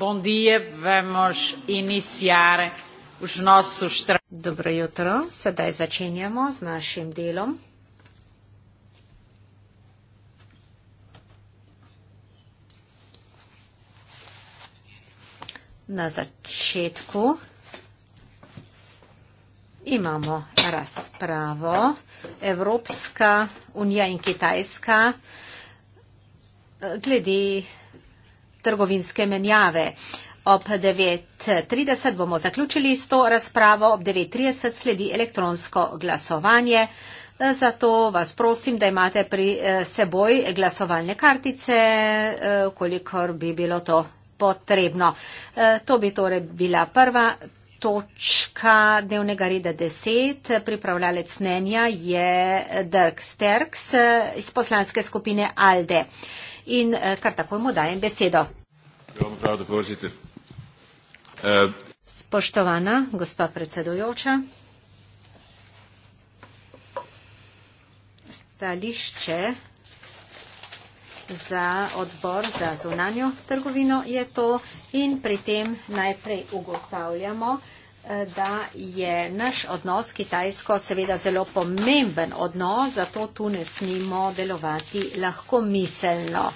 Bom dia, vamos iniciar os nossos Dobro jutro, sedaj začenjamo z našim delom. Na začetku imamo razpravo Evropska unija in Kitajska eh, glede trgovinske menjave. Ob 9.30 bomo zaključili s to razpravo, ob 9.30 sledi elektronsko glasovanje. Zato vas prosim, da imate pri eh, seboj glasovalne kartice, eh, kolikor bi bilo to potrebno. Eh, to bi torej bila prva točka dnevnega reda 10. Pripravljalec mnenja je Dirk Sterks iz poslanske skupine Alde in eh, kar takoj mu dajem besedo. Spoštovana gospa predsedujoča, stališče za odbor za zunanjo trgovino je to in pri tem najprej ugotavljamo, da je naš odnos s Kitajsko seveda zelo pomemben odnos, zato tu ne smemo delovati lahko miselno.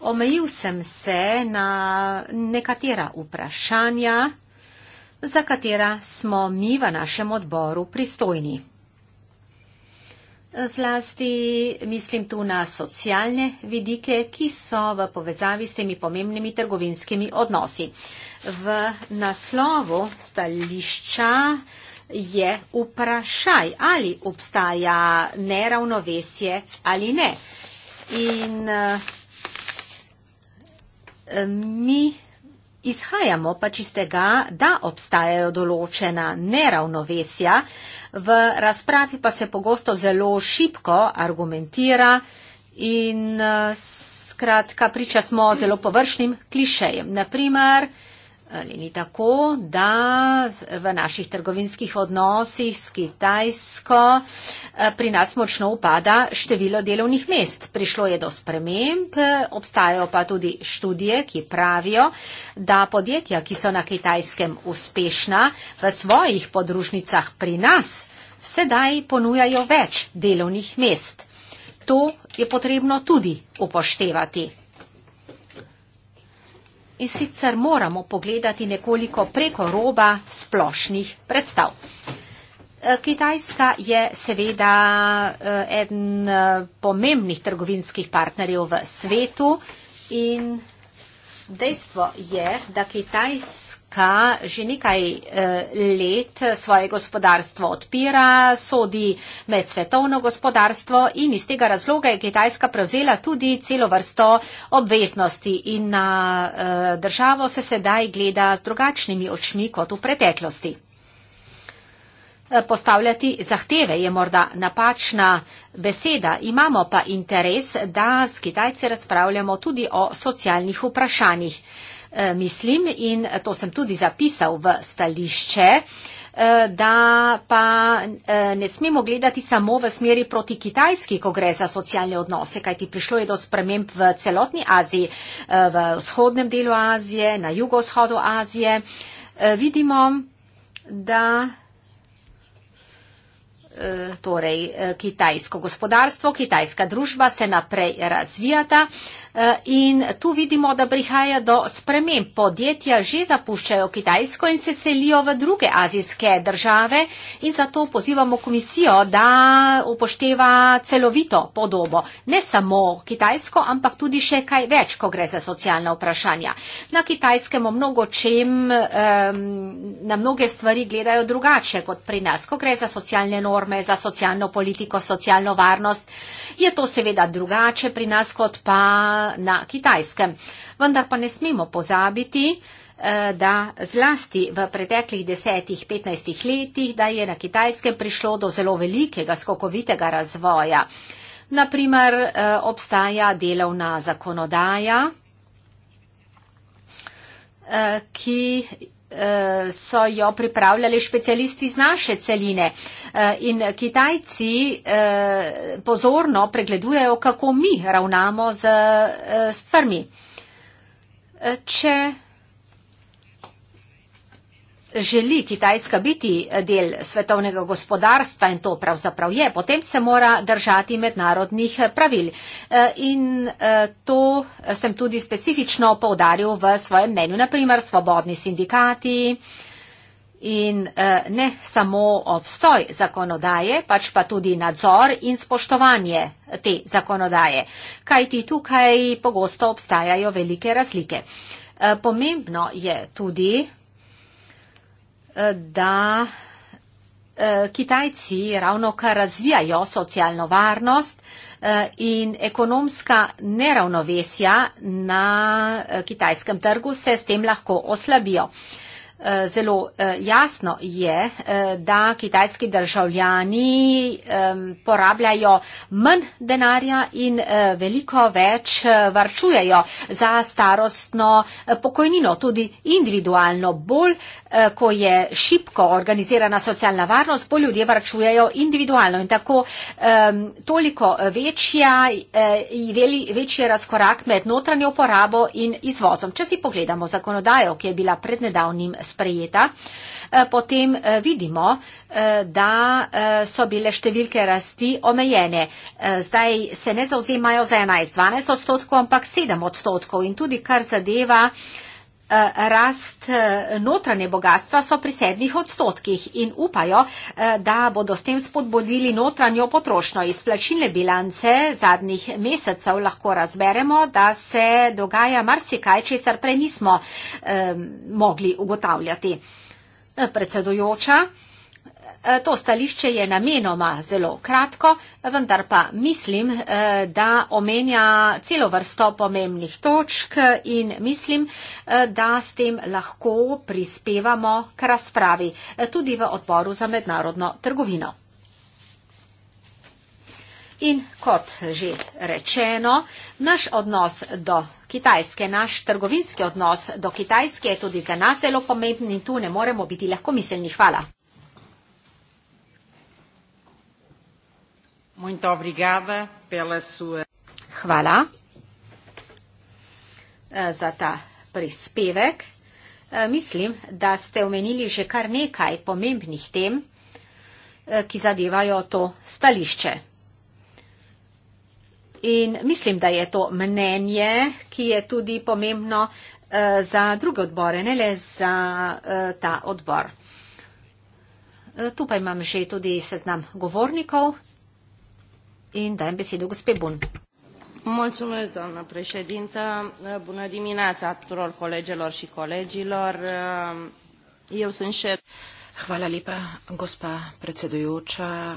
Omejil sem se na nekatera vprašanja, za katera smo mi v našem odboru pristojni. Zlasti mislim tu na socialne vidike, ki so v povezavi s temi pomembnimi trgovinskimi odnosi. V naslovu stališča je vprašaj, ali obstaja neravnovesje ali ne. In eh, mi izhajamo pač iz tega, da obstajajo določena neravnovesja, v razpravi pa se pogosto zelo šipko argumentira in eh, skratka priča smo zelo površnim klišejem. Naprimer, ali ni tako, da v naših trgovinskih odnosih s Kitajsko eh, pri nas močno upada število delovnih mest. Prišlo je do sprememb, obstajajo pa tudi študije, ki pravijo, da podjetja, ki so na Kitajskem uspešna, v svojih podružnicah pri nas sedaj ponujajo več delovnih mest. To je potrebno tudi upoštevati in sicer moramo pogledati nekoliko preko roba splošnih predstav. E, Kitajska je seveda e, eden e, pomembnih trgovinskih partnerjev v svetu in dejstvo je, da Kitajska Slovenka že nekaj eh, let svoje gospodarstvo odpira, sodi med svetovno gospodarstvo in iz tega razloga je Kitajska prevzela tudi celo vrsto obveznosti in na eh, državo se sedaj gleda z drugačnimi očmi kot v preteklosti. Eh, postavljati zahteve je morda napačna beseda, imamo pa interes, da s Kitajci razpravljamo tudi o socialnih vprašanjih. Eh, mislim in to sem tudi zapisal v stališče, eh, da pa eh, ne smemo gledati samo v smeri proti Kitajski, ko gre za socialne odnose, kajti prišlo je do sprememb v celotni Aziji, v vzhodnem delu Azije, na jugovzhodu Azije. Vidimo, da. Torej, kitajsko gospodarstvo, kitajska družba se naprej razvijata. In tu vidimo, da prihaja do sprememb. Podjetja že zapuščajo Kitajsko in se selijo v druge azijske države in zato pozivamo komisijo, da upošteva celovito podobo. Ne samo Kitajsko, ampak tudi še kaj več, ko gre za socialna vprašanja. Na Kitajskem mnogo čem, um, na mnoge stvari gledajo drugače kot pri nas. Ko gre za socialne norme, za socialno politiko, socialno varnost, je to seveda drugače pri nas kot pa na Kitajskem. Vendar pa ne smemo pozabiti, eh, da zlasti v preteklih desetih, petnajstih letih, da je na Kitajskem prišlo do zelo velikega skokovitega razvoja. Naprimer, eh, obstaja delovna zakonodaja, eh, ki Eh, so jo pripravljali specialisti iz naše celine. Eh, in Kitajci eh, pozorno pregledujejo, kako mi ravnamo z stvarmi. Če želi Kitajska biti eh, del svetovnega gospodarstva in to pravzaprav je, potem se mora držati mednarodnih eh, pravil. Eh, in to sem tudi specifično povdaril v svojem mnenju, naprimer svobodni sindikati. In ne samo obstoj zakonodaje, pač pa tudi nadzor in spoštovanje te zakonodaje, kajti tukaj pogosto obstajajo velike razlike. Pomembno je tudi, da eh, Kitajci ravno kar razvijajo socialno varnost eh, in ekonomska neravnovesja na eh, kitajskem trgu se s tem lahko oslabijo. Eh, zelo eh, jasno je, eh, da kitajski državljani porabljajo manj denarja in veliko več varčujejo za starostno pokojnino, tudi individualno. Bolj, ko je šipko organizirana socialna varnost, bolj ljudje varčujejo individualno in tako toliko večja, večji razkorak med notranjo porabo in izvozom. Če si pogledamo zakonodajo, ki je bila pred nedavnim sprejeta. Eh, potem eh, vidimo, eh, da so bile številke rasti omejene. Zdaj se ne zauzemajo za 11-12 odstotkov, ampak 7 odstotkov. In tudi kar zadeva Eh, rast eh, notranje bogatstva so pri sedmih odstotkih in upajo, eh, da bodo s tem spodbudili notranjo potrošnjo. Iz plačilne bilance zadnjih mesecev lahko razberemo, da se dogaja marsikaj, česar prej nismo eh, mogli ugotavljati. Predsedujoča. Eh, to stališče je namenoma zelo kratko, vendar pa mislim, eh, da omenja celo vrsto pomembnih točk in mislim, eh, da s tem lahko prispevamo k razpravi tudi v odboru za mednarodno trgovino. In kot že rečeno, naš odnos do Kitajske, naš trgovinski odnos do Kitajske je tudi za nas zelo pomemben in tu ne moremo biti lahko miselni. Hvala. Muito obrigada pela sua. Hvala eh, za ta prispevek. Eh, mislim, da ste omenili že kar nekaj pomembnih tem, eh, ki zadevajo to stališče. In mislim, da je to mnenje, ki je tudi pomembno za druge odbore, ne le za ta odbor. Tu pa imam že tudi seznam govornikov in dajem besedo gospe Bun. Mulțumesc, doamnă președintă. Bună dimineața tuturor colegelor și colegilor. Eu sunt șed. Hvala lepa, gospa predsedujoča.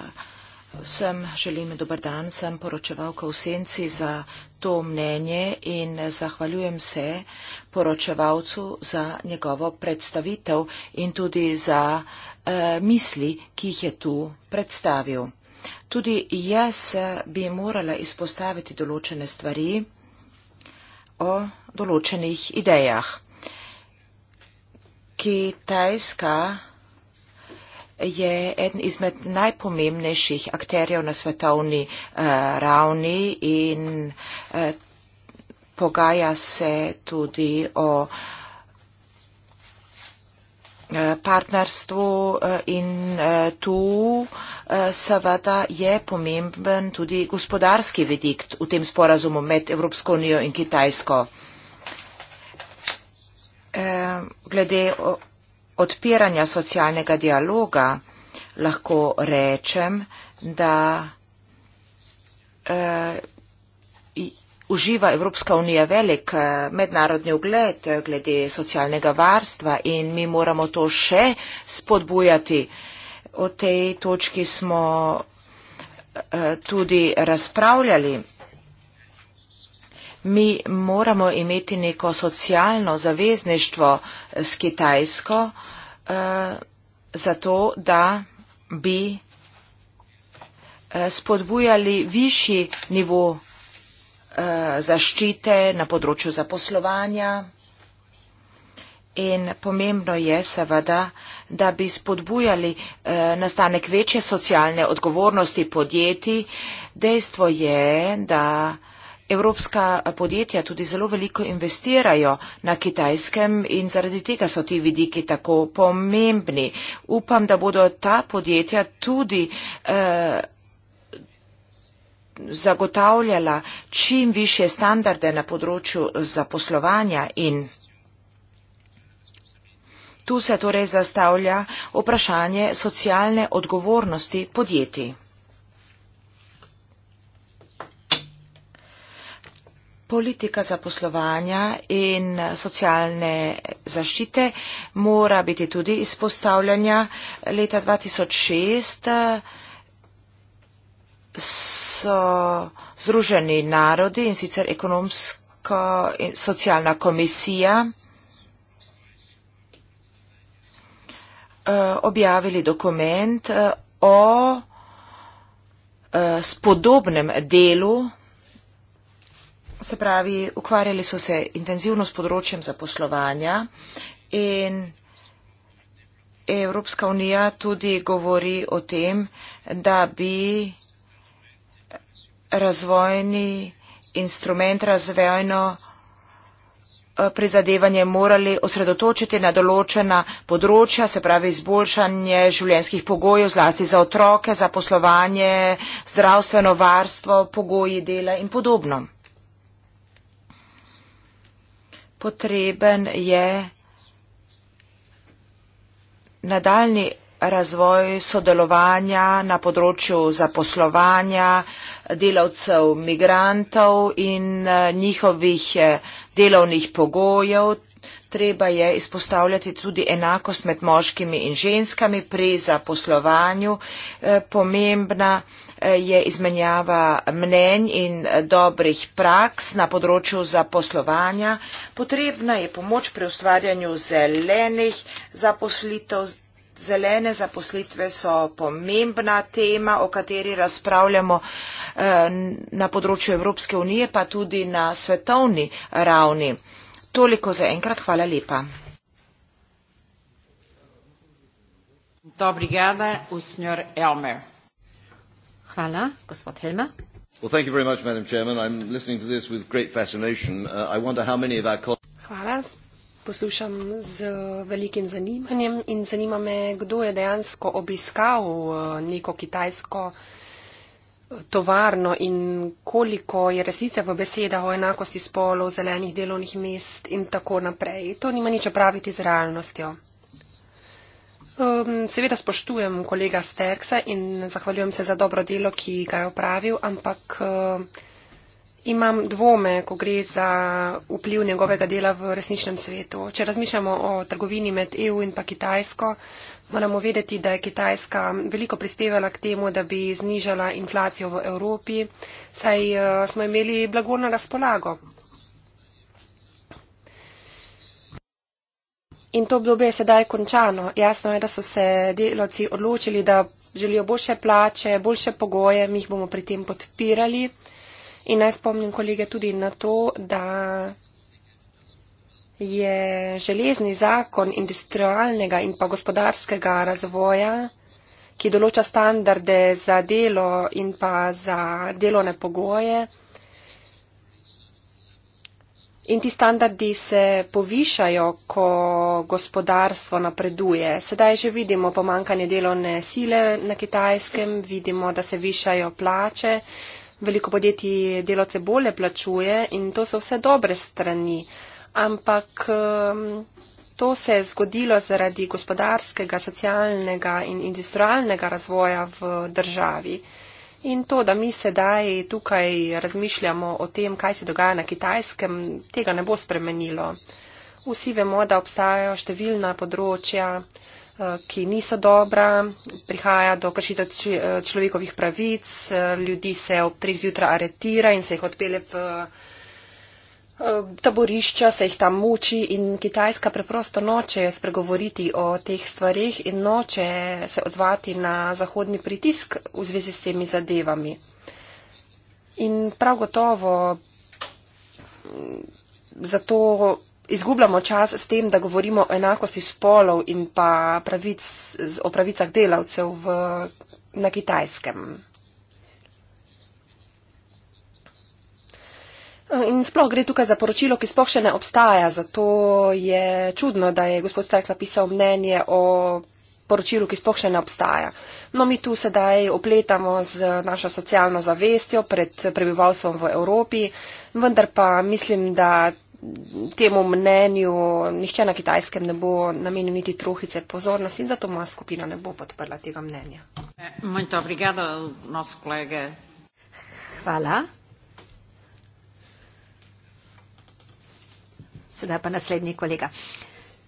Vsem želim dober dan, sem poročevalka v senci za to mnenje in zahvaljujem se poročevalcu za njegovo predstavitev in tudi za uh, misli, ki jih je tu predstavil. Tudi jaz eh, bi morala izpostaviti določene stvari o določenih idejah. Kitajska je eden izmed najpomembnejših akterjev na svetovni uh, ravni in uh, pogaja se tudi o uh, partnerstvu uh, in uh, tu uh, seveda je pomemben tudi gospodarski vidik v tem sporazumu med Evropsko unijo in Kitajsko. Eh, glede odpiranja socialnega dialoga lahko rečem, da eh, uživa Evropska unija velik eh, mednarodni ugled glede socialnega varstva in mi moramo to še spodbujati o tej točki smo eh, tudi razpravljali. Mi moramo imeti neko socialno zavezništvo s Kitajsko, eh, zato da bi eh, spodbujali višji nivo zaščite na področju zaposlovanja in pomembno je seveda, da da bi spodbujali eh, nastanek večje socialne odgovornosti podjetij. Dejstvo je, da evropska eh, podjetja tudi zelo veliko investirajo na kitajskem in zaradi tega so ti vidiki tako pomembni. Upam, da bodo ta podjetja tudi eh, zagotavljala čim više standarde na področju zaposlovanja in Tu se torej zastavlja vprašanje socialne odgovornosti podjetij. Politika zaposlovanja in socialne zaščite mora biti tudi izpostavljanja. Leta 2006 so združeni narodi in sicer ekonomsko in socialna komisija Eh, objavili dokument eh, o eh, spodobnem delu, se pravi, ukvarjali so se intenzivno s področjem zaposlovanja in Evropska unija tudi govori o tem, da bi razvojni instrument razvejeno razvejeno Eh, prizadevanje morali osredotočiti na določena področja, se pravi izboljšanje življenjskih pogojev, zlasti za otroke, za poslovanje, zdravstveno varstvo, pogoji dela in podobno. Potreben je nadaljni razvoj sodelovanja na področju zaposlovanja delavcev, migrantov in eh, njihovih eh, delovnih pogojev. Treba je izpostavljati tudi enakost med moškimi in ženskami pri zaposlovanju. Eh, pomembna eh, je izmenjava mnenj in eh, dobrih praks na področju zaposlovanja. Potrebna je pomoč pri ustvarjanju zelenih zaposlitev Zelene zaposlitve so pomembna tema, o kateri razpravljamo eh, na področju Evropske unije, pa tudi na svetovni ravni. Toliko za enkrat, hvala lepa. Hvala, gospod Helmer. Well, thank you very much, Madam Chairman. I'm listening to this with great fascination. Uh, I wonder how many of our colleagues poslušam z velikim zanimanjem in zanima me, kdo je dejansko obiskal eh, neko kitajsko eh, tovarno in koliko je resnice v besedah o enakosti spolov, zelenih delovnih mest in tako naprej. To nima nič praviti z realnostjo. Ehm, seveda spoštujem kolega Sterksa in zahvaljujem se za dobro delo, ki ga je upravil, ampak. Eh, imam dvome, ko gre za vpliv njegovega dela v resničnem svetu. Če razmišljamo o trgovini med EU in pa Kitajsko, moramo vedeti, da je Kitajska veliko prispevala k temu, da bi znižala inflacijo v Evropi, saj eh, smo imeli blago na razpolago. In to obdobje je sedaj končano. Jasno je, da so se deloci odločili, da želijo boljše plače, boljše pogoje, mi jih bomo pri tem podpirali. In naj spomnim kolege tudi na to, da je železni zakon industrialnega in pa gospodarskega razvoja, ki določa standarde za delo in pa za delovne pogoje. In ti standardi se povišajo, ko gospodarstvo napreduje. Sedaj že vidimo pomankanje delovne sile na kitajskem, vidimo, da se višajo plače, veliko podjetij delavce bolje plačuje in to so vse dobre strani. Ampak um, to se je zgodilo zaradi gospodarskega, socialnega in industrialnega razvoja v državi. In to, da mi sedaj tukaj razmišljamo o tem, kaj se dogaja na kitajskem, tega ne bo spremenilo. Vsi vemo, da obstajajo številna področja, ki niso dobra, prihaja do kršitev eh, človekovih pravic, eh, ljudi se ob treh zjutraj aretira in se jih odpele v eh, taborišča, se jih tam muči in Kitajska preprosto noče spregovoriti o teh stvarih in noče se odzvati na zahodni pritisk v zvezi s temi zadevami. In prav gotovo mm, zato izgubljamo čas s tem, da govorimo o enakosti spolov in pa pravic, o pravicah delavcev v, na kitajskem. In sploh gre tukaj za poročilo, ki sploh še ne obstaja, zato je čudno, da je gospod Stark napisal mnenje o poročilu, ki sploh še ne obstaja. No, mi tu sedaj opletamo z našo socialno zavestjo pred prebivalstvom v Evropi, vendar pa mislim, da temu mnenju nihče na kitajskem ne bo namenil niti trohice pozornosti in zato moja skupina ne bo podprla tega mnenja. Hvala. Sedaj pa naslednji kolega.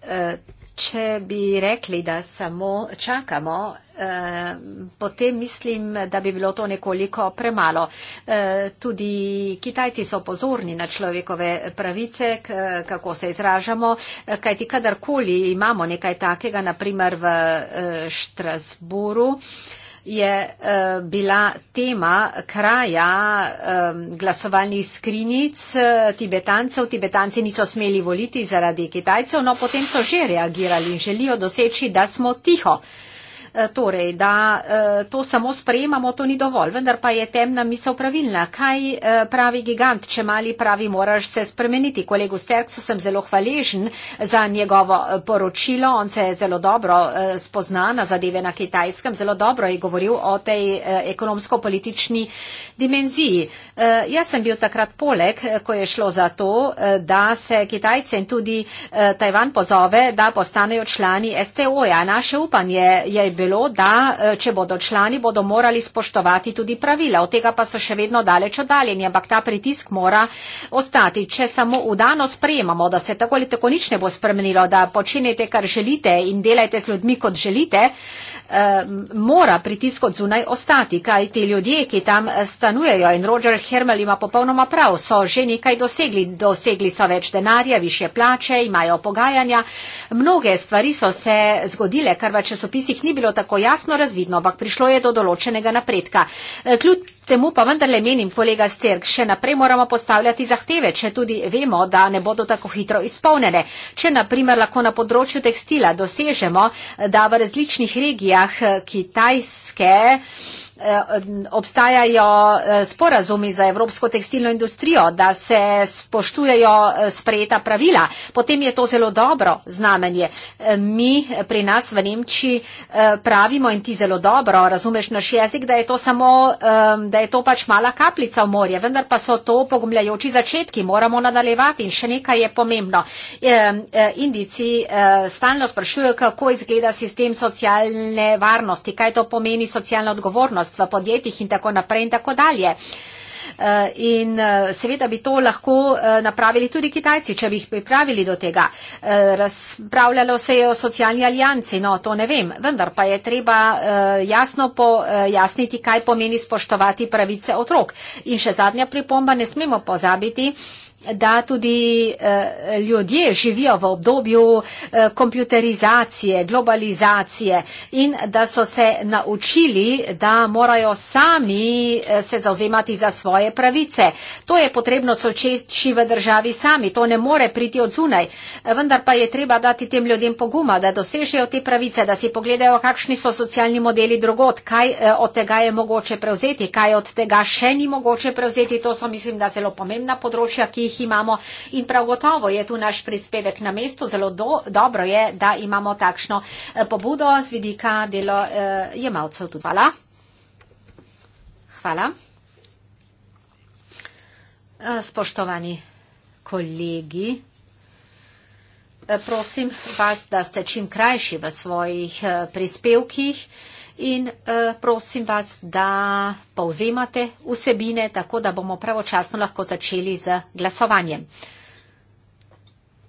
Eh, Če bi rekli, da samo čakamo, eh, potem mislim, da bi bilo to nekoliko premalo. Eh, tudi Kitajci so pozorni na človekove pravice, kako se izražamo, eh, kajti kadarkoli imamo nekaj takega, naprimer v Štrasburu, je eh, bila tema kraja eh, glasovalnih skrinic eh, tibetancev. Tibetanci niso smeli voliti zaradi kitajcev, no potem so že reagirali in želijo doseči, da smo tiho. Eh, torej, da eh, to samo sprejemamo, to ni dovolj, vendar pa je temna misel pravilna. Kaj eh, pravi gigant, če mali pravi, moraš se spremeniti. Kolegu Sterksu sem zelo hvaležen za njegovo poročilo, on se je zelo dobro spozna na zadeve na kitajskem, zelo dobro je govoril o tej ekonomsko-politični dimenziji. Jaz sem bil takrat poleg, ko je šlo za to, da se Kitajce in tudi Tajvan pozove, da postanejo člani STO-ja. Naše upanje je bilo, da e, če bodo člani, bodo morali spoštovati tudi pravila. Od tega pa so še vedno daleč oddaljeni, ampak ta pritisk mora ostati. Če samo v dano sprejemamo, da se tako ali tako nič ne bo spremenilo, da počnete, kar želite in delajte z ljudmi, kot želite, uh, mora pritisk od zunaj ostati, kaj ti ljudje, ki tam eh, stanujejo in Roger Hermel ima popolnoma prav, so že nekaj dosegli. Dosegli so več denarja, više plače, imajo pogajanja. Mnoge stvari so se zgodile, kar v časopisih ni bilo tako jasno razvidno, ampak prišlo je do določenega napredka. Eh, kljub temu pa vendarle menim, kolega Sterk, še naprej moramo postavljati zahteve, če tudi vemo, da ne bodo tako hitro izpolnjene. Če naprimer lahko na področju tekstila dosežemo, da v različnih regijah eh, kitajske. Eh, obstajajo eh, sporazumi za evropsko tekstilno industrijo, da se spoštujejo eh, sprejeta pravila, potem je to zelo dobro znamenje. Mi pri nas v Nemčiji pravimo in ti zelo dobro razumeš naš jezik, da je to samo, da je to pač mala kapljica v morje, vendar pa so to pogumljajoči začetki, moramo nadaljevati in še nekaj je pomembno. Indici stalno sprašujejo, kako izgleda sistem socialne varnosti, kaj to pomeni socialna odgovornost gospodarstva, podjetjih in tako naprej in tako dalje. Eh, in eh, seveda bi to lahko eh, napravili tudi Kitajci, če bi jih pripravili do tega. Razpravljalo se je o socialni alijanci, no to ne vem, vendar pa je treba jasno pojasniti, kaj pomeni spoštovati pravice otrok. In še zadnja pripomba, ne smemo pozabiti, da tudi eh, ljudje živijo v obdobju eh, kompjuterizacije, globalizacije in da so se naučili, da morajo sami eh, se zauzemati za svoje pravice. To je potrebno sočeči v državi sami, to ne more priti od zunaj. Vendar pa je treba dati tem ljudem poguma, da dosežejo te pravice, da si pogledajo, kakšni so socialni modeli drugot, kaj od tega je mogoče prevzeti, kaj od tega še ni mogoče prevzeti. To so, mislim, da zelo pomembna področja, ki jih jih imamo. In prav gotovo je tu naš prispevek na mestu, zelo do, dobro je, da imamo takšno eh, pobudo z vidika delo eh, jemalcev. Tudi. Hvala. Hvala. Eh, spoštovani kolegi, eh, prosim vas, da ste čim krajši v svojih prispevkih in uh, prosim vas, da povzemate vsebine, tako da bomo pravočasno lahko začeli z glasovanjem.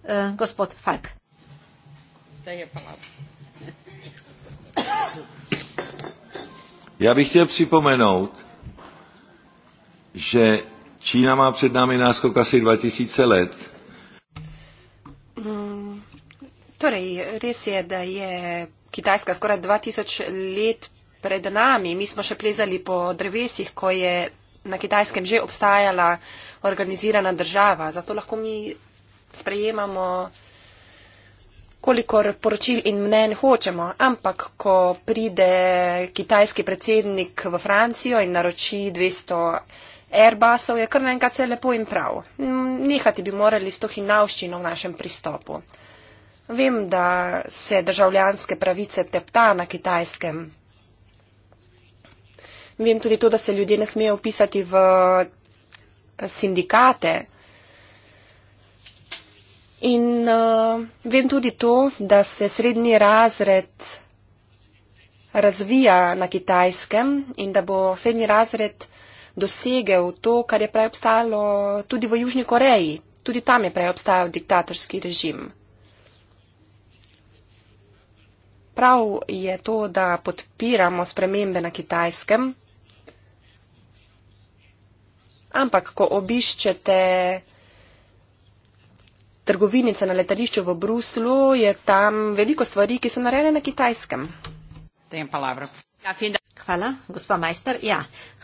Uh, gospod Falk. Ja bih htio pripomenout, že Čína má před námi náskok asi 2000 let. Mm, torej, res je, da je Kitajska skoraj 2000 let pred nami. Mi smo še plezali po drevesih, ko je na Kitajskem že obstajala organizirana država. Zato lahko mi sprejemamo kolikor poročil in mnen hočemo. Ampak, ko pride kitajski predsednik v Francijo in naroči 200 Airbusov, je kar naenkrat vse lepo in prav. Nehati bi morali s to hinavščino v našem pristopu. Vem, da se državljanske pravice tepta na kitajskem. Vem tudi to, da se ljudje ne smejo upisati v sindikate. In uh, vem tudi to, da se srednji razred razvija na kitajskem in da bo srednji razred dosegel to, kar je prej obstajalo tudi v Južni Koreji. Tudi tam je prej obstajal diktatorski režim. Prav je to, da podpiramo spremembe na kitajskem, ampak ko obiščete trgovinice na letališču v Bruslu, je tam veliko stvari, ki so narejene na kitajskem. Dejem palavro. Ja, Hvala, gospod majster. Ja,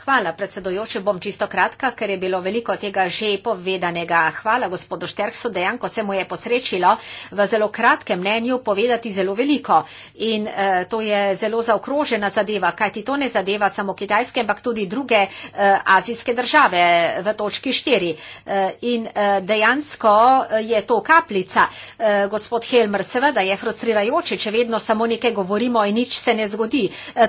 hvala, predsedojoče, bom čisto kratka, ker je bilo veliko tega že povedanega. Hvala gospodu Šterksu, dejansko se mu je posrečilo v zelo kratkem mnenju povedati zelo veliko. In eh, to je zelo zaokrožena zadeva, kajti to ne zadeva samo Kitajske, ampak tudi druge eh, azijske države v točki štiri. Eh, in eh, dejansko eh, je to kaplica. Eh, gospod Helmer, seveda je frustrirajoče, če vedno samo nekaj govorimo in nič se ne zgodi. Eh,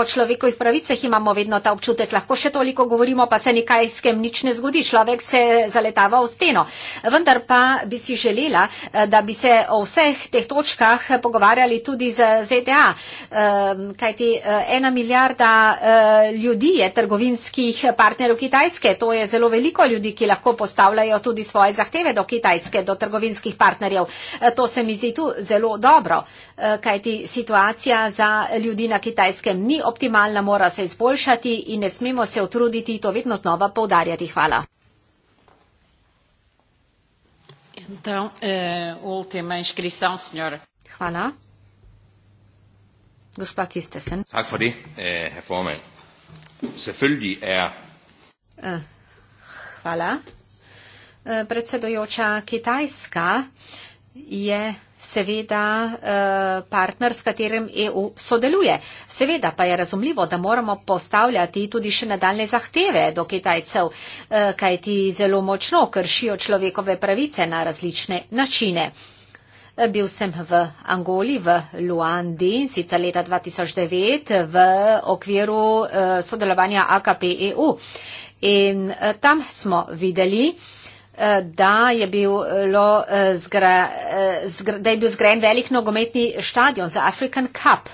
o človekovih pravicah imamo vedno ta občutek, lahko še toliko govorimo, pa se nikaj s kem nič ne zgodi, človek se zaletava v steno. Vendar pa bi si želela, eh, da bi se o vseh teh točkah pogovarjali tudi z ZDA, ehm, kajti eh, ena milijarda eh, ljudi je trgovinskih partnerov Kitajske, to je zelo veliko ljudi, ki lahko postavljajo tudi svoje zahteve do Kitajske, do trgovinskih partnerjev. To se mi zdi tu zelo dobro, kajti situacija za ljudi na Kitajskem ni optimalna, mora se izboljšati in ne smemo se utruditi to vedno znova povdarjati. Hvala. Então, eh, última inscrição, senhor. Hvala. Gospa Kistesen. Tak for det, eh, herr formand. Selvfølgelig er... Uh, hvala. Uh, predsedujoča Kitajska je... Eh, seveda eh, partner, s katerim EU sodeluje. Seveda pa je razumljivo, da moramo postavljati tudi še nadaljne zahteve do Kitajcev, eh, kaj ti zelo močno kršijo človekove pravice na različne načine. Eh, bil sem v Angoli, v Luandi, sicer leta 2009, v okviru sodelovanja AKP EU. In tam smo videli, Eh, da je bil, eh, zgra, eh, zgra, da je bil zgrajen velik nogometni stadion za African Cup.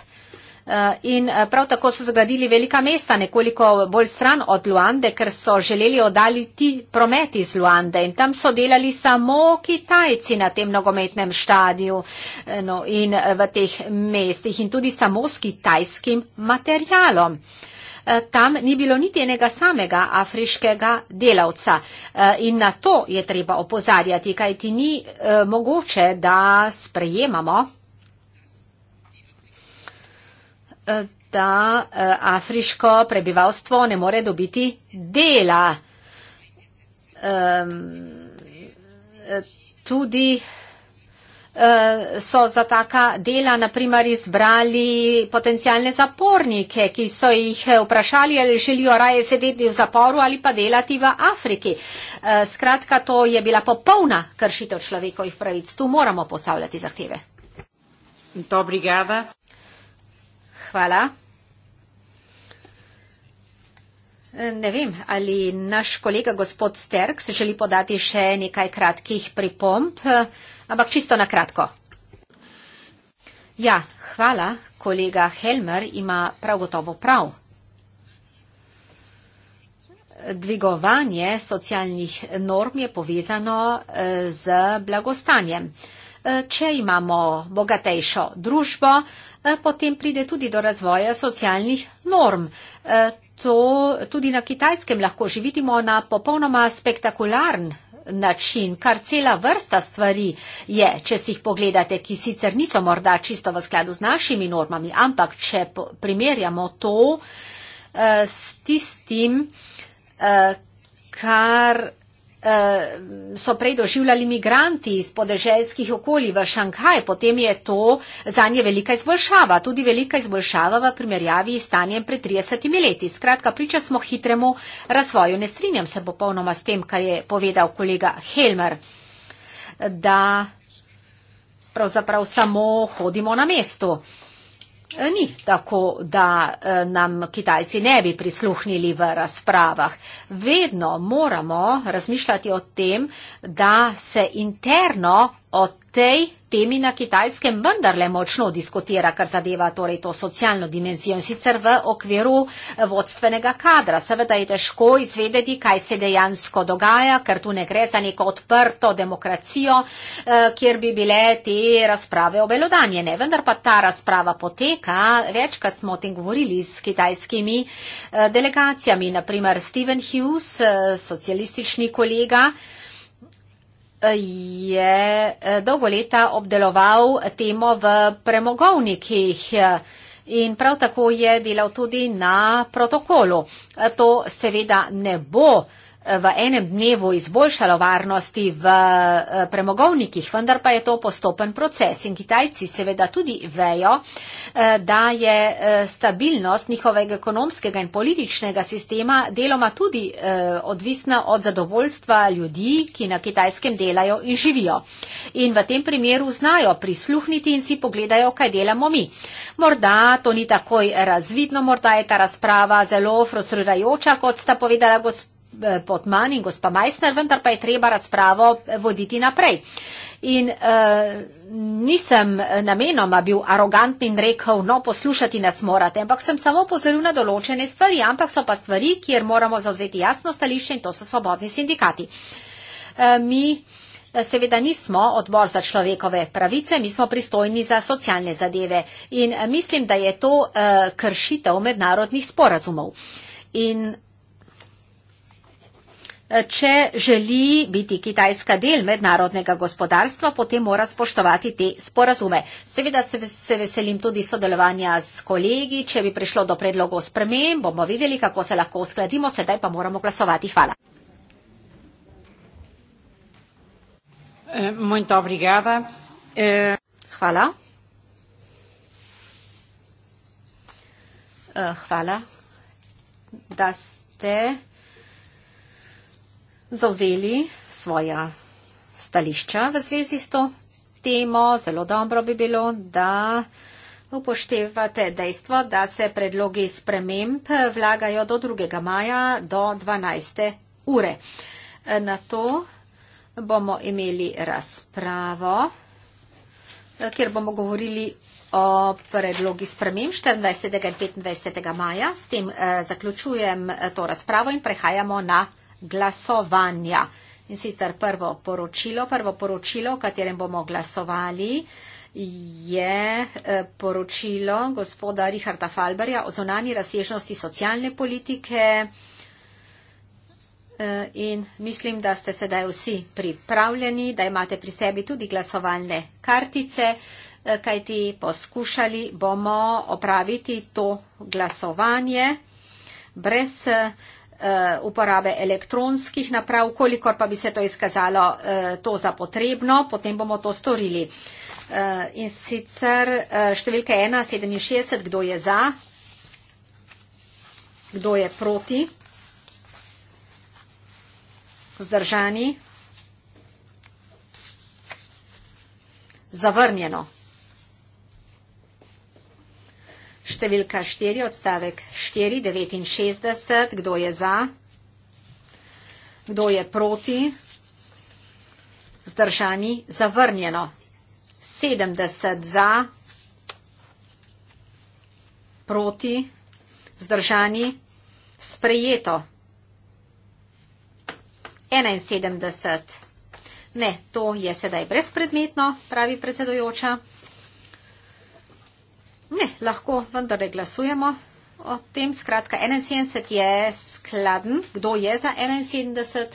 In prav tako so zgradili velika mesta nekoliko bolj stran od Luande, ker so želeli oddaliti promet iz Luande in tam so delali samo Kitajci na tem nogometnem štadiju no, in v teh mestih in tudi samo s kitajskim materialom. Uh, Eh, tam ni bilo niti enega samega afriškega delavca. Eh, in na to je treba opozarjati, kaj ti ni eh, mogoče, da sprejemamo, da afriško prebivalstvo ne more dobiti dela. Ehm, tudi Eh, so za taka dela naprimer izbrali potencijalne zapornike, ki so jih eh, vprašali, ali želijo raje sedeti v zaporu ali pa delati v Afriki. Eh, skratka, to je bila popolna kršitev človekovih pravic. Tu moramo postavljati zahteve. Hvala. Ne vem, ali naš kolega gospod Sterks želi podati še nekaj kratkih pripomb. Uh, ampak čisto na kratko. Ja, hvala, kolega Helmer ima prav gotovo prav. Dvigovanje socialnih norm je povezano e, z blagostanjem. E, če imamo bogatejšo družbo, e, potem pride tudi do razvoja socialnih norm. To tudi na kitajskem lahko živitimo na popolnoma spektakularen način, kar cela vrsta stvari je, če si jih pogledate, ki sicer niso morda čisto v skladu z našimi normami, ampak če primerjamo to uh, s tistim, uh, kar Eh, so prej doživljali imigranti iz podeželskih okolij v Šanghaj, potem je to za nje velika izboljšava, tudi velika izboljšava v primerjavi s stanjem pred 30 leti. Skratka, priča smo hitremu razvoju. Ne strinjam se popolnoma s tem, kar je povedal kolega Helmer, da pravzaprav samo hodimo na mestu. Eh, ni tako, da eh, nam Kitajci ne bi prisluhnili v razpravah. Vedno moramo razmišljati o tem, da se interno o tej temi na kitajskem vendarle močno diskutira, kar zadeva torej to socialno dimenzijo in sicer v okviru eh, vodstvenega kadra. Seveda je težko izvedeti, kaj se dejansko dogaja, ker tu ne gre za neko odprto demokracijo, eh, kjer bi bile te razprave obelodanjene. Vendar pa ta razprava poteka, večkrat smo o tem govorili s kitajskimi eh, delegacijami, naprimer Steven Hughes, socialistični kolega, je eh, dolgo leta obdeloval temo v premogovnikih eh, in prav tako je delal tudi na protokolu. Eh, to seveda ne bo v enem dnevu izboljšalo varnosti v eh, premogovnikih, vendar pa je to postopen proces. In Kitajci seveda tudi vejo, eh, da je eh, stabilnost njihovega ekonomskega in političnega sistema deloma tudi odvisna od zadovoljstva ljudi, ki na kitajskem delajo in živijo. In v tem primeru znajo prisluhniti in si pogledajo, kaj delamo mi. Morda to ni takoj razvidno, morda je ta razprava zelo frustrirajoča, kot sta povedala gospod. Eh, Potman in gospa Majsner, vendar pa je treba razpravo voditi naprej. In uh, nisem eh, namenoma bil arogantni in rekel, no, poslušati nas morate, ampak sem samo pozoril na določene stvari, ampak so pa stvari, kjer moramo zauzeti jasno stališče in to so svobodni sindikati. Uh, mi seveda nismo odbor za človekove pravice, mi smo pristojni za socialne zadeve in mislim, da je to uh, kršitev mednarodnih sporazumov. In Če želi biti Kitajska del mednarodnega gospodarstva, potem mora spoštovati te sporazume. Seveda se, se veselim tudi sodelovanja s kolegi. Če bi prišlo do predlogov sprememb, bomo videli, kako se lahko uskladimo. Sedaj pa moramo glasovati. Hvala. Eh, eh, hvala. Eh, hvala, da ste zauzeli svoja stališča v zvezi s to temo. Zelo dobro bi bilo, da upoštevate dejstvo, da se predlogi sprememb vlagajo do 2. maja do 12. ure. Na to bomo imeli razpravo, kjer bomo govorili o predlogi spremem 24. in 25. maja. S tem eh, zaključujem eh, to razpravo in prehajamo na glasovanja. In sicer prvo poročilo, prvo poročilo, o katerem bomo glasovali, je eh, poročilo gospoda Richarda Falberja o zonani razsežnosti socialne politike. Eh, in mislim, da ste sedaj vsi pripravljeni, da imate pri sebi tudi glasovalne kartice, eh, kajti poskušali bomo opraviti to glasovanje brez Eh, uporabe elektronskih naprav, kolikor pa bi se to izkazalo eh, to za potrebno, potem bomo to storili. Eh, in sicer številka 167, kdo je za, kdo je proti, zdržani, zavrnjeno. Številka 4, odstavek 4, 69. Kdo je za? Kdo je proti? Zdržani, zavrnjeno. 70 za, proti, vzdržani, sprejeto. 71. Ne, to je sedaj brezpredmetno, pravi predsedujoča. Ne, lahko vendar ne glasujemo o tem. Skratka, 71 je skladen. Kdo je za 71?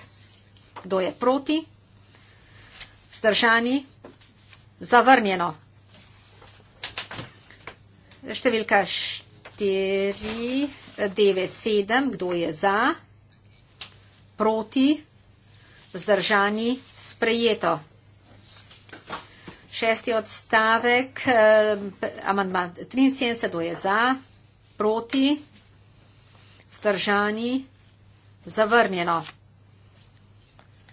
Kdo je proti? Zdržani? Zavrnjeno. Številka 4, 9, 7. Kdo je za? Proti? Zdržani? Sprejeto šesti odstavek, eh, amandma 73, je za, proti, zdržani, zavrnjeno.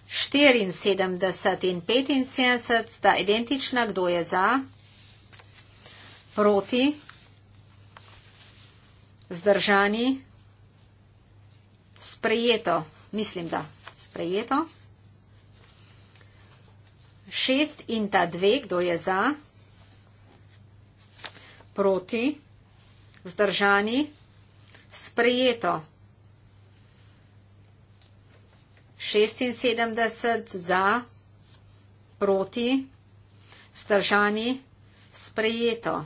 74 in 75 sta identična, kdo je za, proti, zdržani, sprejeto, mislim, da sprejeto šest in ta dve, kdo je za, proti, vzdržani, sprejeto. 76 za, proti, vzdržani, sprejeto.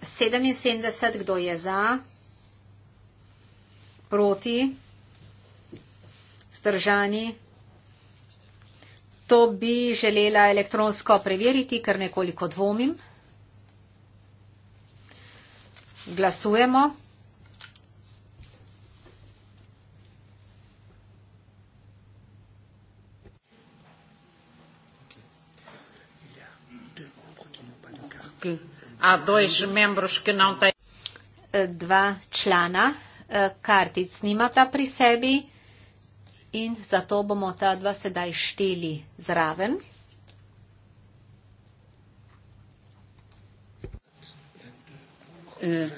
77, kdo je za, proti, vzdržani, sprejeto vzdržani. To bi želela elektronsko preveriti, ker nekoliko dvomim. Glasujemo. Dva člana eh, kartic nimata pri sebi in zato bomo ta dva sedaj šteli zraven. Eh,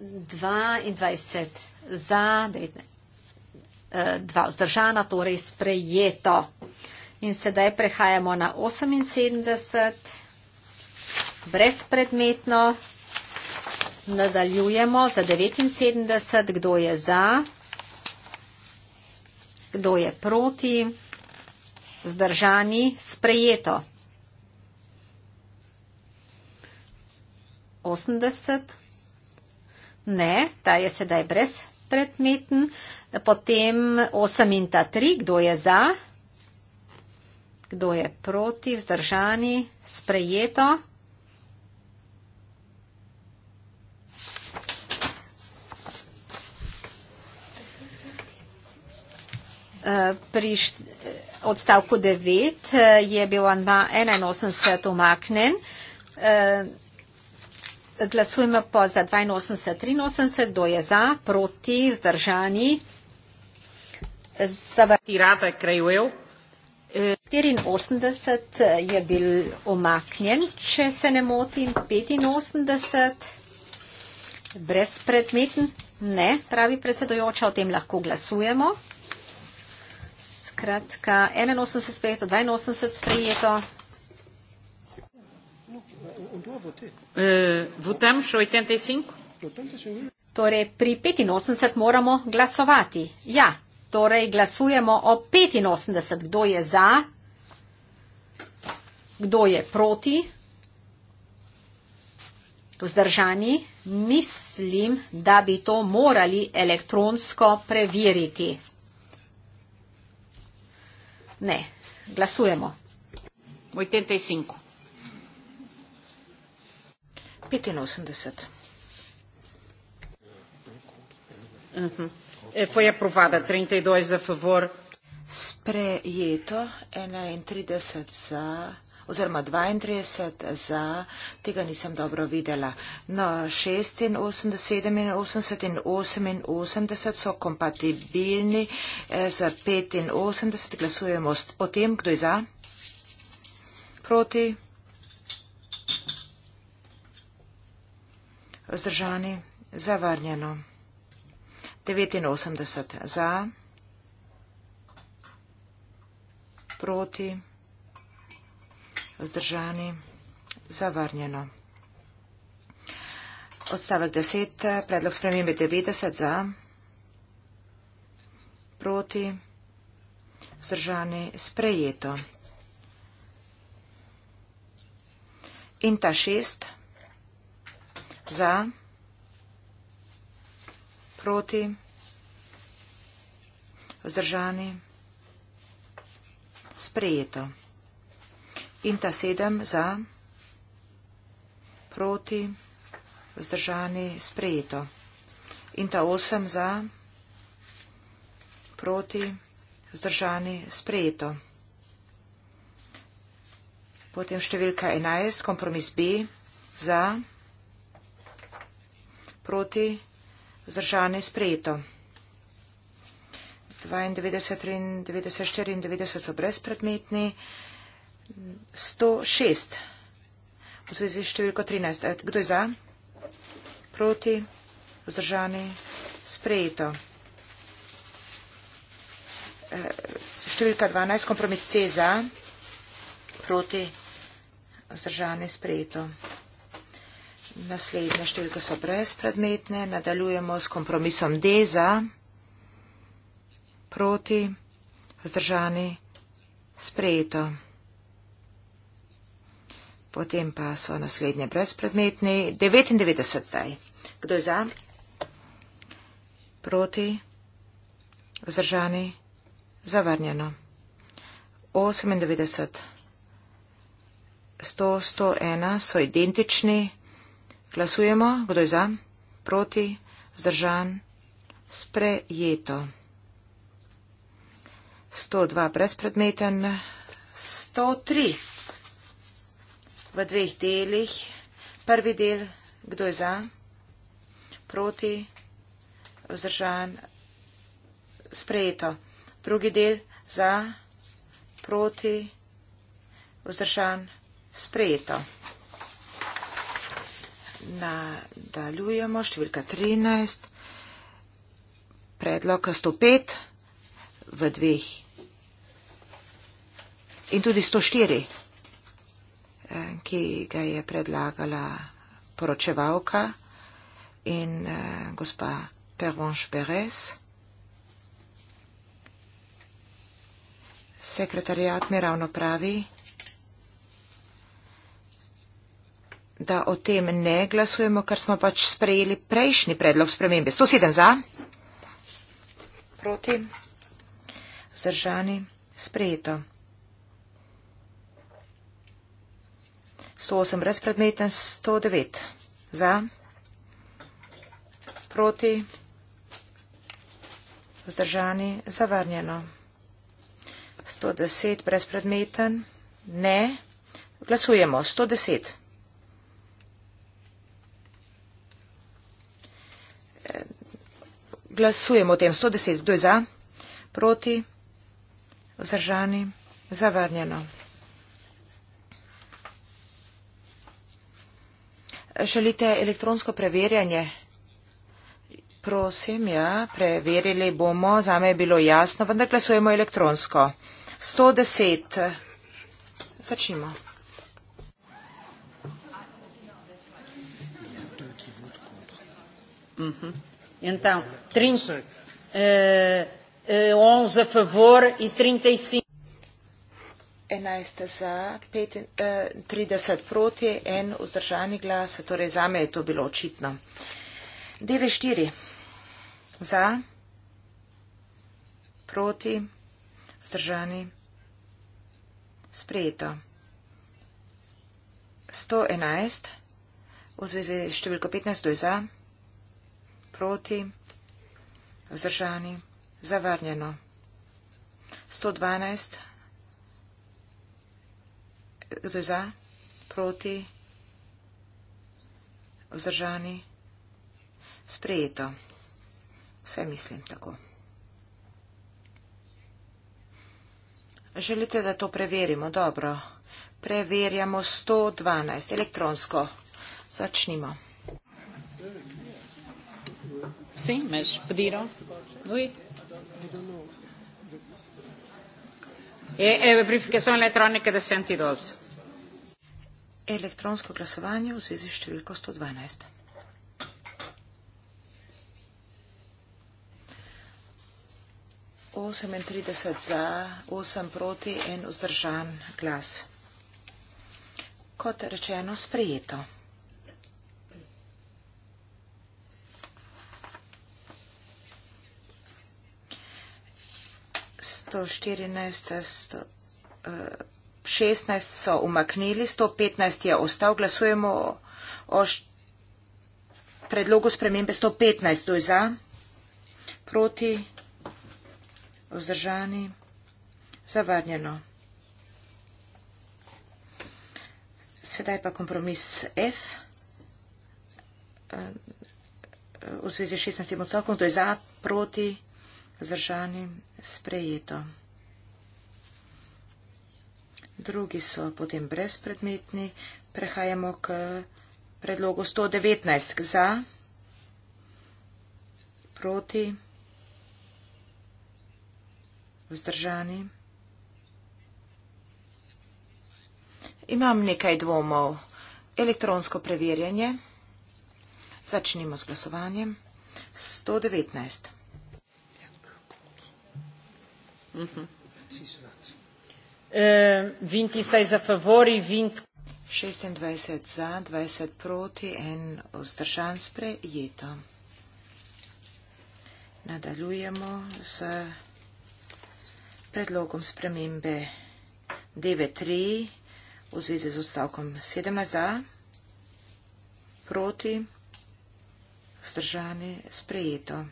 Dvaindvajset za, eh, dva vzdržana, torej sprejeto. In sedaj prehajamo na oseminsedemdeset, brezpredmetno. Nadaljujemo za 79. Kdo je za? Kdo je proti? Zdržani? Sprejeto. 80. Ne, ta je sedaj brez predmeten. Potem 8 in ta 3. Kdo je za? Kdo je proti? Zdržani? Sprejeto. pri odstavku 9 eh, je bil anma 81 omaknen. Glasujemo pa za 82, 83, kdo je za, proti, vzdržani. Zavrnjen. 84 eh, je bil omaknjen, če se ne motim. 85. Brezpredmeten. Ne, pravi predsedojoča, o tem lahko glasujemo skratka, 81 sprejeto, 82 sprejeto. E, torej, pri 85 moramo glasovati. Ja, torej glasujemo o 85. Kdo je za? Kdo je proti? Vzdržani? Mislim, da bi to morali elektronsko preveriti. Ne. Glasujemo. 85. 85. Uhum. Eh, foi aprovada. 32 e a favor. Sprejeto. 31 za oziroma 32 za, tega nisem dobro videla. No, 86, 87 in 88 so kompatibilni eh, za 85. Glasujemo o tem, kdo je za, proti, vzdržani, zavarnjeno. 89 za, proti vzdržani, zavrnjeno. Odstavek 10, predlog spremembe 90 za, proti, vzdržani, sprejeto. In ta šest za, proti, vzdržani, sprejeto in ta sedem za proti vzdržani sprejeto in ta osem za proti vzdržani sprejeto. Potem številka 11, kompromis B za proti vzdržani sprejeto. 92, 93, 94 so brezpredmetni. 106 v zvezi s številko 13. Eh, kdo je za? Proti? Vzdržani? Sprejeto. Eh, številka 12, kompromis C za, proti, vzdržani, sprejeto. Naslednje številke so brezpredmetne, nadaljujemo s kompromisom D za, proti, vzdržani, sprejeto. Potem pa so naslednje brezpredmetni. 99 zdaj. Kdo je za? Proti? Vzdržani? Zavrnjeno. 98. 100, 101 so identični. Glasujemo. Kdo je za? Proti? Vzdržan? Sprejeto. 102 brezpredmeten. 103 v dveh delih. Prvi del, kdo je za, proti, vzdržan, sprejeto. Drugi del, za, proti, vzdržan, sprejeto. Nadaljujemo številka 13. Predlog 105 v dveh. In tudi 104 ki ga je predlagala poročevalka in eh, gospa Pervonš Beres. Sekretarjat mi ravno pravi, da o tem ne glasujemo, ker smo pač sprejeli prejšnji predlog spremembe. 107 za, proti, vzdržani, sprejeto. 108 brezpredmeten, 109 za, proti, vzdržani, zavrnjeno. 110 brezpredmeten, ne, glasujemo, 110. Glasujemo o tem, 110, kdo je za, proti, vzdržani, zavrnjeno. Želite elektronsko preverjanje? Prosim, ja, preverili bomo. Zame je bilo jasno, vendar glasujemo elektronsko. 110. Začnimo. Uhum. Então, 30, uh, uh, 11 a favor e 35. 11 za, 30 eh, proti, en vzdržani glas, torej za me je to bilo očitno. 9-4 za, proti, vzdržani, sprejeto. 111 v zvezi s številko 15 je za, proti, vzdržani, zavrnjeno. 112 proti kdo je za, proti, vzdržani, sprejeto. Vse mislim tako. Želite, da to preverimo? Dobro. Preverjamo 112 elektronsko. Začnimo. Vsi imaš podiro? Oui. E, eh, e, eh, verifiche sono elettroniche da sentidos elektronsko glasovanje v zvezi s številko 112. Osemintrideset za, osem proti in vzdržan glas. Kot rečeno, sprejeto. Sto štirinajst, sto eh, 16 so umaknili, 115 je ostal. Glasujemo o predlogu spremembe 115. Kdo je za? Proti? Vzdržani? Zavarnjeno. Sedaj pa kompromis F. Eh, v zvezi s 16 odstavkom, to je za, proti, vzdržani, sprejeto drugi so potem brezpredmetni. Prehajamo k predlogu 119 za, proti, vzdržani. Imam nekaj dvomov. Elektronsko preverjanje. Začnimo s glasovanjem. 119. Mhm. 26 eh, za favor e in 26 za, 20 proti in ostržan sprejeto. Nadaljujemo z predlogom spremembe 9.3 v zvezi z odstavkom 7 za, proti, vzdržani, sprejeto.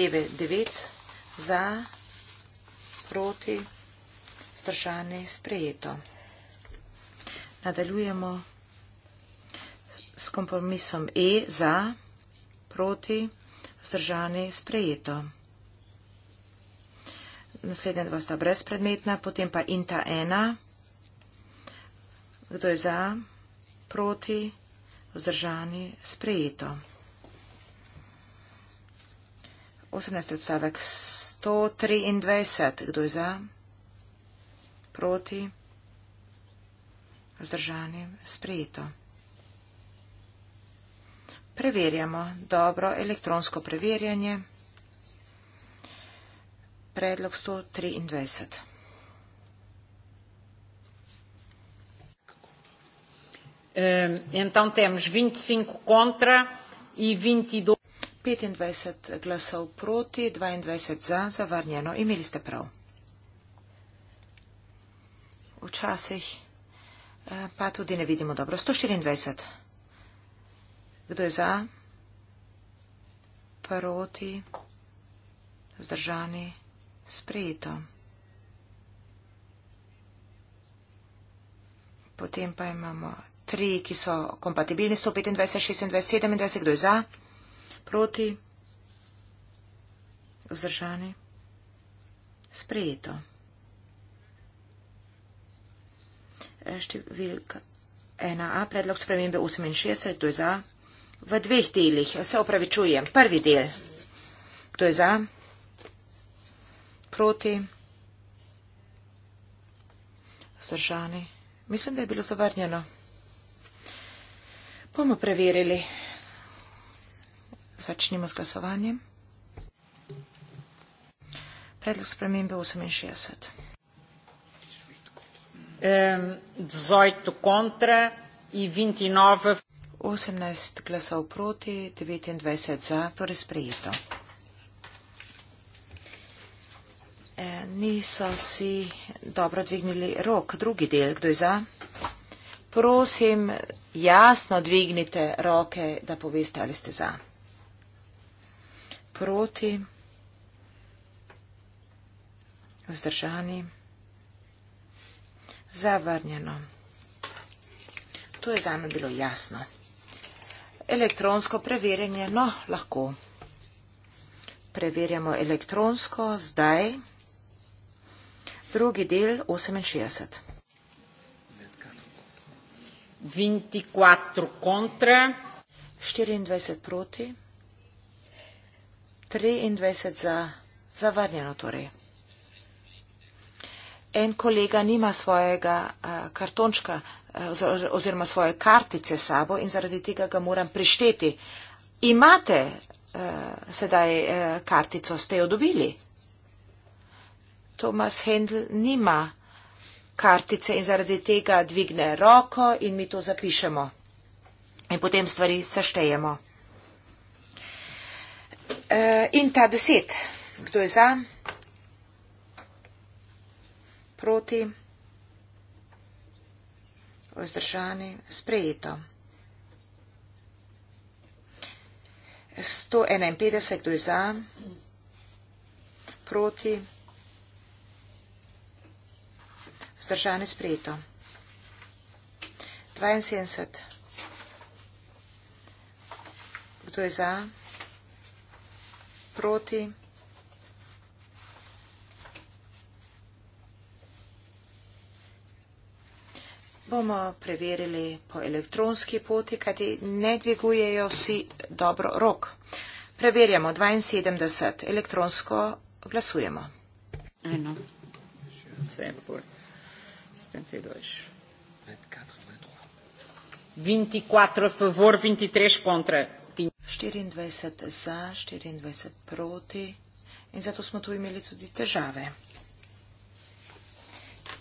9.9 za, proti, vzdržani vprašanje je sprejeto. Nadaljujemo s kompromisom E za, proti, vzdržanje je sprejeto. Naslednja dva sta brezpredmetna, potem pa INTA 1. Kdo je za, proti, vzdržanje je sprejeto. 18. odstavek 123. Kdo je za? proti, vzdržani, sprejeto. Preverjamo dobro elektronsko preverjanje. Predlog 123. Ehm, então temos 25 e contra e 22. 25 e glasov proti, 22 za, zavrnjeno. Imeli ste prav. Včasih eh, pa tudi ne vidimo dobro. 124. Kdo je za? Proti? Zdržani? Sprejeto. Potem pa imamo tri, ki so kompatibilni. 125, 26, 27. Kdo je za? Proti? Vzdržani. Sprejeto. številka 1a, predlog spremembe 68, to je za, v dveh delih, se opravičujem, prvi del, to je za, proti, vzdržani, mislim, da je bilo zavrnjeno. Bomo preverili. Začnimo s glasovanjem. Predlog spremembe 68. 18 kontra in 29. 18 glasov proti, 29 za, torej sprejeto. E, niso vsi dobro dvignili rok. Drugi del, kdo je za? Prosim, jasno dvignite roke, da poveste, ali ste za. Proti, vzdržani zavrnjeno. To je zame bilo jasno. Elektronsko preverjanje, no, lahko. Preverjamo elektronsko zdaj. Drugi del 68. 24 kontra. 24 proti. 23 za zavrnjeno torej en kolega nima svojega uh, kartončka uh, oziroma svoje kartice sabo in zaradi tega ga moram prišteti. Imate uh, sedaj uh, kartico, ste jo dobili? Tomas Hendl nima kartice in zaradi tega dvigne roko in mi to zapišemo. In potem stvari seštejemo. Uh, in ta deset, kdo je za? Proti. Vzdržani. Sprejeto. 151 je za. Proti. Vzdržani. Sprejeto. 72. Kdo je za? Proti. bomo preverili po elektronski poti, kajti ne dvigujejo vsi dobro rok. Preverjamo 72, elektronsko glasujemo. Eno. Favor, 24 za, 24 proti in zato smo tu imeli tudi težave.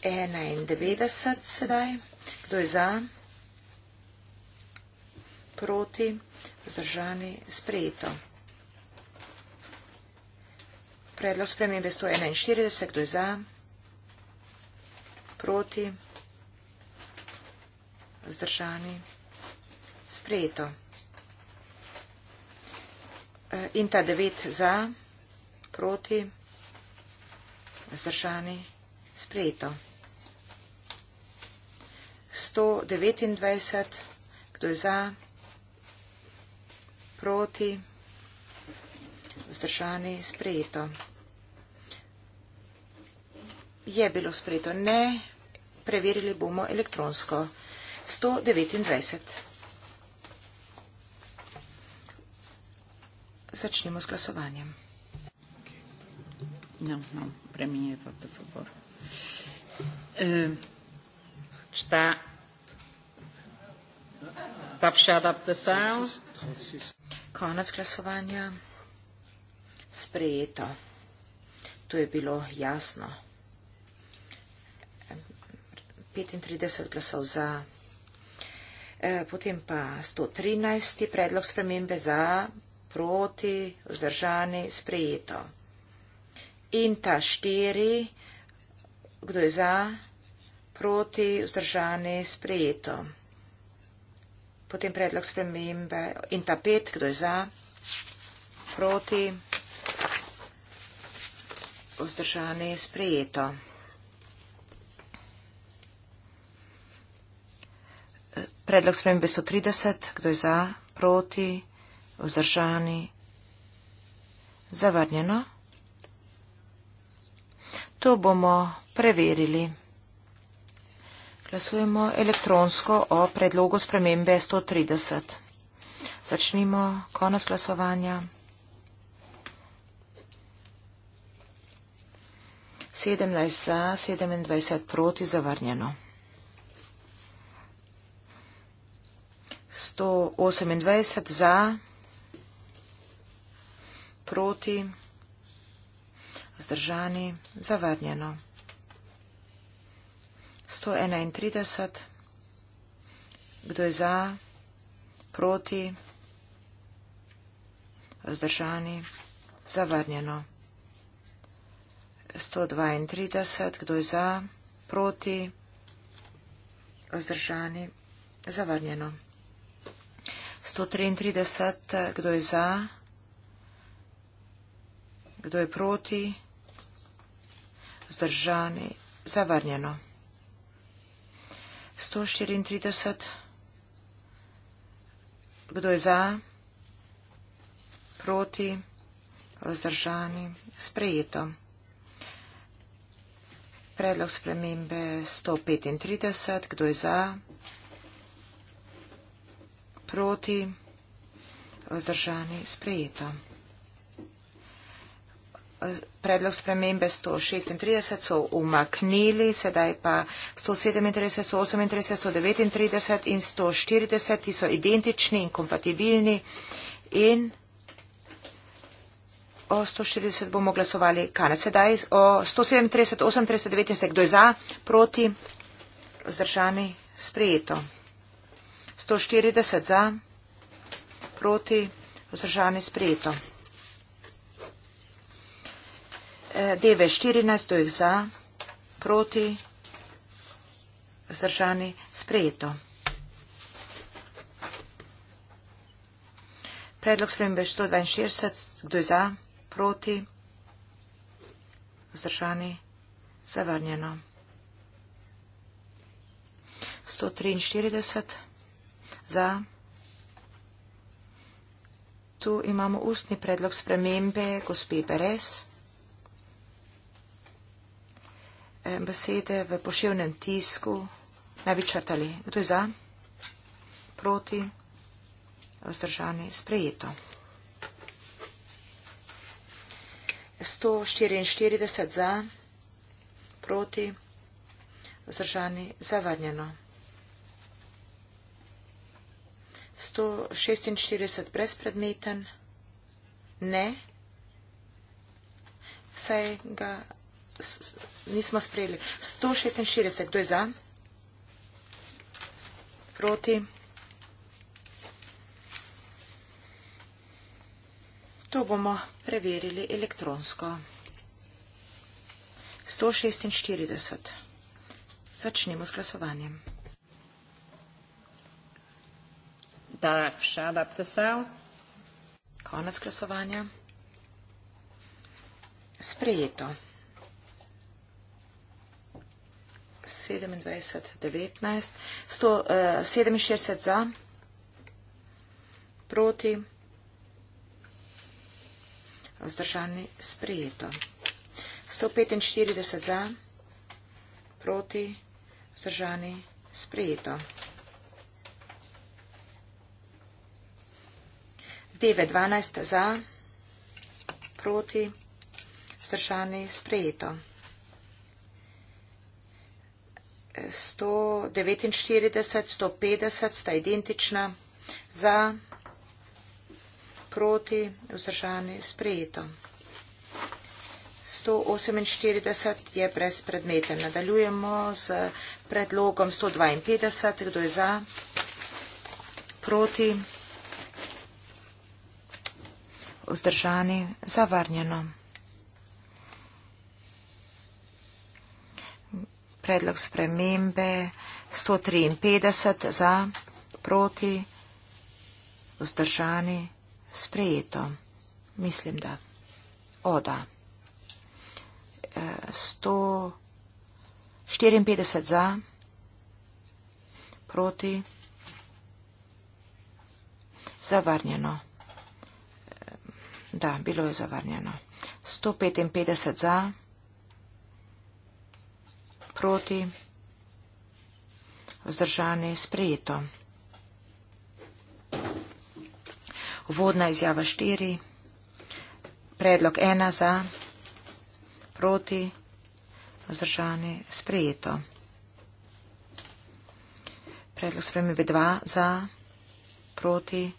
91 sedaj. Kdo je za? Proti? Zdržani? Sprejeto. Predlog spremembe 141. Kdo je za? Proti? Zdržani? Sprejeto. E, In ta devet za, proti, zdržani, sprejeto. 129. Kdo je za? Proti? Vzdržani? Sprejeto. Je bilo sprejeto. Ne, preverili bomo elektronsko. 129. Začnimo s glasovanjem. Okay. No, no, premije pa to favor. Uh está, está fechada a votação. Konec glasovanja. Sprejeto. To je bilo jasno. 35 glasov za. E, potem pa 113 predlog spremembe za, proti, vzdržani, sprejeto. In ta štiri, kdo je za? proti vzdržani sprejeto. Potem predlog spremembe in ta pet, kdo je za, proti vzdržani sprejeto. Predlog spremembe 130, kdo je za, proti vzdržani zavrnjeno. To bomo preverili. Glasujemo elektronsko o predlogu spremembe 130. Začnimo konec glasovanja. 17 za, 27 proti, zavrnjeno. 128 za, proti, vzdržani, zavrnjeno. 131. Kdo je za, proti, vzdržani, zavrnjeno. 132. Kdo je za, proti, vzdržani, zavrnjeno. 133. Kdo je za, kdo je proti, vzdržani, zavrnjeno. 134. Kdo je za? Proti? Vzdržani? Sprejeto. Predlog spremembe 135. Kdo je za? Proti? Vzdržani? Sprejeto predlog spremembe 136 so umaknili, sedaj pa 137, 138, 139 in 140, ki so identični in kompatibilni. In o 140 bomo glasovali, kaj ne sedaj, o 137, 38, 39, kdo je za, proti, zdržani, sprejeto. 140 za, proti, zdržani, sprejeto. Deve 14, to je za, proti, vzdržani, sprejeto. Predlog spremembe 142, kdo je za, proti, vzdržani, zavrnjeno. 143, za, tu imamo ustni predlog spremembe, gospe Beres, 142. besede v poševnem tisku največ črtali. Kdo je za? Proti? Vzdržani? Sprejeto. 144 za, proti, vzdržani, zavrnjeno. 146 brezpredmeten, ne, saj ga nismo sprejeli. 146, kdo je za? Proti? To bomo preverili elektronsko. 146. Začnemo s glasovanjem. Darf shut up the cell. Konec glasovanja. Sprejeto. 19, 167 eh, za, proti, vzdržani sprejeto. 145 za, proti, vzdržani sprejeto. 9, 12 za, proti, vzdržani sprejeto. 149, 150 sta identična za, proti, vzdržani, sprejeto. 148 je brez predmete. Nadaljujemo z predlogom 152. Kdo je za? Proti? Vzdržani? Zavarnjeno? predlog spremembe 153 za, proti, vzdržani, sprejeto. Mislim, da. Oda. 154 e, za, proti, zavrnjeno. E, da, bilo je zavrnjeno. 155 za proti, vzdržane sprejeto. Uvodna izjava 4, predlog 1 za, proti, vzdržane sprejeto. Predlog spremembe 2 za, proti,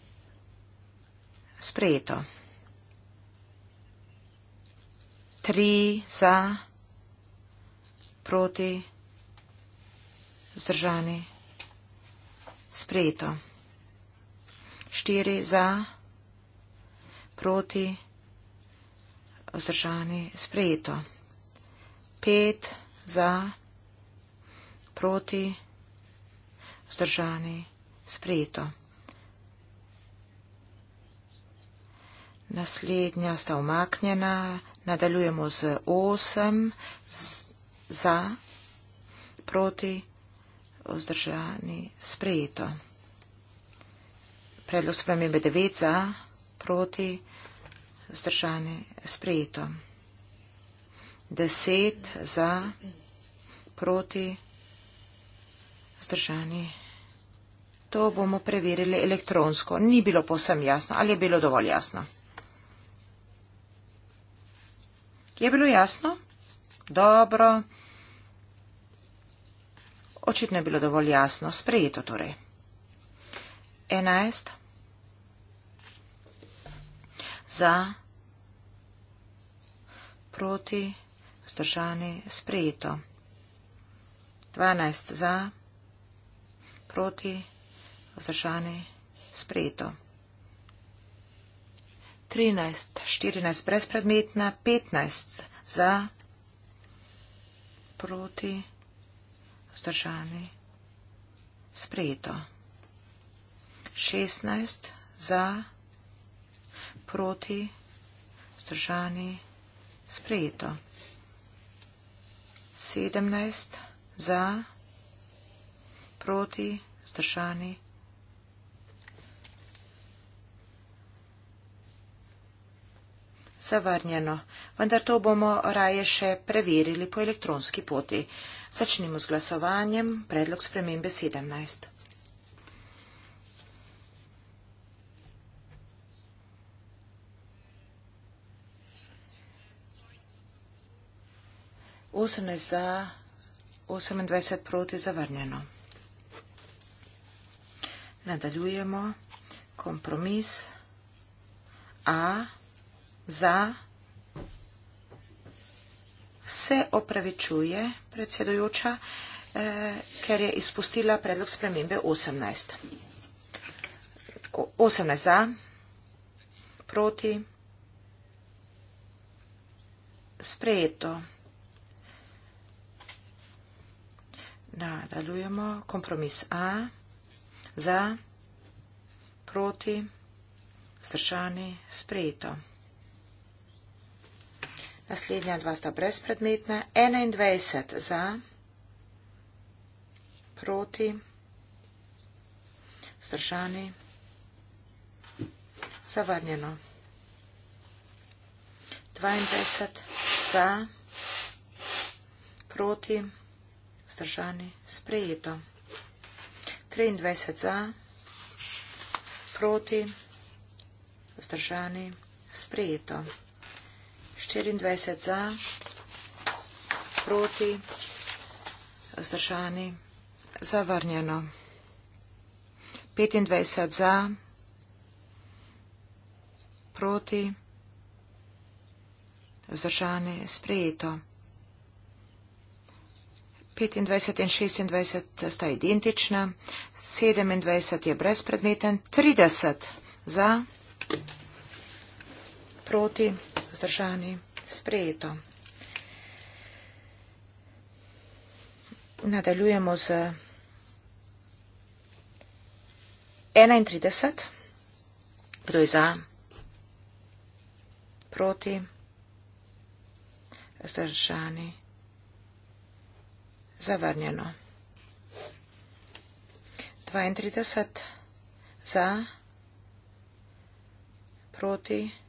sprejeto. 3 za, proti proti, zdržani, sprejeto. Štiri za, proti, vzdržani, sprejeto. Pet za, proti, vzdržani, sprejeto. Naslednja sta omaknjena, nadaljujemo z osem. Z za, proti, vzdržani, sprejeto. Predlog spremembe 9 za, proti, vzdržani, sprejeto. 10 za, proti, vzdržani. To bomo preverili elektronsko. Ni bilo povsem jasno, ali je bilo dovolj jasno. Je bilo jasno? Dobro. Očitno je bilo dovolj jasno, sprejeto torej. Enajst. Za. Proti. Vzdržani. Sprejeto. Dvanajst. Za. Proti. Vzdržani. Sprejeto. 13, 14 brezpredmetna, 15 za, proti, vzdržani. Sprejeto. 16 za, proti, vzdržani, sprejeto. 17 za, proti, vzdržani. Zavrnjeno, vendar to bomo raje še preverili po elektronski poti. Začnimo z glasovanjem. Predlog spremembe 17. Osemnaest za, osemindvajset proti zavrnjeno. Nadaljujemo. Kompromis. A za se opravičuje predsedojoča, eh, ker je izpustila predlog spremembe 18. 18 za, proti, sprejeto. Nadaljujemo. Kompromis A, za, proti, zdržani, sprejeto. Naslednja dva sta brezpredmetna. 21 za, proti, vzdržani, zavrnjeno. 22 za, proti, vzdržani, sprejeto. 23 za, proti, vzdržani, sprejeto. 24 za, proti, zdržani, zavrnjeno. 25 za, proti, zdržani, sprejeto. 25 in 26 sta identična, 27 je brezpredmeten, 30 za, proti, vzdržani, sprejeto. Nadaljujemo z 31, kdo je za, proti, vzdržani, zavrnjeno. 32 za, proti, vzdržani.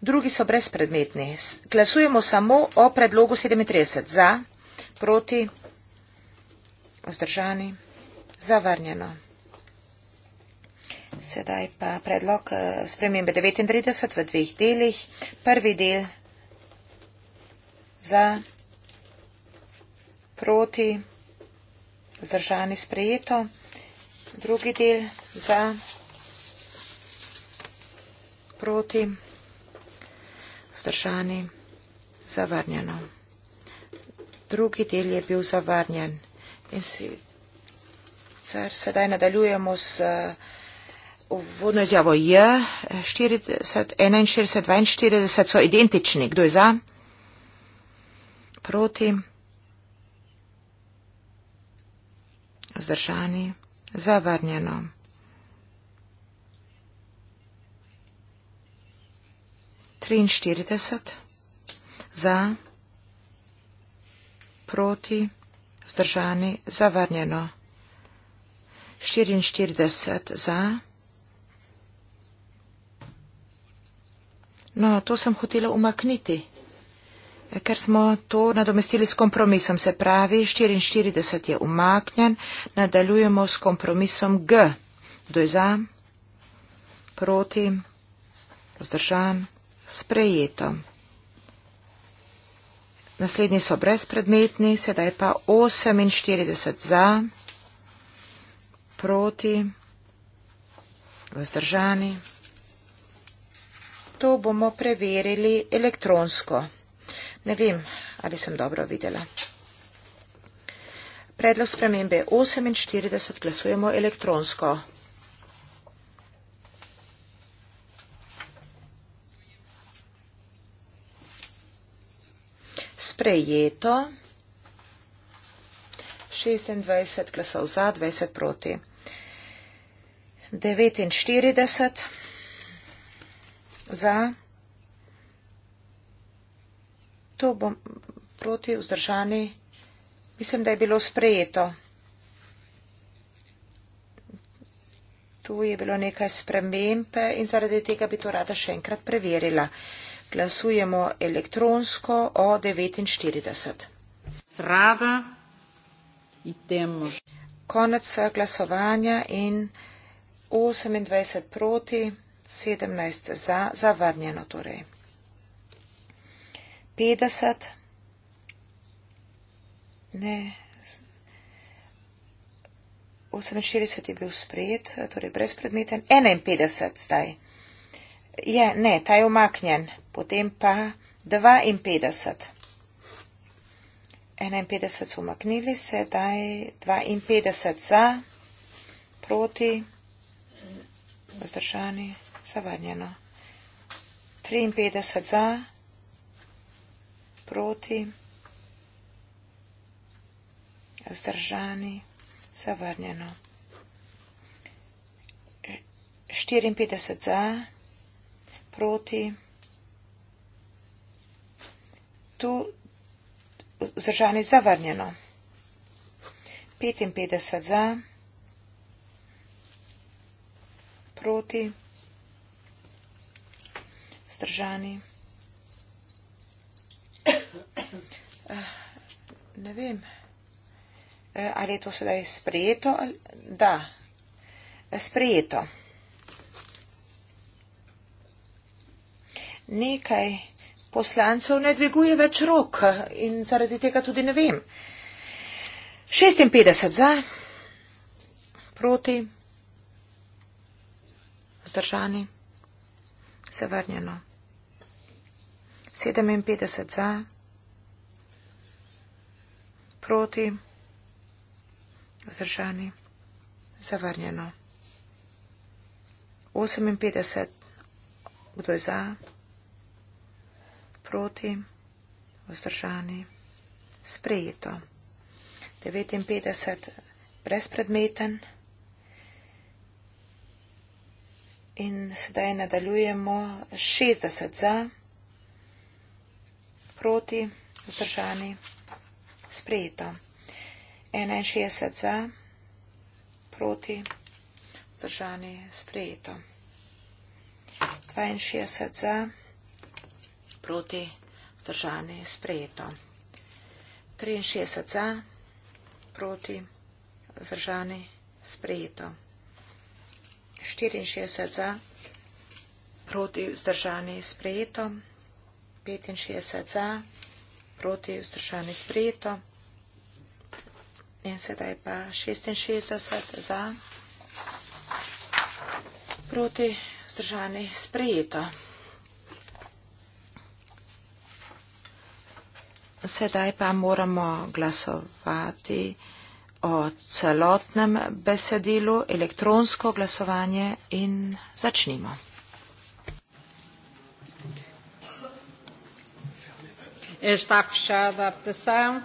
drugi so brezpredmetni. Glasujemo samo o predlogu 37. Za, proti, vzdržani, zavrnjeno. Sedaj pa predlog eh, spremembe 39 v dveh delih. Prvi del za, proti, vzdržani, sprejeto. Drugi del za, proti, vzdržani vzdržani, zavrnjeno. Drugi del je bil zavrnjen in sicer sedaj nadaljujemo s uh, uvodno izjavo J, 40, 41, 42 so identični. Kdo je za? Proti? Vzdržani? Zavrnjeno? 43 za, proti, vzdržani, zavrnjeno. 44 za. No, to sem hotela umakniti, ker smo to nadomestili s kompromisom. Se pravi, 44 je umaknjen, nadaljujemo s kompromisom G. Kdo je za? Proti? Vzdržan? sprejeto. Naslednji so brezpredmetni, sedaj pa 48 za, proti, vzdržani. To bomo preverili elektronsko. Ne vem, ali sem dobro videla. Predlog spremembe 48 glasujemo elektronsko. sprejeto. 26 glasov za, 20 proti. 49 za. To bom proti vzdržani. Mislim, da je bilo sprejeto. Tu je bilo nekaj spremembe in zaradi tega bi to rada še enkrat preverila. Glasujemo elektronsko o 49. Konec glasovanja in 28 proti, 17 za, zavrnjeno torej. 50. Ne. 48 je bil sprejet, torej brezpredmeten. 51 zdaj. Je, ne, ta je omaknjen. Potem pa 52. 51 so omaknili, sedaj 52 za, proti, vzdržani, zavrnjeno. 53 za, proti, vzdržani, zavrnjeno. 54 za, proti, vzdržani, zavrnjeno proti. Tu vzdržani zavrnjeno. 55 za, proti, vzdržani. Eh, ne vem, eh, ali je to sedaj sprejeto ali da. Sprejeto. nekaj poslancev ne dviguje več rok in zaradi tega tudi ne vem. 56 za, proti, vzdržani, zavrnjeno. 57 za, proti, vzdržani, zavrnjeno. 58, kdo je za? proti, vzdržani, sprejeto. 59 brezpredmeten. In sedaj nadaljujemo 60 za, proti, vzdržani, sprejeto. 61 za, proti, vzdržani, sprejeto. 62 za, proti, vzdržani, sprejeto proti vzdržani je sprejeto. 63 za, proti vzdržani je sprejeto. 64 za, proti vzdržani je sprejeto. 65 za, proti vzdržani je sprejeto. In sedaj pa 66 za, proti vzdržani je sprejeto. Sedaj pa moramo glasovati o celotnem besedilu, elektronsko glasovanje in začnimo. Está fechada a votação.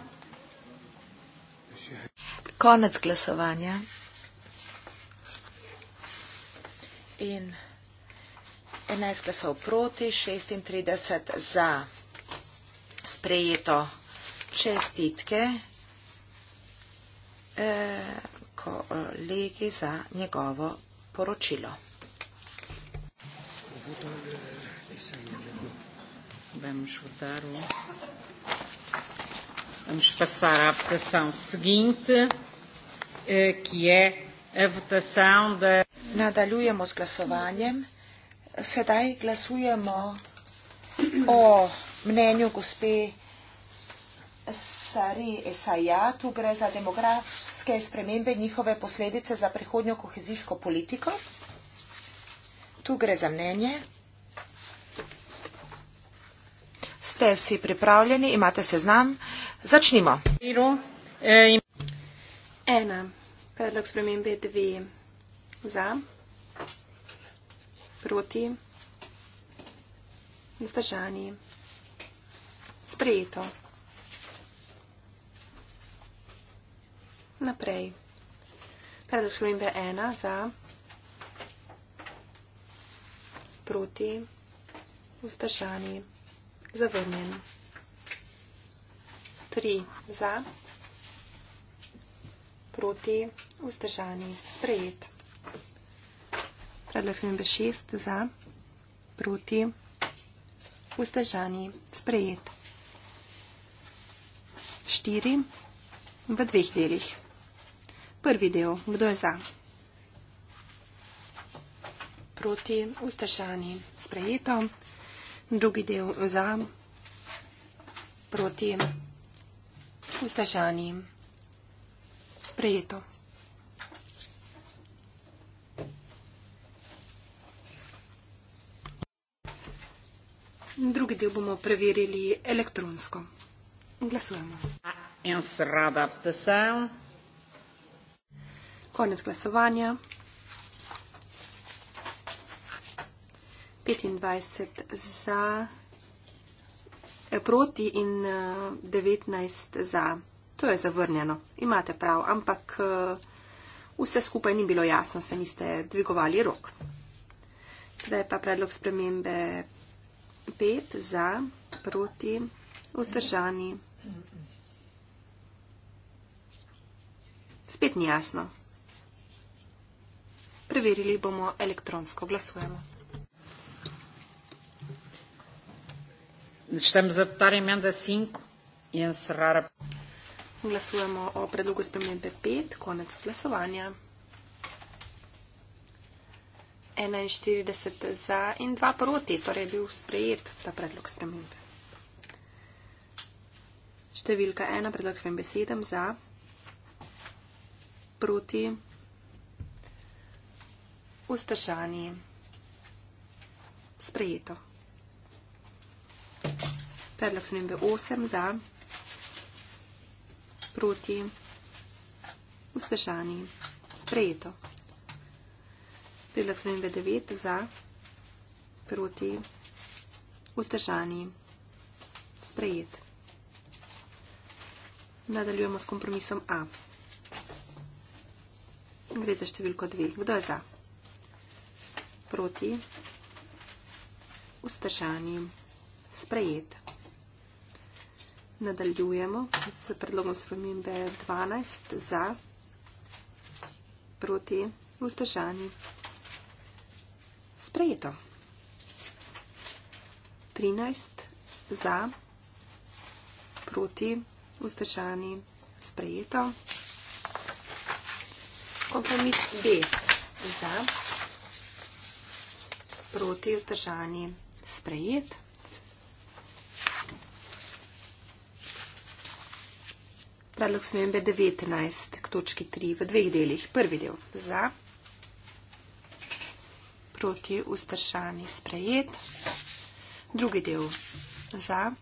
Konec glasovanja. In 11 glasov proti, 36 za sprejeto čestitke eh, kolegi za njegovo poročilo. Vamos passar à votação seguinte, eh, que é a votação da. Nadalhujemos glasovanjem. Sedai glasujemo o. Oh mnenju gospe Sari Esaja, tu gre za demografske spremembe, njihove posledice za prihodnjo kohezijsko politiko. Tu gre za mnenje. Ste vsi pripravljeni, imate seznam. Začnimo. Ena. Predlog spremembe dve. Za. Proti. Zdržani sprejeto. Naprej. Predlog spremembe ena za proti vzdržani zavrnjen. Tri za proti vzdržani sprejet. Predlog spremembe šest za proti vzdržani sprejet štiri v dveh delih. Prvi del, kdo je za? Proti, vzdržani, sprejeto. Drugi del za, proti, vzdržani, sprejeto. Drugi del bomo preverili elektronsko. Glasujemo. Srada Ftesel. Konec glasovanja. 25 za, eh, proti in 19 eh, za. To je zavrnjeno. Imate prav, ampak eh, vse skupaj ni bilo jasno, se niste dvigovali rok. Sedaj pa predlog spremembe 5 za, proti, vzdržani. Spet ni jasno. Preverili bomo elektronsko. Glasujemo. Štejemo za ta imen, da je 5 in srara. Glasujemo o predlogu spremembe 5, konec glasovanja. 41 za in 2 proti, torej je bil sprejet ta predlog spremembe. Številka 1, predlog spremembe 7 za proti vzdržani. Sprejeto. Predlog so nebe 8 za proti vzdržani. Sprejeto. Predlog so nebe 9 za proti vzdržani. Sprejet. Nadaljujemo s kompromisom A. In gre za številko dve. Kdo je za? Proti. Ustržani. Sprejet. Nadaljujemo z predlogom spremembe 12 za, proti, vzdržani, sprejeto. 13 za, proti, vzdržani, sprejeto kompromis B za proti vzdržani sprejet. Predlog smembe 19 k točki 3 v dveh delih. Prvi del za proti vzdržani sprejet. Drugi del za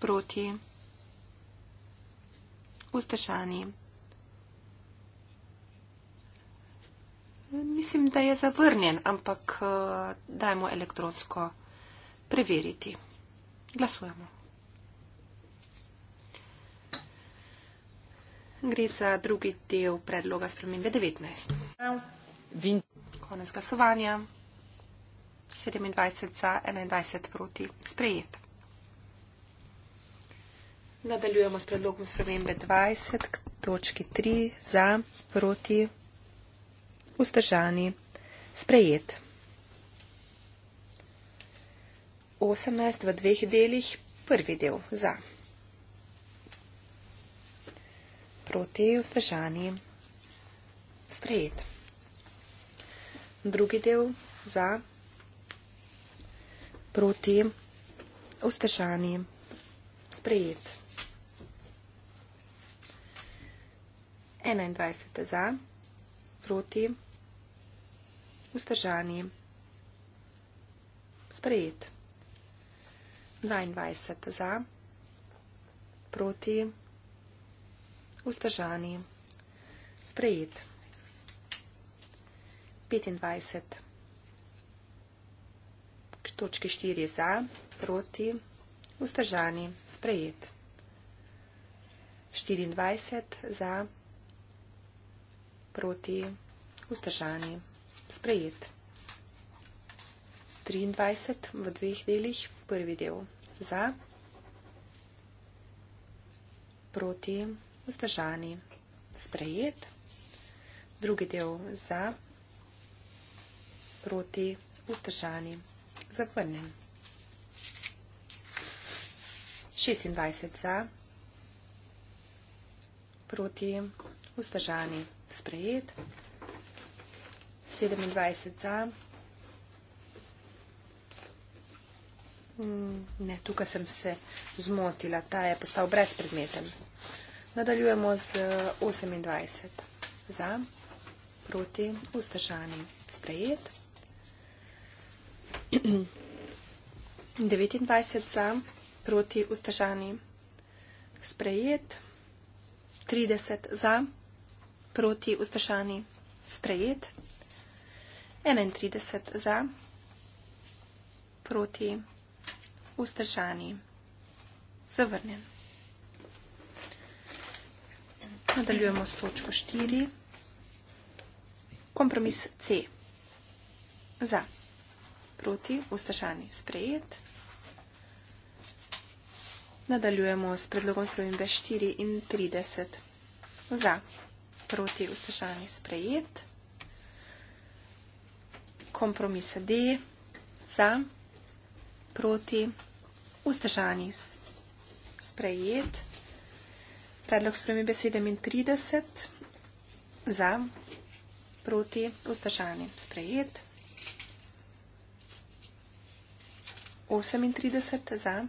proti vzdržani sprejet vzdržani. Mislim, da je zavrnjen, ampak eh, dajmo elektronsko preveriti. Glasujemo. Gre za drugi del predloga spremembe 19. Konec glasovanja. 27 za 21 proti. Sprejet. Nadaljujemo s predlogom spremembe 20 k točki 3 za, proti, vzdržani, sprejet. 18 v dveh delih, prvi del za, proti, vzdržani, sprejet. Drugi del za, proti, vzdržani, sprejet. Sprejet. 21 za, proti, vzdržani, sprejet. 22 za, proti, vzdržani, sprejet. 25 točki 4 za, proti, vzdržani, sprejet. 24 za, proti, vzdržani, sprejet proti, vzdržani, sprejet. 23 v dveh delih, prvi del za, proti, vzdržani, sprejet. Drugi del za, proti, vzdržani, zavrnen. 26 za, proti, vzdržani, sprejet sprejet. 27 za. Mm, ne, tukaj sem se zmotila, ta je postal brezpredmeten. Nadaljujemo z 28 eh, za, proti, ustašani, sprejet. 29 za, proti, ustašani, sprejet. 30 za, sprejet proti vzdržani sprejet, 31 za proti vzdržani zavrnjen. Nadaljujemo s točko 4. Kompromis C. Za. Proti. Vstašani. Sprejet. Nadaljujemo s predlogom strojim B4 in 30. Za. Za proti vzdržani sprejet. Kompromisa D za proti vzdržani sprejet. Predlog spremembe 37 za proti vzdržani sprejet. 38 za.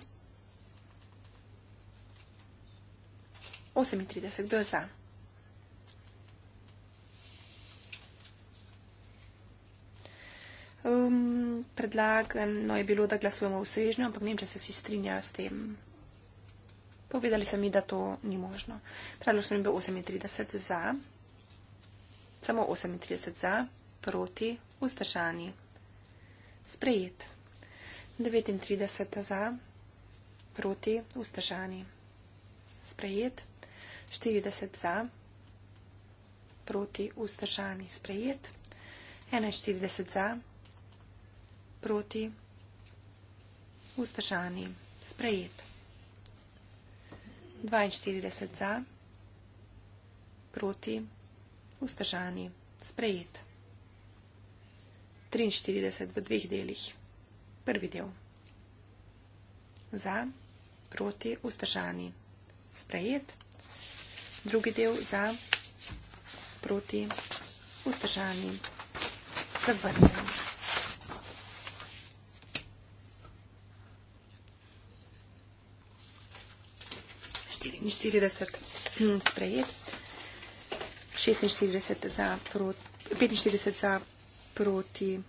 38, kdo je za? um, predlagano je bilo, da glasujemo v svežnju, ampak ne vem, če se vsi strinjajo s tem. Povedali so mi, da to ni možno. Predlog smo imeli 38 za, samo 38 za, proti, vzdržani. Sprejet. 39 za, proti, vzdržani. Sprejet. 40 za, proti, vzdržani. Sprejet. 41 za, proti, vzdržani, sprejet. 42 za, proti, vzdržani, sprejet. 43 v dveh delih. Prvi del. Za, proti, vzdržani, sprejet. Drugi del za, proti, vzdržani, zavrnjen. 45 hm, sprejet, 46 za proti, 45 za proti,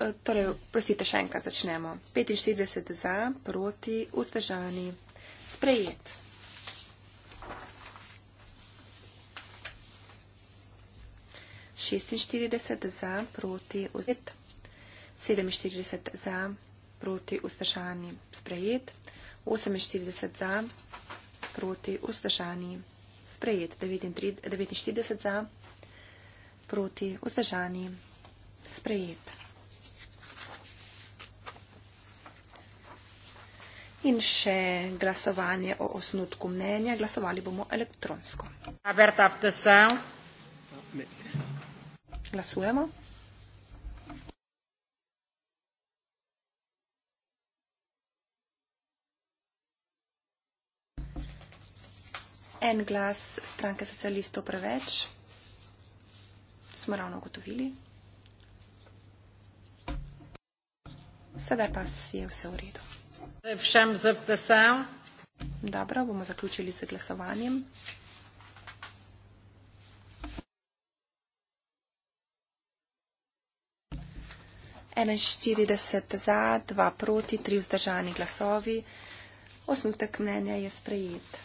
e, torej, prosite, še enkrat začnemo. 45 za proti, vzdržani, sprejet. Šestinštirideset za proti vzdržani, sedeminštirideset za proti vzdržani, sprejet. 48 za, proti vzdržani. Sprejet 49 za, proti vzdržani. Sprejet. In še glasovanje o osnutku mnenja. Glasovali bomo elektronsko. Glasujemo. en glas stranke socialistov preveč, smo ravno ugotovili. Sedaj pa je vse v redu. Dobro, bomo zaključili z glasovanjem. Enajstirideset za, dva proti, tri vzdržani glasovi. Osnutek mnenja je sprejet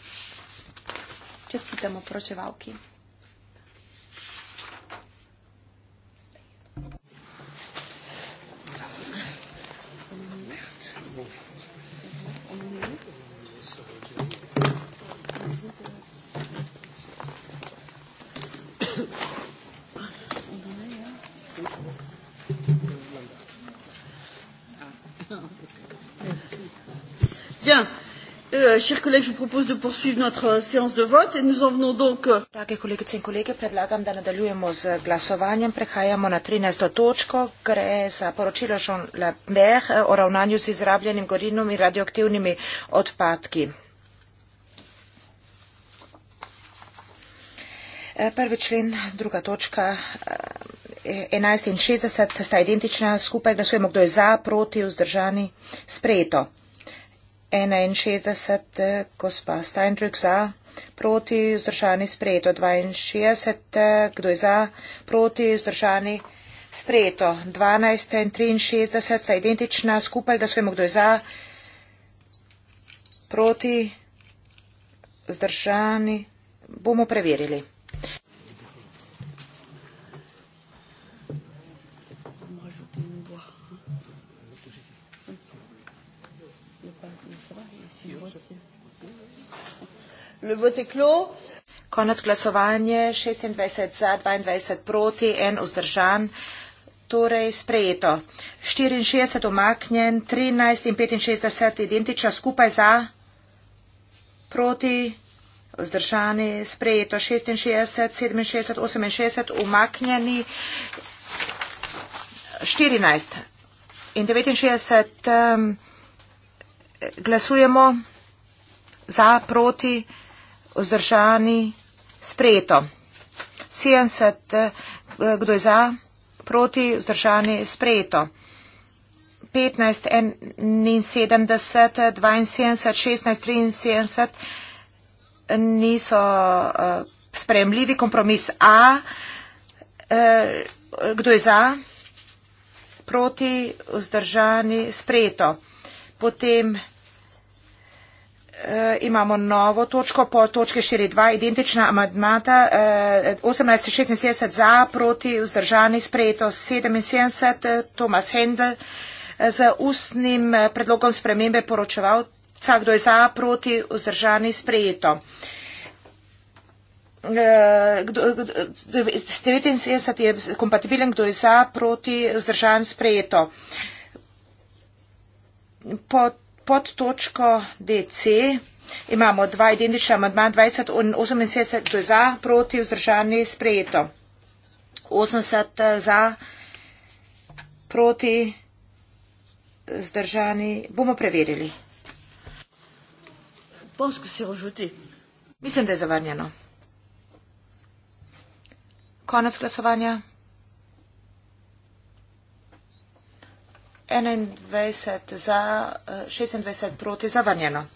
čestitamo poročevalki. Yeah. Ja, Euh, chers collègues, je vous propose de poursuivre notre euh, séance de vote et nous en venons donc. Euh, Drage kolegice in kolege, predlagam, da nadaljujemo z glasovanjem. Prehajamo na 13. točko, gre za poročilo Jean Lambert eh, o ravnanju z izrabljenim gorinom in radioaktivnimi odpadki. Eh, prvi člen, druga točka, 11 eh, in 60 sta identična, skupaj glasujemo, kdo je za, proti, vzdržani, sprejeto. 61, eh, gospa Steindrück za, proti zdržani sprejeto 62, eh, kdo je za, proti zdržani sprejeto 12 in 63, sta identična, skupaj glasujemo, kdo je za, proti zdržani, bomo preverili. Le vote clos. Konec glasovanje 26 za, 22 proti, en vzdržan. Torej sprejeto. 64 omaknjen, 13 in 65 identična skupaj za, proti, vzdržani, sprejeto. 66, 67, 68 omaknjeni, 14 in 69 um, glasujemo za, proti vzdržani, sprejeto. 70, eh, kdo je za, proti, vzdržani, sprejeto. 15, 71, 72, 16, 73 niso eh, spremljivi. Kompromis A, eh, kdo je za, proti, vzdržani, sprejeto. Potem Eh, imamo novo točko po točki 4.2, identična amadmata, 18.76 eh, za, proti, vzdržani, sprejeto 77, eh, Tomas Hendel z ustnim predlogom spremembe poročeval, kdo je za, proti, vzdržani, sprejeto. Kdo, 79 je kompatibilen, kdo je za, proti, vzdržan, sprejeto. Po pod točko DC imamo dva identična amadma 20 in 78 do za, proti vzdržani sprejeto. 80 eh, za, proti vzdržani bomo preverili. Posko se ožuti. Mislim, da je zavrnjeno. Konec glasovanja. 21 za, 26 proti zavrnjeno.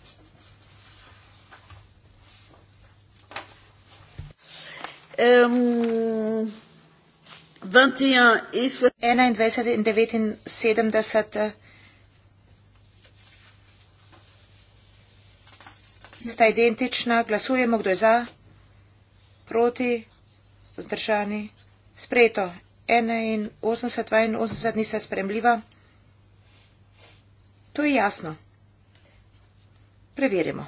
Um, 21 in 79 eh, sta identična. Glasujemo, kdo je za, proti, vzdržani, spreto. 81, 82 nista spremljiva. To je jasno. Preverimo.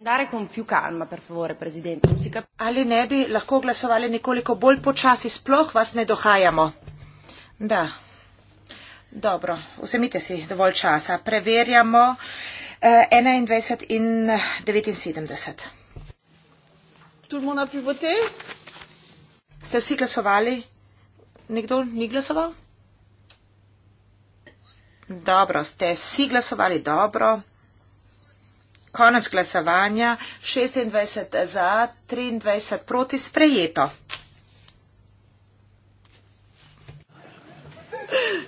Dare con più calma, per favore, presidente. Cap- Ali ne bi lahko glasovali nekoliko bolj počasi, sploh vas ne dohajamo. Da. Dobro, vzemite si dovolj časa. Preverjamo eh, 21 in 79. Tudi mona pivote? Ste vsi glasovali? Nekdo ni glasoval? Dobro, ste vsi glasovali dobro. Konec glasovanja 26 za, 23 proti sprejeto.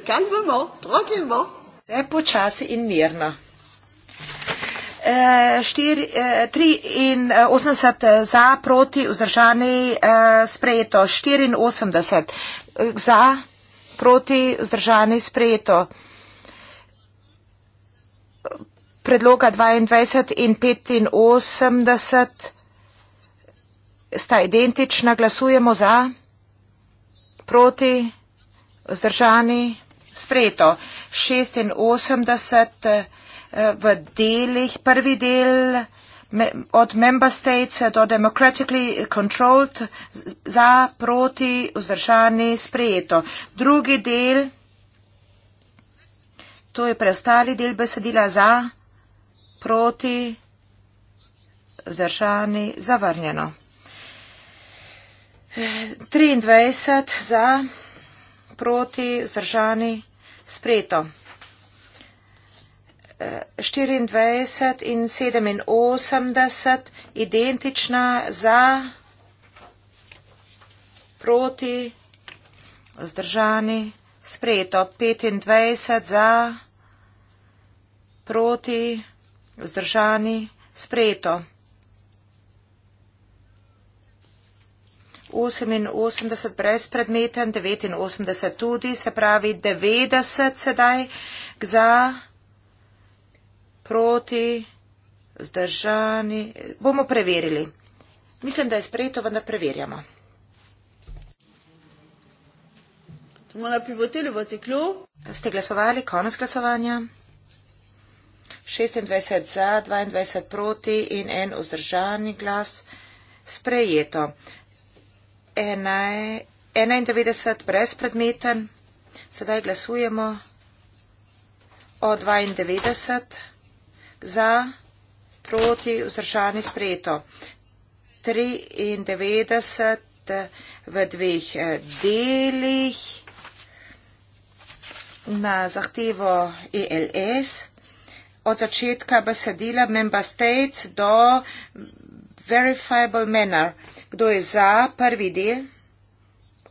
Kaj bomo? Trokimo. Vse počasi in mirno. 83 eh, eh, eh, za, proti vzdržani sprejeto. 84 za, proti vzdržani sprejeto predloga 22 in 85 sta identična, glasujemo za, proti, vzdržani, sprejeto. 86 eh, v delih, prvi del od member states do democratically controlled, za, proti, vzdržani, sprejeto. Drugi del, to je preostali del besedila za, proti, zdržani, zavrnjeno. 23 za, proti, zdržani, spreto. 24 in 87 identična za, proti, zdržani, spreto. 25 za, proti, zdržani. Vzdržani, sprejeto. 88 brez predmeten, 89 tudi, se pravi 90 sedaj za, proti, vzdržani. Bomo preverili. Mislim, da je sprejeto, vendar preverjamo. Ste glasovali? Konec glasovanja. 26 za, 22 proti in en vzdržani glas sprejeto. 91 brezpredmeten. Sedaj glasujemo o 92 za, proti, vzdržani sprejeto. 93 v dveh eh, delih na zahtevo ELS od začetka besedila member states do verifiable manner. Kdo je za prvi del?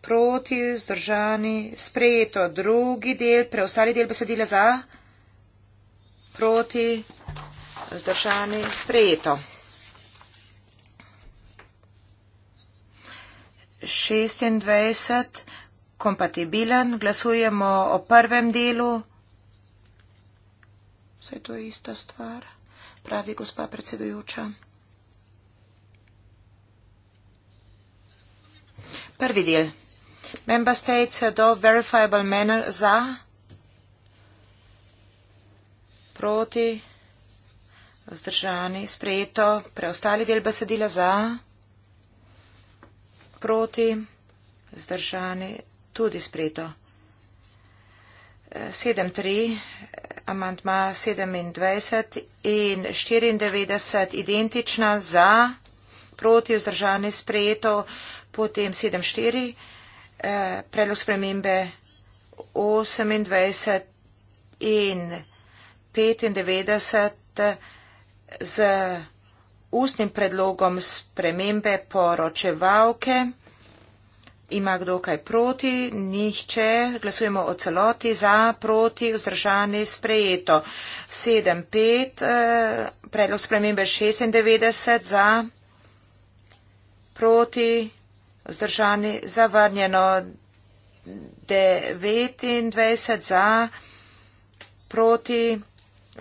Proti, zdržani, sprejeto. Drugi del, preostali del besedila za? Proti, zdržani, sprejeto. Šestindvajset, kompatibilen, glasujemo o prvem delu. Saj to je ista stvar, pravi gospa predsedujoča. Prvi del. Member states do verifiable manner za, proti, vzdržani, sprejeto, preostali del besedila za, proti, vzdržani, tudi sprejeto. 7.3, amantma 27 in 94 identična za, proti vzdržani sprejeto, potem 7.4, eh, predlog spremembe 28 in 95 z ustnim predlogom spremembe poročevalke. Ima kdo kaj proti? Nihče. Glasujemo o celoti. Za, proti, vzdržani, sprejeto. 7, 5. Eh, predlog spremembe 96. Za, proti, vzdržani, zavrnjeno. 29. Za, proti,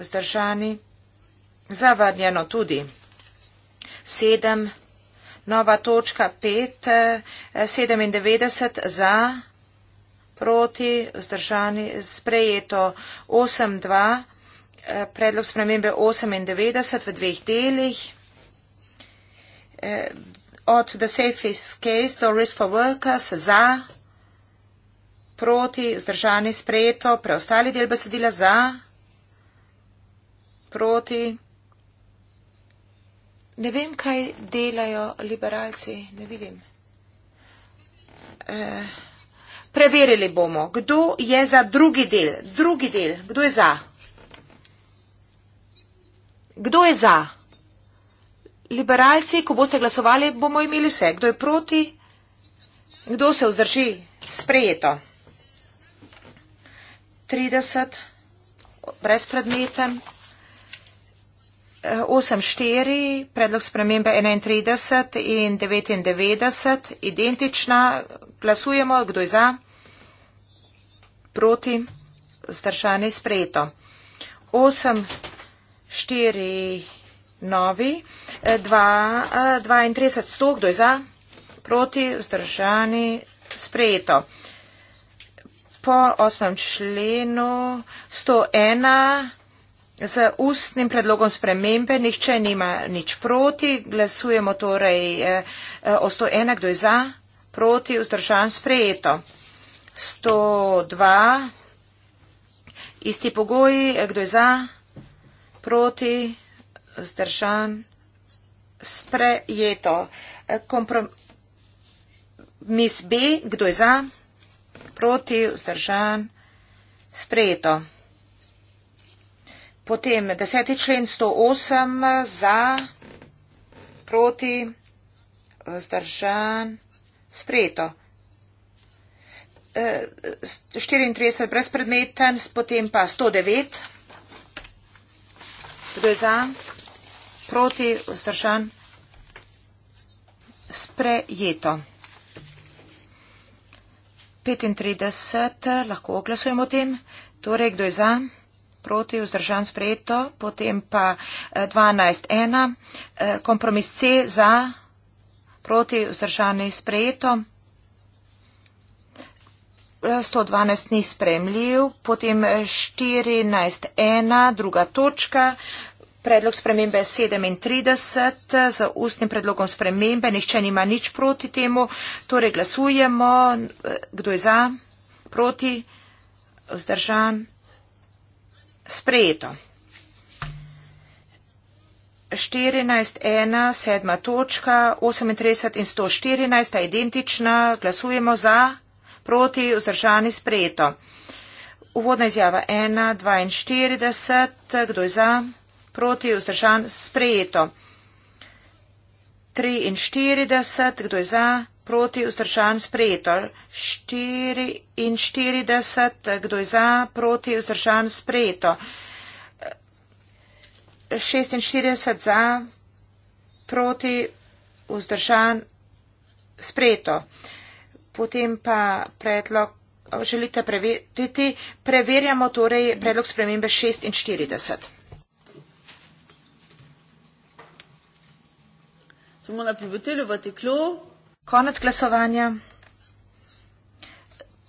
vzdržani, zavrnjeno tudi. 7, 5. Nova točka 5, 97 eh, za, proti, vzdržani, sprejeto 8, 2, eh, predlog spremembe 98 v dveh delih. Eh, od the safest case do risk for workers za, proti, vzdržani, sprejeto, preostali del besedila za, proti, vzdržani. Ne vem, kaj delajo liberalci, ne vidim. E, preverili bomo, kdo je za drugi del, drugi del, kdo je za. Kdo je za? Liberalci, ko boste glasovali, bomo imeli vse. Kdo je proti? Kdo se vzdrži? Sprejeto. 30, brezpredmeten, 84, predlog spremembe 31 in 99, identična. Glasujemo, kdo je za, proti, vzdržani, sprejeto. 8, 4, novi, 32, 100, kdo je za, proti, vzdržani, sprejeto. Po 8. členu 101. Z ustnim predlogom spremembe nihče nima nič proti. Glasujemo torej eh, o 101, kdo je za, proti, vzdržan, sprejeto. 102, isti pogoji, eh, kdo je za, proti, vzdržan, sprejeto. Eh, kompromis B, kdo je za, proti, vzdržan, sprejeto. Potem deseti člen 108 za, proti, zdržan, sprejeto. 34 eh, brezpredmeten, potem pa 109. Kdo je za, proti, zdržan, sprejeto. 35, lahko oglasujemo o tem. Torej, kdo je za? proti vzdržan sprejeto, potem pa 12.1, eh, eh, kompromis C za proti vzdržani sprejeto. 112 eh, ni spremljiv, potem 14.1, druga točka, predlog spremembe 37 z ustnim predlogom spremembe, nihče nima nič proti temu, torej glasujemo, kdo je za, proti, vzdržan sprejeto. 14.1. sedma točka, 38 in 114. identična, glasujemo za, proti, vzdržani, sprejeto. Uvodna izjava 1, 42, kdo je za, proti, vzdržan, sprejeto. 43, kdo je za, proti vzdržan sprejeto 44, kdo je za proti vzdržan sprejeto 46 za proti vzdržan sprejeto. Potem pa predlog. Želite preveriti? Preverjamo torej predlog spremembe 46. Tu mu na pribitelju v teklo Konec glasovanja.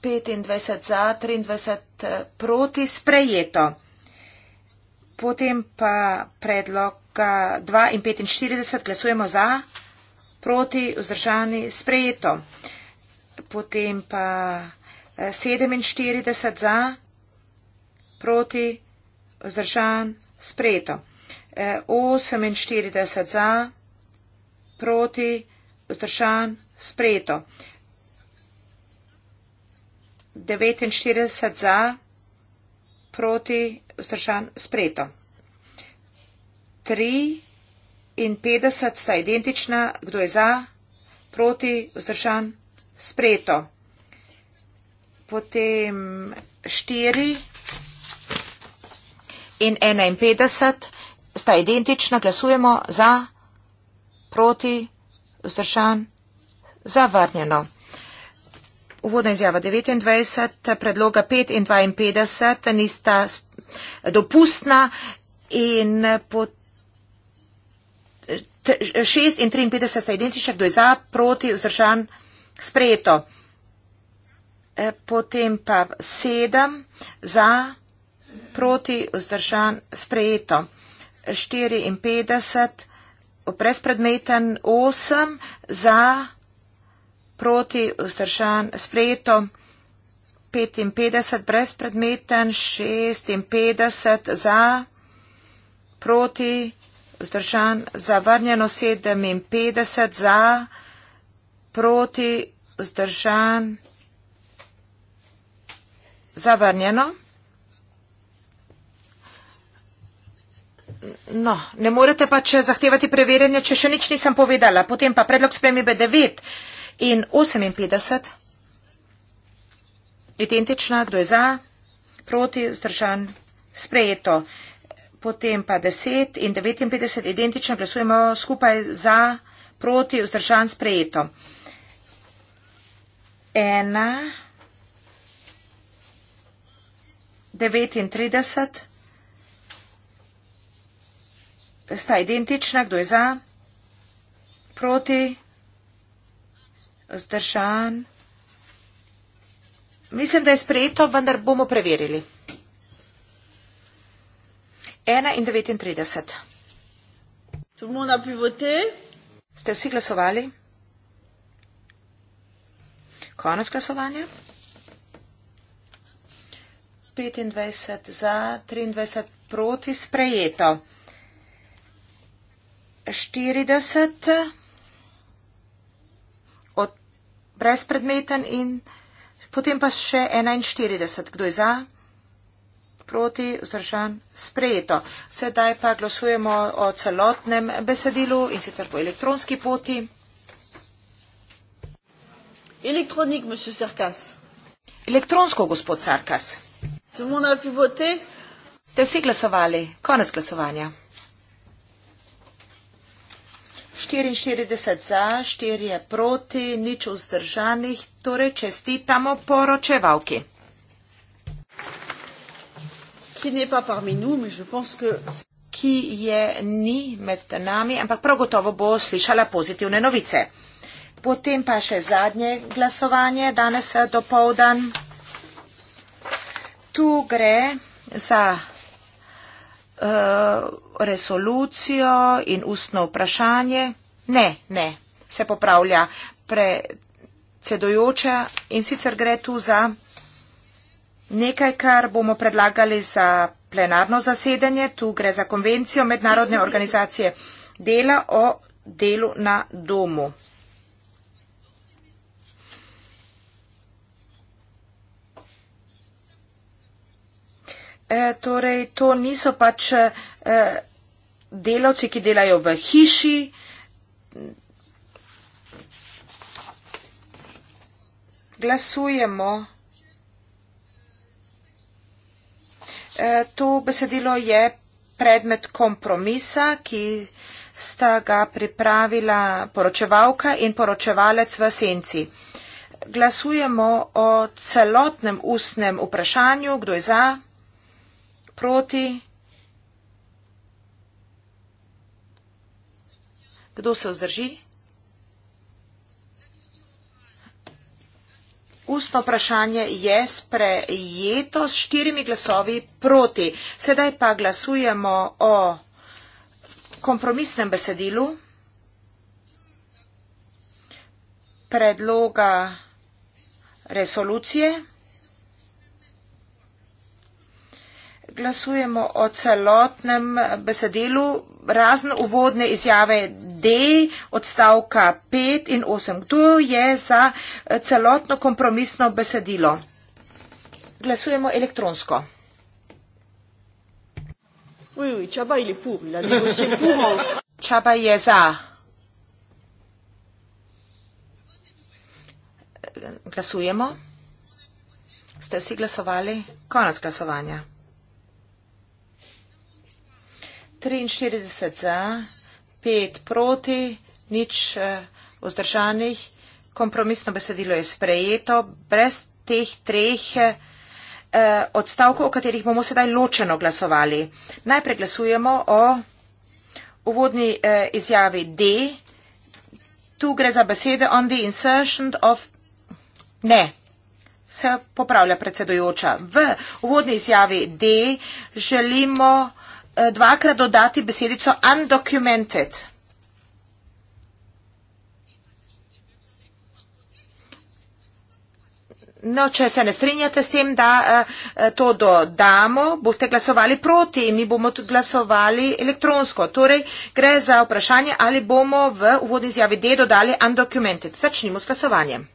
25 za, 23 eh, proti, sprejeto. Potem pa predlog 2 in 45 glasujemo za, proti, vzdržani, sprejeto. Potem pa 47 eh, za, proti, vzdržan, sprejeto. 48 eh, za, proti, vzdržan, sprejeto. 49 za, proti, vzdržan, sprejeto. 3 in 50 sta identična, kdo je za, proti, vzdržan, sprejeto. Potem 4 in 51 sta identična, glasujemo za, proti, vzdržan, sprejeto zavrnjeno. Uvodna izjava 29, predloga 5 in 52 nista dopustna in pot. 6 in 53 sta identična, kdo je za, proti, vzdržan, sprejeto. E, potem pa 7 za, proti, vzdržan, sprejeto. 54 brezpredmeten, 8 za, proti vzdržan sprejeto 55 brezpredmeten, 56 za, proti vzdržan zavrnjeno 57 za, proti vzdržan zavrnjeno. No, ne morete pa če zahtevati preverjanje, če še nič nisem povedala. Potem pa predlog spremi B9. In 58, identična, kdo je za, proti, vzdržan, sprejeto. Potem pa 10 in 59, identično, glasujemo skupaj za, proti, vzdržan, sprejeto. Ena, 39, sta identična, kdo je za, proti, vzdržan, sprejeto zdržan. Mislim, da je sprejeto, vendar bomo preverili. 1.39. Ste vsi glasovali? Konec glasovanja. 25 za, 23 proti, sprejeto. 40 brezpredmeten in potem pa še 41. Kdo je za? Proti, vzdržan, sprejeto. Sedaj pa glasujemo o celotnem besedilu in sicer po elektronski poti. Elektronik, monsieur Sarkas. Elektronsko, gospod Sarkas. Ste vsi glasovali? Konec glasovanja. 44 za, 4 proti, nič vzdržanih, torej čestitamo poročevalki. Ki je ni med nami, ampak prav gotovo bo slišala pozitivne novice. Potem pa še zadnje glasovanje danes eh, do povdan. Tu gre za Eh, resolucijo in ustno vprašanje. Ne, ne, se popravlja predsedujoča in sicer gre tu za nekaj, kar bomo predlagali za plenarno zasedanje. Tu gre za konvencijo Mednarodne organizacije dela o delu na domu. E, torej, to niso pač eh, delavci, ki delajo v hiši. Glasujemo. E, to besedilo je predmet kompromisa, ki sta ga pripravila poročevalka in poročevalec v senci. Glasujemo o celotnem ustnem vprašanju, kdo je za, proti. Kdo se vzdrži? Ustno vprašanje je sprejeto s štirimi glasovi proti. Sedaj pa glasujemo o kompromisnem besedilu predloga resolucije. glasujemo o celotnem besedilu, razen uvodne izjave D odstavka 5 in 8. Kdo je za celotno kompromisno besedilo? Glasujemo elektronsko. Oui, oui, Čaba, pour, Čaba je za. Glasujemo. Ste vsi glasovali? Konec glasovanja. 43 za, 5 proti, nič eh, vzdržanih. Kompromisno besedilo je sprejeto brez teh treh eh, eh, odstavkov, o katerih bomo sedaj ločeno glasovali. Najprej glasujemo o uvodni izjavi D. Tu gre za besede on the insertion of. Ne, se popravlja predsedujoča. V uvodni izjavi D želimo. Eh, dvakrat dodati besedico undocumented. No, če se ne strinjate s tem, da eh, to dodamo, boste glasovali proti in mi bomo tudi glasovali elektronsko. Torej, gre za vprašanje, ali bomo v uvodni izjavi D dodali undocumented. Začnimo s glasovanjem.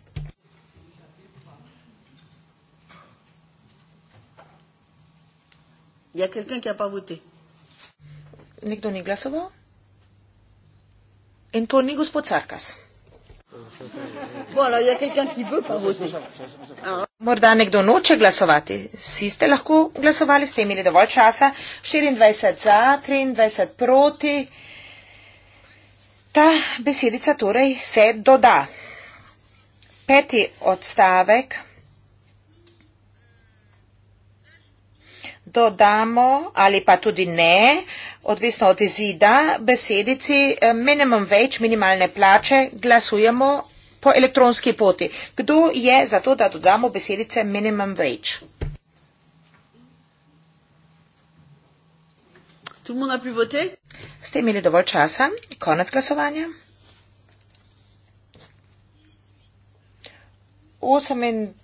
Il y a quelqu'un qui n'a pas voté nekdo ni glasoval. In to ni gospod Sarkas. Morda nekdo noče glasovati. Vsi ste lahko glasovali, ste imeli dovolj časa. 24 za, 23 proti. Ta besedica torej se doda. Peti odstavek. dodamo ali pa tudi ne, odvisno od izida, besedici eh, minimum več minimalne plače glasujemo po elektronski poti. Kdo je za to, da dodamo besedice minimum več? Ste imeli dovolj časa? Konec glasovanja? 18.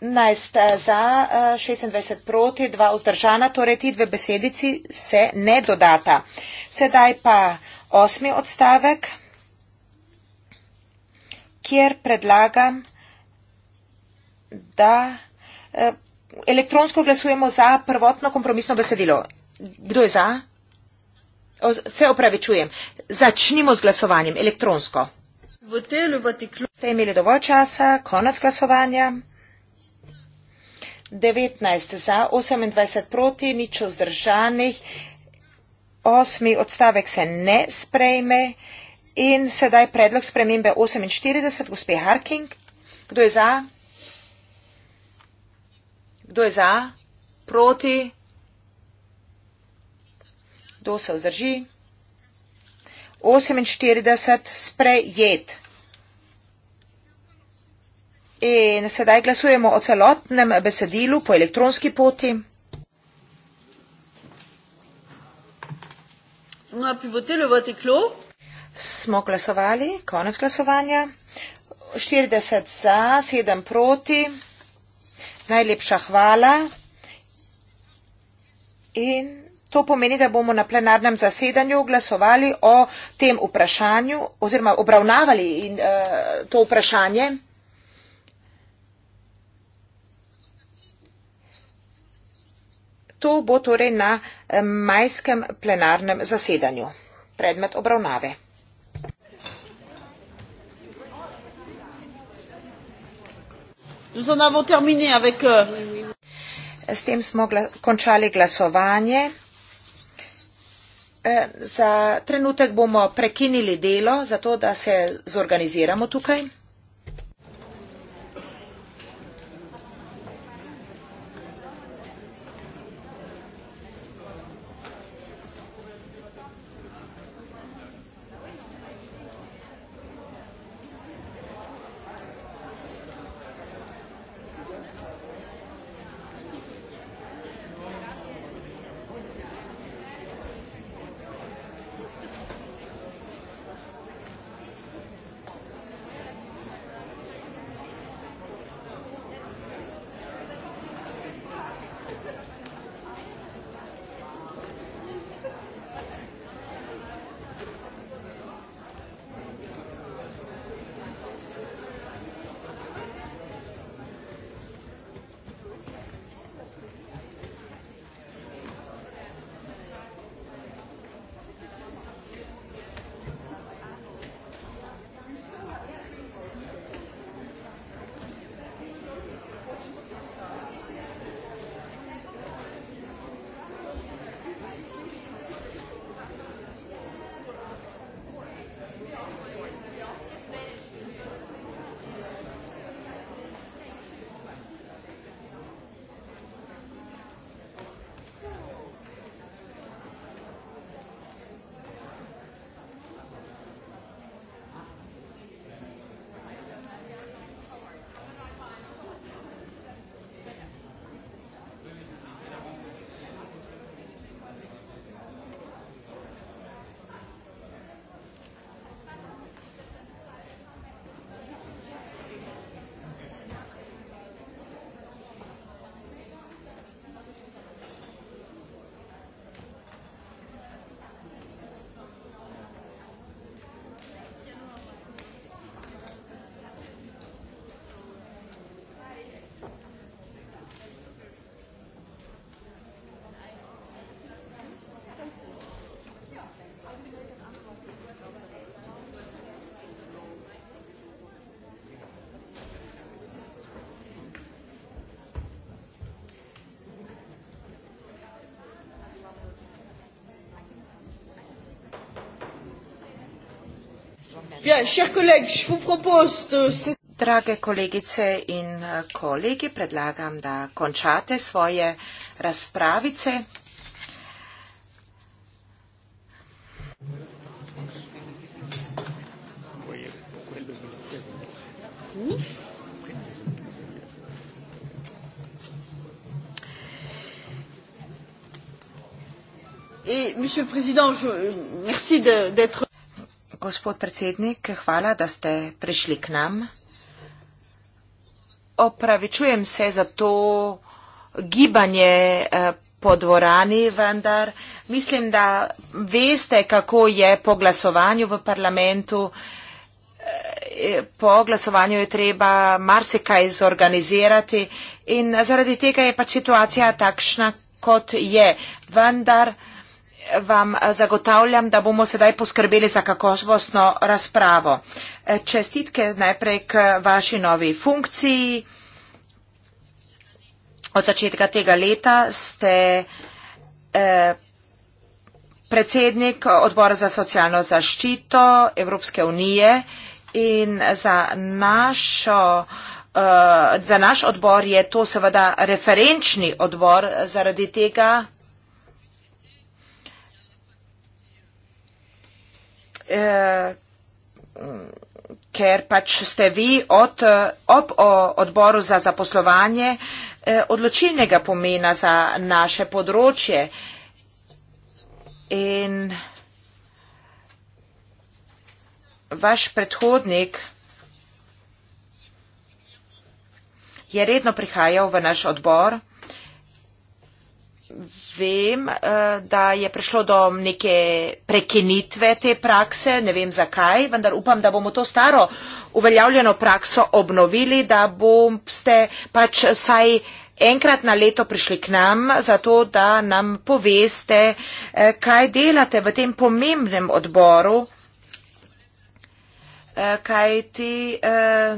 15 eh, za, 26 eh, proti, 2 vzdržana, torej ti dve besedici se ne dodata. Sedaj pa osmi odstavek, kjer predlagam, da eh, elektronsko glasujemo za prvotno kompromisno besedilo. Kdo je za? Se opravičujem. Začnimo z glasovanjem elektronsko. Ste imeli dovolj časa, konec glasovanja. 19 za, 28 proti, nič vzdržanih. Osmi odstavek se ne sprejme. In sedaj predlog spremembe 48, gospe Harking. Kdo je za? Kdo je za? Proti? Kdo se vzdrži? 48 sprejet. In sedaj glasujemo o celotnem besedilu po elektronski poti. Smo glasovali, konec glasovanja. 40 za, 7 proti. Najlepša hvala. In to pomeni, da bomo na plenarnem zasedanju glasovali o tem vprašanju oziroma obravnavali in, uh, eh, to vprašanje. To bo torej na eh, majskem plenarnem zasedanju predmet obravnave. Euh, S tem smo gla končali glasovanje. Eh, za trenutek bomo prekinili delo, zato da se zorganiziramo tukaj. Drage kolegice in eh, kolegi, predlagam, da končate svoje razpravice. Monsieur le Président, je, merci d'être gospod predsednik, hvala, da ste prišli k nam. Opravičujem se za to gibanje eh, po dvorani, vendar mislim, da veste, kako je po glasovanju v parlamentu. Eh, po glasovanju je treba marsikaj zorganizirati in zaradi tega je pač situacija takšna, kot je. Vendar vam eh, zagotavljam, da bomo sedaj poskrbeli za kakovostno razpravo. Eh, čestitke najprej k vaši novi funkciji. Od začetka tega leta ste eh, predsednik odbora za socialno zaščito Evropske unije in za našo Za naš odbor je to seveda referenčni odbor, zaradi tega eh, ker pač ste vi od, eh, ob odboru za zaposlovanje eh, odločilnega pomena za naše področje. In vaš predhodnik je redno prihajal v naš odbor vem, eh, da je prišlo do neke prekinitve te prakse, ne vem zakaj, vendar upam, da bomo to staro uveljavljeno prakso obnovili, da boste pač saj enkrat na leto prišli k nam, zato da nam poveste, eh, kaj delate v tem pomembnem odboru. Eh, kaj ti eh,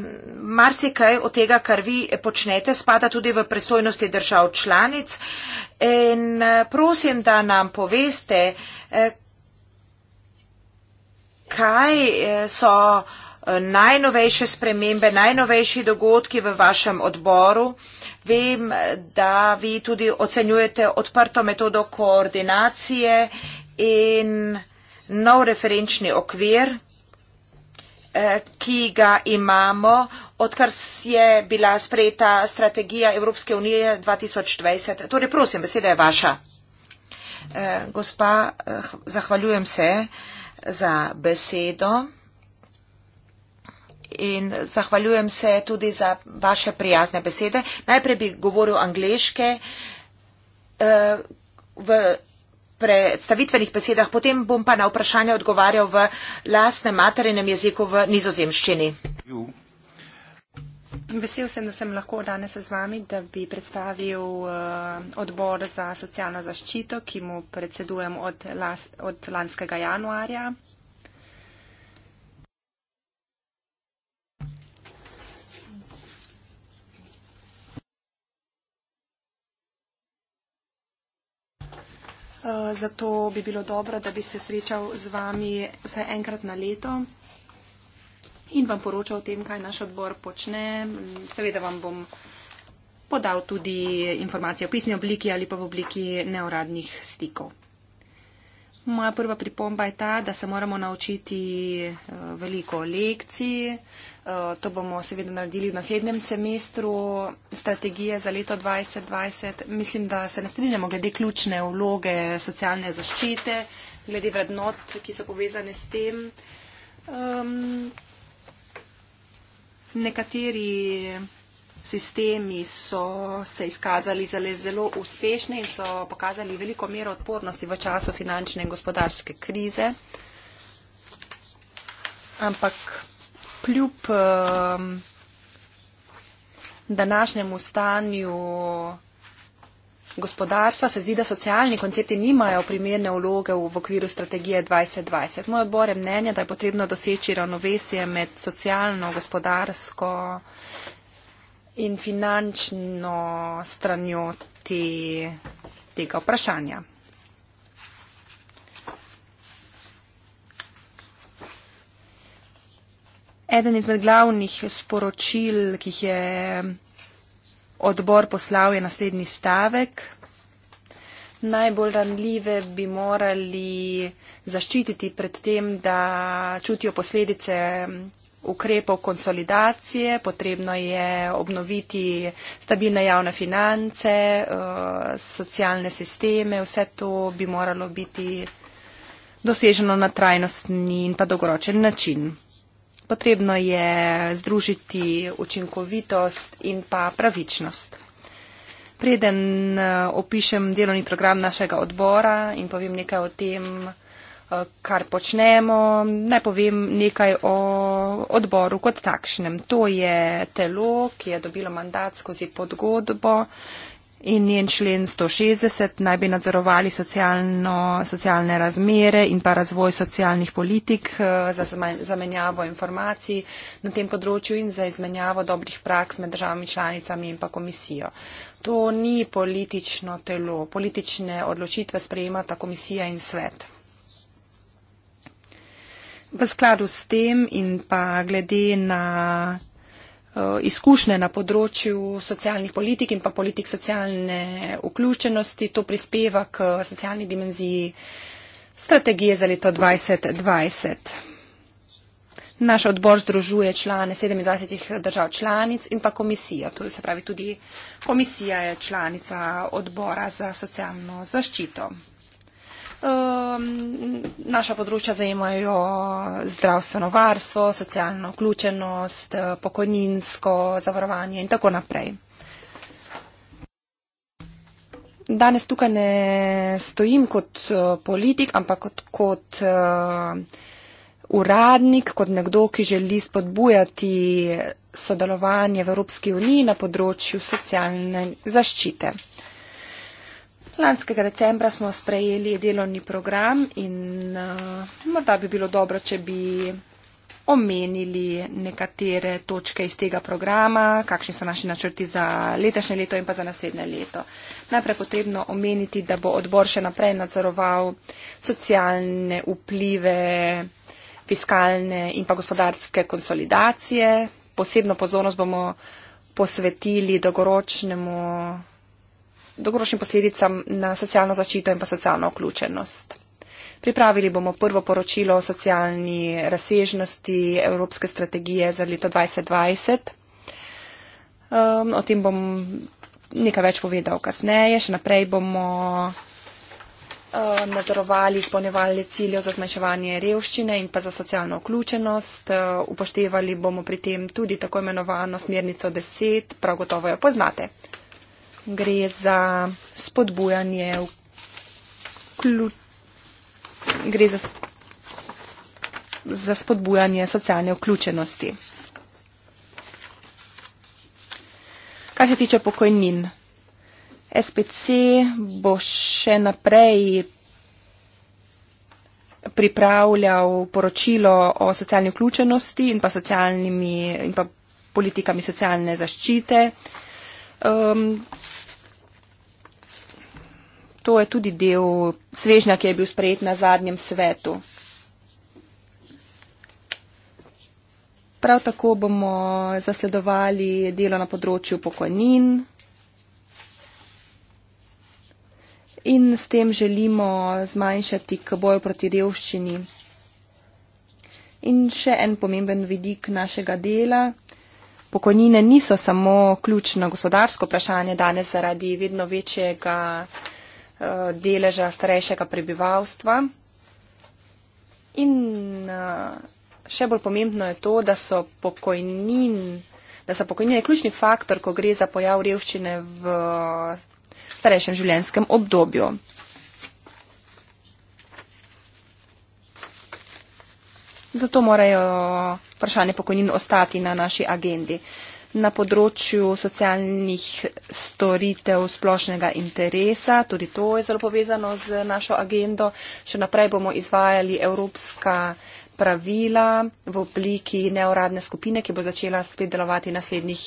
marsikaj od tega, kar vi počnete, spada tudi v prestojnosti držav članic. In eh, prosim, da nam poveste, kaj so najnovejše spremembe, najnovejši dogodki v vašem odboru. Vem, da vi tudi ocenjujete odprto metodo koordinacije in nov referenčni okvir. Eh, ki ga imamo, odkar je bila sprejeta strategija Evropske unije 2020. Torej, prosim, beseda je vaša. Eh, gospa, eh, zahvaljujem se za besedo in zahvaljujem se tudi za vaše prijazne besede. Najprej bi govoril angliške. V predstavitvenih besedah, potem bom pa na vprašanje odgovarjal v lastnem materinem jeziku v nizozemščini. Vesel sem, da sem lahko danes z vami, da bi predstavil eh, odbor za socialno zaščito, ki mu predsedujem od, las, od lanskega januarja. Eh, zato bi bilo dobro, da bi se srečal z vami vsaj enkrat na leto in vam poročal o tem, kaj naš odbor počne. Seveda vam bom podal tudi informacije v pisni obliki ali pa v obliki neuradnih stikov. Moja prva pripomba je ta, da se moramo naučiti eh, veliko lekcij, Eh, to bomo seveda naredili v naslednjem semestru strategije za leto 2020. Mislim, da se ne strinjamo glede ključne vloge socialne zaščite, glede vrednot, ki so povezane s tem. Um, nekateri sistemi so se izkazali za zelo uspešne in so pokazali veliko mero odpornosti v času finančne in gospodarske krize. Ampak kljub um, današnjemu stanju gospodarstva se zdi, da socialni koncepti nimajo primerne vloge v okviru strategije 2020. Moje bore mnenje, da je potrebno doseči ravnovesje med socialno, gospodarsko in finančno stranjo te, tega vprašanja. Eden izmed glavnih sporočil, ki jih je odbor poslal, je naslednji stavek. Najbolj ranljive bi morali zaščititi pred tem, da čutijo posledice ukrepov konsolidacije, potrebno je obnoviti stabilne javne finance, eh, socialne sisteme, vse to bi moralo biti doseženo na trajnostni in pa dolgoročen način. Potrebno je združiti učinkovitost in pa pravičnost. Preden eh, opišem delovni program našega odbora in povem nekaj o tem, eh, kar počnemo, naj povem nekaj o odboru kot takšnem. To je telo, ki je dobilo mandat skozi podgodbo, in njen člen 160 naj bi nadzorovali socialno, socialne razmere in pa razvoj socialnih politik eh, za zamenjavo informacij na tem področju in za izmenjavo dobrih praks med državami članicami in pa komisijo. To ni politično telo. Politične odločitve sprejema ta komisija in svet. V skladu s tem in pa glede na Eh, izkušnje na področju socialnih politik in pa politik socialne vključenosti. To prispeva k socialni dimenziji strategije za leto 2020. Naš odbor združuje člane 27 držav članic in pa komisijo. Tudi, se pravi, tudi komisija je članica odbora za socialno zaščito. Ehm, naša področja zajemajo zdravstveno varstvo, socialno vključenost, eh, pokojninsko zavarovanje in tako naprej. Danes tukaj ne stojim kot eh, politik, ampak kot, kot uh, uradnik, kot nekdo, ki želi spodbujati sodelovanje v Evropski uniji na področju socialne zaščite. Lanskega decembra smo sprejeli delovni program in uh, morda bi bilo dobro, če bi omenili nekatere točke iz tega programa, kakšni so naši načrti za letošnje leto in pa za naslednje leto. Najprej potrebno omeniti, da bo odbor še naprej nadzoroval socialne vplive, fiskalne in pa gospodarske konsolidacije. Posebno pozornost bomo posvetili dogoročnemu dolgoročnim posledicam na socialno zaščito in pa socialno vključenost. Pripravili bomo prvo poročilo o socialni razsežnosti Evropske strategije za leto 2020. Um, o tem bom nekaj več povedal kasneje. Še naprej bomo um, nadzorovali izpolnjevali cilje za zmanjševanje revščine in pa za socialno vključenost. Uh, upoštevali bomo pri tem tudi tako imenovano smernico 10, prav gotovo jo poznate gre za spodbujanje, vklju, gre za, za spodbujanje socialne vključenosti. Kar se tiče pokojnin, SPC bo še naprej pripravljal poročilo o socialni vključenosti in pa, in pa politikami socialne zaščite. Um, to je tudi del svežnja, ki je bil sprejet na zadnjem svetu. Prav tako bomo zasledovali delo na področju pokojnin in s tem želimo zmanjšati k boju proti revščini. In še en pomemben vidik našega dela. Pokojnine niso samo ključno gospodarsko vprašanje danes zaradi vedno večjega Eh, deleža starejšega prebivalstva. In eh, še bolj pomembno je to, da so pokojnin, da so pokojnine ključni faktor, ko gre za pojav revščine v starejšem življenjskem obdobju. Zato morajo vprašanje pokojnin ostati na naši agendi na področju socialnih storitev splošnega interesa. Tudi to je zelo povezano z našo agendo. Še naprej bomo izvajali evropska pravila v obliki neuradne skupine, ki bo začela spet delovati naslednjih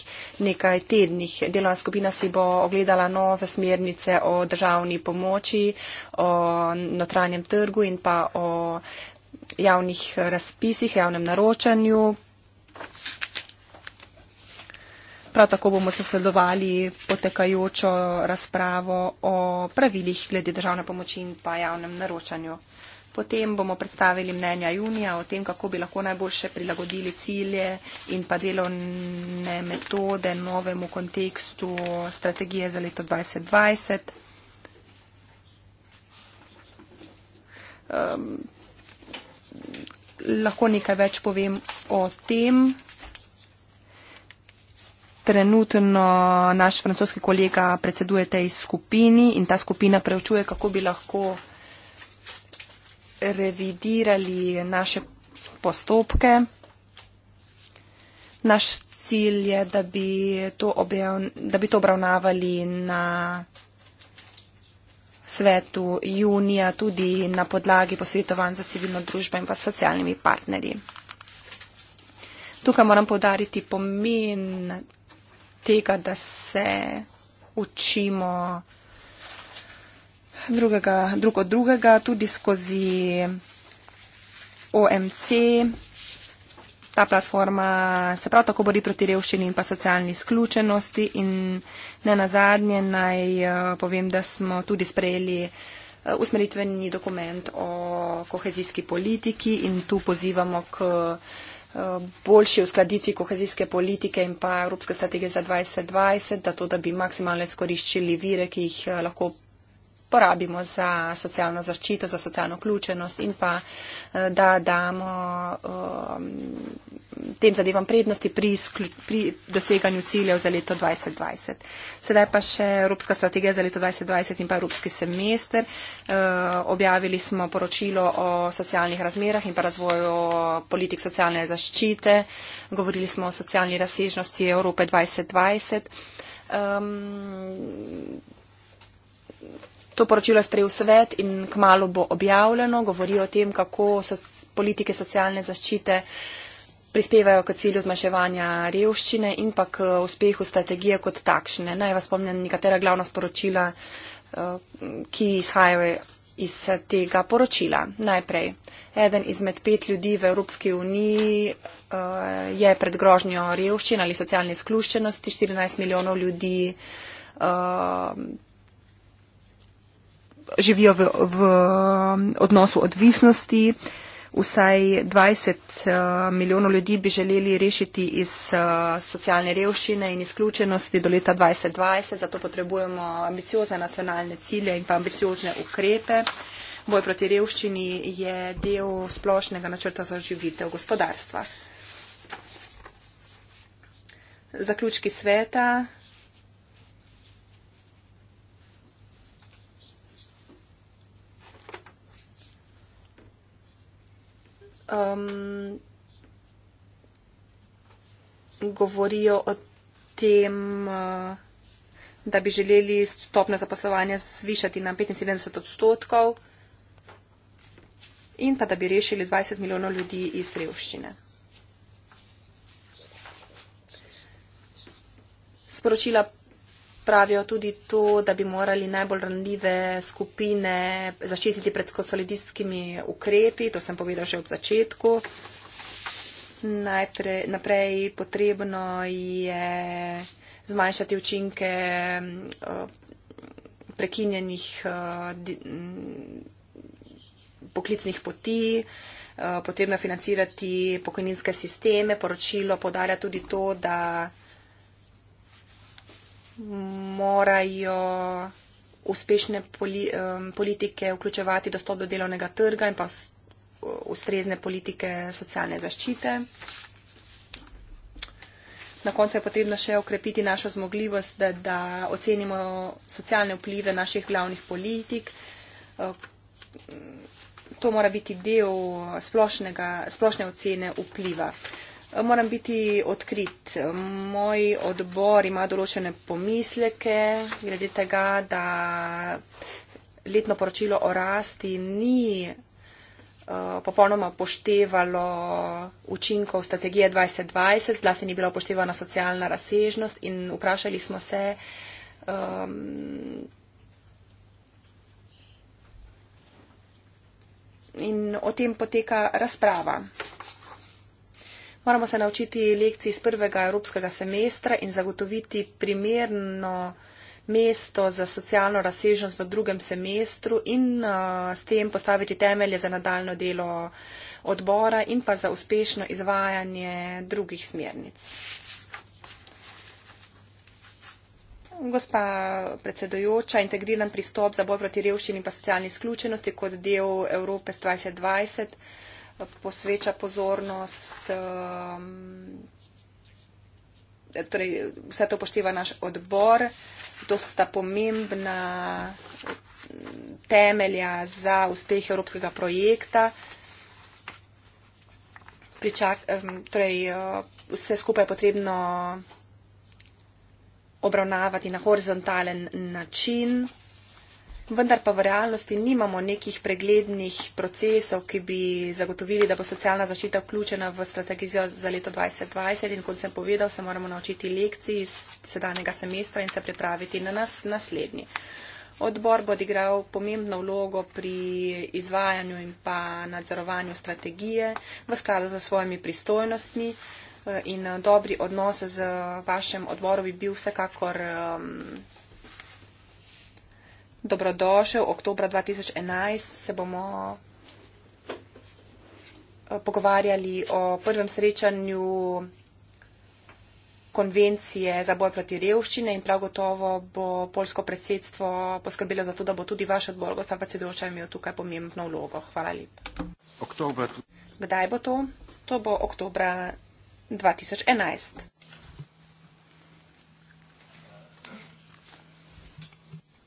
nekaj tednih. Delovna skupina si bo ogledala nove smernice o državni pomoči, o notranjem trgu in pa o javnih razpisih, javnem naročanju, Prav tako bomo zasledovali potekajočo razpravo o pravilih glede državne pomoči in pa javnem naročanju. Potem bomo predstavili mnenja junija o tem, kako bi lahko najboljše prilagodili cilje in pa delovne metode novemu kontekstu strategije za leto 2020. Um, ehm, lahko nekaj več povem o tem trenutno naš francoski kolega predseduje tej skupini in ta skupina preučuje, kako bi lahko revidirali naše postopke. Naš cilj je, da bi to, objav, da bi to obravnavali na svetu junija, tudi na podlagi posvetovanj za civilno družbo in pa s socialnimi partnerji. Tukaj moram podariti pomen tega, da se učimo drugega, drugo drugega, tudi skozi OMC. Ta platforma se prav tako bori proti revščini in pa socialni izključenosti in ne nazadnje naj eh, povem, da smo tudi sprejeli eh, usmeritveni dokument o kohezijski politiki in tu pozivamo k boljši uskladitvi kohezijske politike in pa Evropske strategije za 2020, da to, da bi maksimalno izkoriščili vire, ki jih eh, lahko porabimo za socialno zaščito, za socialno vključenost in pa eh, da damo um, tem zadevam prednosti pri, pri doseganju ciljev za leto 2020. Sedaj pa še Evropska strategija za leto 2020 in pa Evropski semester. Eh, objavili smo poročilo o socialnih razmerah in pa razvoju politik socialne zaščite. Govorili smo o socialni razsežnosti Evrope 2020. To poročilo je sprejel svet in kmalo bo objavljeno. Govori o tem, kako so politike socialne zaščite prispevajo k cilju zmaševanja revščine in pa k uspehu strategije kot takšne. Naj vas spomnim nekatera glavna sporočila, eh, ki izhajajo iz tega poročila. Najprej, eden izmed pet ljudi v Evropski uniji eh, je pred grožnjo revščine ali socialne skluščenosti, 14 milijonov ljudi eh, živijo v, v odnosu odvisnosti. Vsaj 20 uh, eh, milijonov ljudi bi želeli rešiti iz uh, socialne revščine in izključenosti do leta 2020, zato potrebujemo ambiciozne nacionalne cilje in pa ambiciozne ukrepe. Boj proti revščini je del splošnega načrta za oživitev gospodarstva. Zaključki sveta. um, govorijo o tem, uh, da bi želeli stopne zaposlovanja zvišati na 75 odstotkov in pa da bi rešili 20 milijonov ljudi iz revščine. Sporočila pravijo tudi to, da bi morali najbolj randljive skupine zaščititi pred konsolidijskimi ukrepi, to sem povedal že od začetku. Najprej, naprej potrebno je zmanjšati učinke eh, prekinjenih eh, mm, poklicnih poti, eh, potrebno financirati pokojninske sisteme. Poročilo podarja tudi to, da morajo uspešne poli, um, politike vključevati dostop do delovnega trga in pa ustrezne politike socialne zaščite. Na koncu je potrebno še okrepiti našo zmogljivost, da, da ocenimo socialne vplive naših glavnih politik. To mora biti del splošnega, splošne ocene vpliva. Uh, Moram biti odkrit. Moj odbor ima določene pomisleke glede tega, da letno poročilo o rasti ni eh, popolnoma upoštevalo učinkov strategije 2020, zlasti ni bila upoštevana socialna razsežnost in vprašali smo se, um, In o tem poteka razprava. Moramo se naučiti lekcij iz prvega evropskega semestra in zagotoviti primerno mesto za socialno razsežnost v drugem semestru in uh, s tem postaviti temelje za nadaljno delo odbora in pa za uspešno izvajanje drugih smernic. Gospa predsedojoča, integriran pristop za boj proti revščini in pa socialni izključenosti kot del Evrope 2020 posveča pozornost, um, torej vse to pošteva naš odbor, to sta pomembna temelja za uspeh evropskega projekta. Pričak, um, torej, uh, vse skupaj je potrebno obravnavati na horizontalen način vendar pa v realnosti nimamo nekih preglednih procesov, ki bi zagotovili, da bo socialna zaščita vključena v strategijo za leto 2020 in kot sem povedal, se moramo naučiti lekcij iz sedanjega semestra in se pripraviti na nas naslednji. Odbor bo odigral pomembno vlogo pri izvajanju in pa nadzorovanju strategije v skladu za svojimi pristojnostmi eh, in eh, dobri odnos z vašem odborom bi bil vsekakor um, dobrodošel. Oktobra 2011 se bomo eh, pogovarjali o prvem srečanju konvencije za boj proti revščine in prav gotovo bo polsko predsedstvo poskrbelo za to, da bo tudi vaš odbor, kot pa predsedujoča, imel tukaj pomembno vlogo. Hvala lepa. Oktober. Kdaj bo to? To bo oktobra 2011.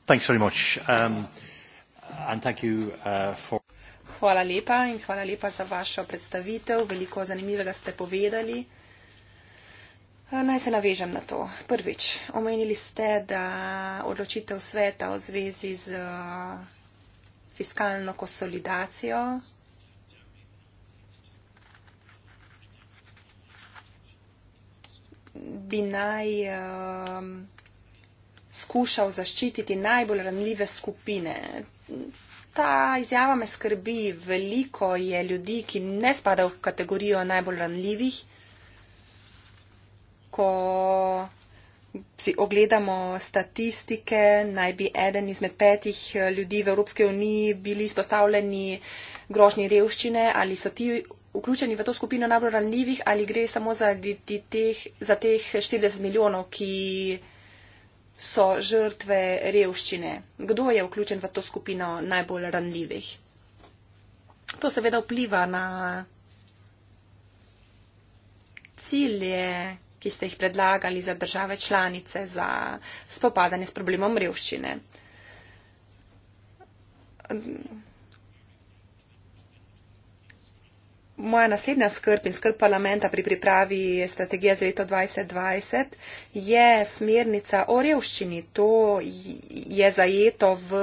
Thanks very much. Um, and thank you, uh, for... Hvala lepa in hvala lepa za vašo predstavitev. Veliko zanimivega ste povedali. Uh, naj se navežem na to. Prvič, omenili ste, da odločitev sveta v zvezi z uh, fiskalno konsolidacijo bi naj. Uh, skušal zaščititi najbolj ranljive skupine. Ta izjava me skrbi. Veliko je ljudi, ki ne spadajo v kategorijo najbolj ranljivih. Ko si ogledamo statistike, naj bi eden izmed petih eh, ljudi v Evropske unije bili izpostavljeni grožni revščine ali so ti vključeni v to skupino najbolj ranljivih ali gre samo za, di, di, teh, za teh 40 milijonov, ki so žrtve revščine, kdo je vključen v to skupino najbolj ranljivih. To seveda vpliva na cilje, ki ste jih predlagali za države članice za spopadanje s problemom revščine. moja naslednja skrb in skrb parlamenta pri pripravi strategije za leto 2020 je smernica o revščini. To je zajeto v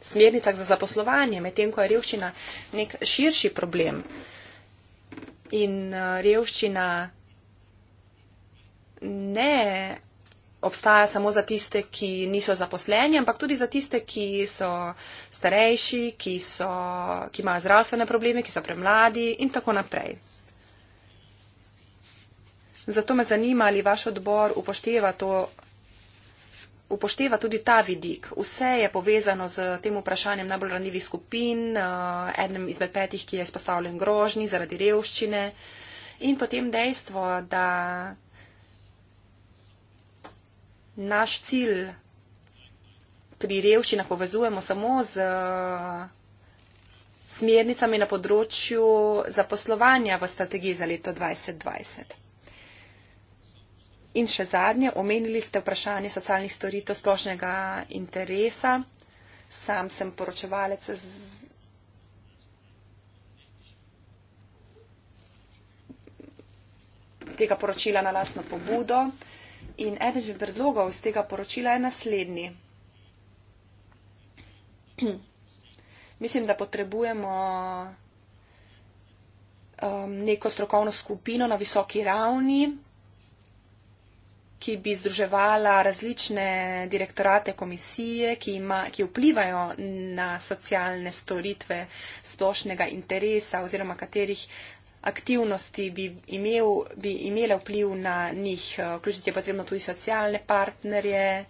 smernicah za zaposlovanje, medtem ko je revščina nek širši problem. In eh, revščina ne obstaja samo za tiste, ki niso zaposleni, ampak tudi za tiste, ki so starejši, ki, so, ki imajo zdravstvene probleme, ki so premladi in tako naprej. Zato me zanima, ali vaš odbor upošteva, to, upošteva tudi ta vidik. Vse je povezano z tem vprašanjem najbolj ranljivih skupin, eh, enem izmed petih, ki je izpostavljen grožni zaradi revščine. In potem dejstvo, da naš cilj pri revščini povezujemo samo z eh, smernicami na področju zaposlovanja v strategiji za leto 2020. In še zadnje, omenili ste vprašanje socialnih storitev splošnega interesa. Sam sem poročevalec z tega poročila na lastno pobudo. In eden izmed predlogov iz tega poročila je naslednji. Mislim, da potrebujemo um, neko strokovno skupino na visoki ravni, ki bi združevala različne direktorate komisije, ki, ima, ki vplivajo na socialne storitve splošnega interesa oziroma katerih aktivnosti bi, imel, bi imele vpliv na njih. Eh, vključiti je potrebno tudi socialne partnerje,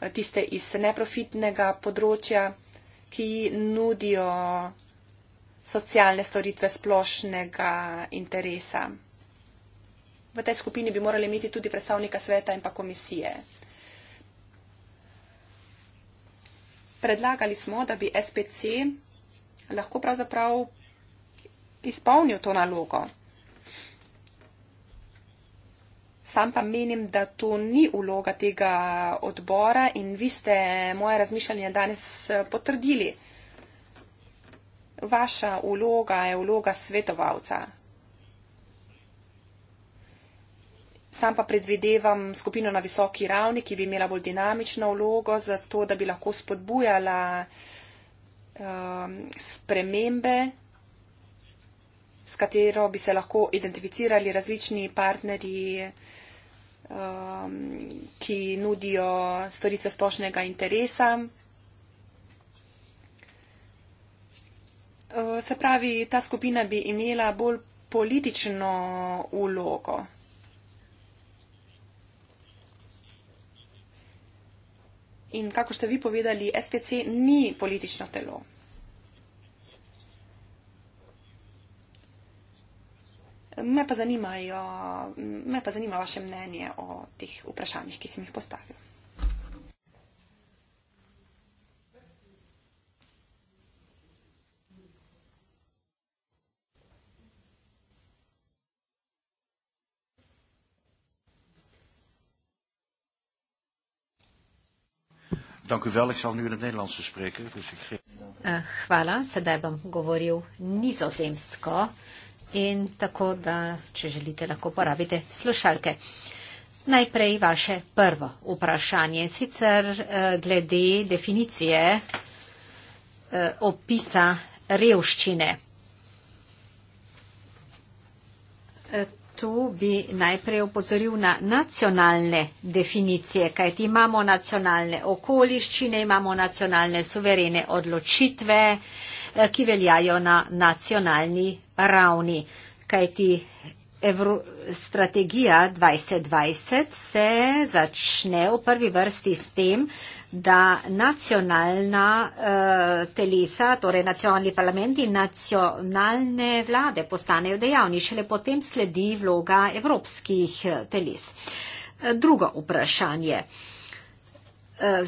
eh, tiste iz neprofitnega področja, ki nudijo socialne storitve splošnega interesa. V tej skupini bi morali imeti tudi predstavnika sveta in pa komisije. Predlagali smo, da bi SPC lahko pravzaprav izpolnil to nalogo. Sam pa menim, da to ni uloga tega odbora in vi ste moje razmišljanje danes eh, potrdili. Vaša uloga je uloga svetovalca. Sam pa predvidevam skupino na visoki ravni, ki bi imela bolj dinamično vlogo, zato da bi lahko spodbujala um, spremembe s katero bi se lahko identificirali različni partnerji, um, ki nudijo storitve splošnega interesa. Uh, se pravi, ta skupina bi imela bolj politično ulogo. In kako ste vi povedali, SPC ni politično telo. me pa, zanimajo, me pa zanima vaše mnenje o teh vprašanjih, ki sem jih postavil. Dank u wel, ik zal nu in het Nederlands spreken. Dus ik... uh, hvala, sedaj bom govoril nizozemsko in tako, da če želite, lahko porabite slušalke. Najprej vaše prvo vprašanje, sicer eh, glede definicije eh, opisa revščine. Eh, tu bi najprej opozoril na nacionalne definicije, kajti imamo nacionalne okoliščine, imamo nacionalne suverene odločitve, Eh, ki veljajo na nacionalni ravni. Kajti Evro strategija 2020 se začne v prvi vrsti s tem, da nacionalna uh, telesa, torej nacionalni parlamenti in nacionalne vlade postanejo dejavni, šele potem sledi vloga evropskih eh, teles. Drugo vprašanje. Uh,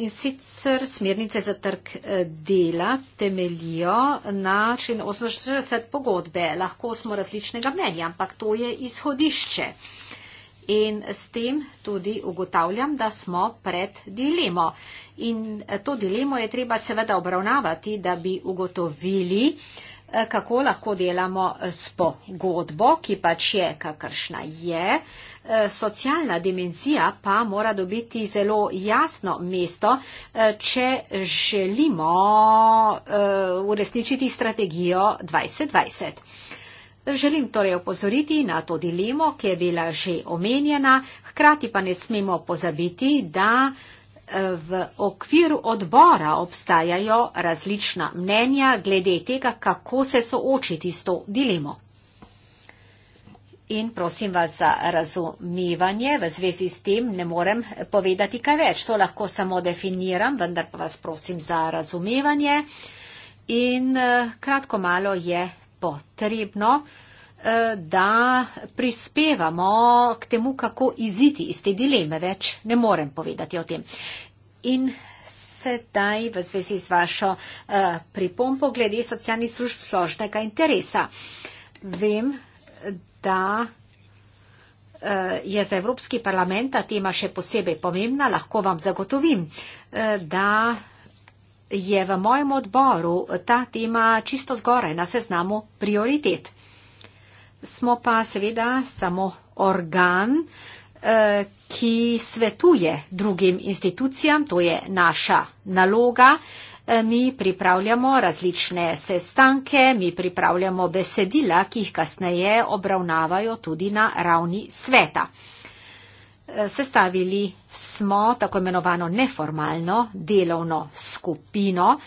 In sicer smernice za trg eh, dela temelijo na 68 pogodbe. Lahko smo različnega mnenja, ampak to je izhodišče. In s tem tudi ugotavljam, da smo pred dilemo. In eh, to dilemo je treba seveda obravnavati, da bi ugotovili, eh, kako lahko delamo s pogodbo, ki pač je, kakršna je. Uh, Eh, socialna dimenzija pa mora dobiti zelo jasno mesto, eh, če želimo eh, uresničiti strategijo 2020. Želim torej opozoriti na to dilemo, ki je bila že omenjena, hkrati pa ne smemo pozabiti, da v okviru odbora obstajajo različna mnenja glede tega, kako se soočiti s to dilemo in prosim vas za razumevanje. V zvezi s tem ne morem povedati kaj več. To lahko samo definiram, vendar pa vas prosim za razumevanje. In eh, kratko malo je potrebno, eh, da prispevamo k temu, kako iziti iz te dileme. Več ne morem povedati o tem. In sedaj v zvezi z vašo eh, pripompo glede socialnih služb splošnega interesa. Vem, da eh, je za Evropski parlament ta tema še posebej pomembna, lahko vam zagotovim, eh, da je v mojem odboru ta tema čisto zgoraj na seznamu prioritet. Smo pa seveda samo organ, eh, ki svetuje drugim institucijam, to je naša naloga mi pripravljamo različne sestanke, mi pripravljamo besedila, ki jih kasneje obravnavajo tudi na ravni sveta. E, sestavili smo tako imenovano neformalno delovno skupino,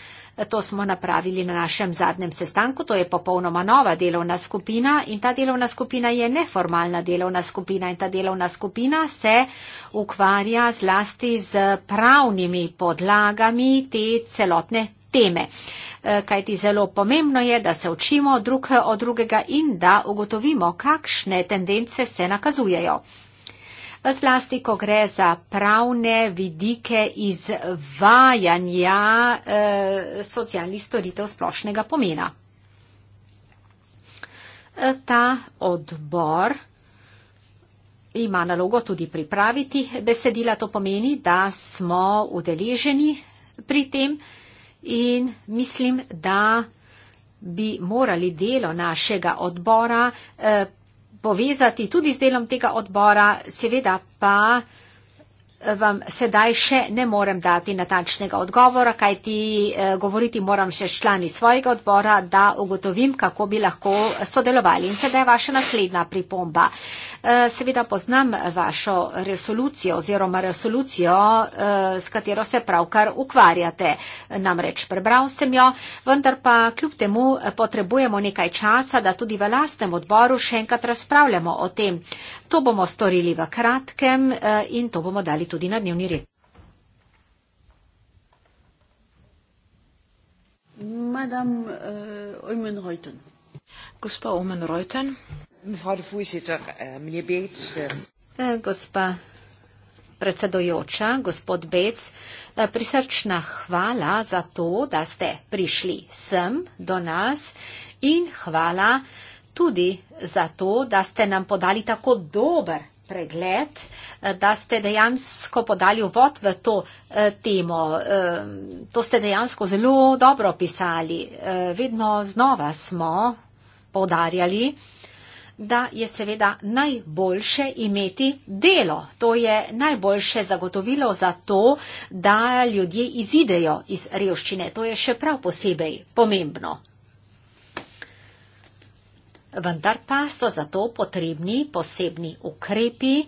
To smo napravili na našem zadnjem sestanku, to je popolnoma nova delovna skupina in ta delovna skupina je neformalna delovna skupina in ta delovna skupina se ukvarja zlasti z pravnimi podlagami te celotne teme. E, Kaj ti zelo pomembno je, da se učimo drug od drugega in da ugotovimo, kakšne tendence se nakazujejo zlasti, ko gre za pravne vidike izvajanja eh, socialnih storitev splošnega pomena. Eh, ta odbor ima nalogo tudi pripraviti besedila, to pomeni, da smo udeleženi pri tem in mislim, da bi morali delo našega odbora eh, povezati tudi z delom tega odbora, seveda pa vam sedaj še ne morem dati natančnega odgovora, kaj ti eh, govoriti moram še s člani svojega odbora, da ugotovim, kako bi lahko sodelovali. In sedaj vaša naslednja pripomba. Eh, seveda poznam vašo resolucijo oziroma resolucijo, eh, s katero se pravkar ukvarjate. Namreč prebral sem jo, vendar pa kljub temu potrebujemo nekaj časa, da tudi v lastnem odboru še enkrat razpravljamo o tem. To bomo storili v kratkem in to bomo dali. Tudi tudi na dnevni red. Madame, uh, eh, Gospa Omen Reuten. Gospa eh, eh. predsedojoča, gospod Bec, prisrčna hvala za to, da ste prišli sem do nas in hvala tudi za to, da ste nam podali tako dober pregled, eh, da ste dejansko podali uvod v to eh, temo. Eh, to ste dejansko zelo dobro pisali. Vedno znova smo povdarjali, da je seveda najboljše imeti delo. To je najboljše zagotovilo za to, da ljudje izidejo iz revščine. To je še prav posebej pomembno vendar pa so zato potrebni posebni ukrepi,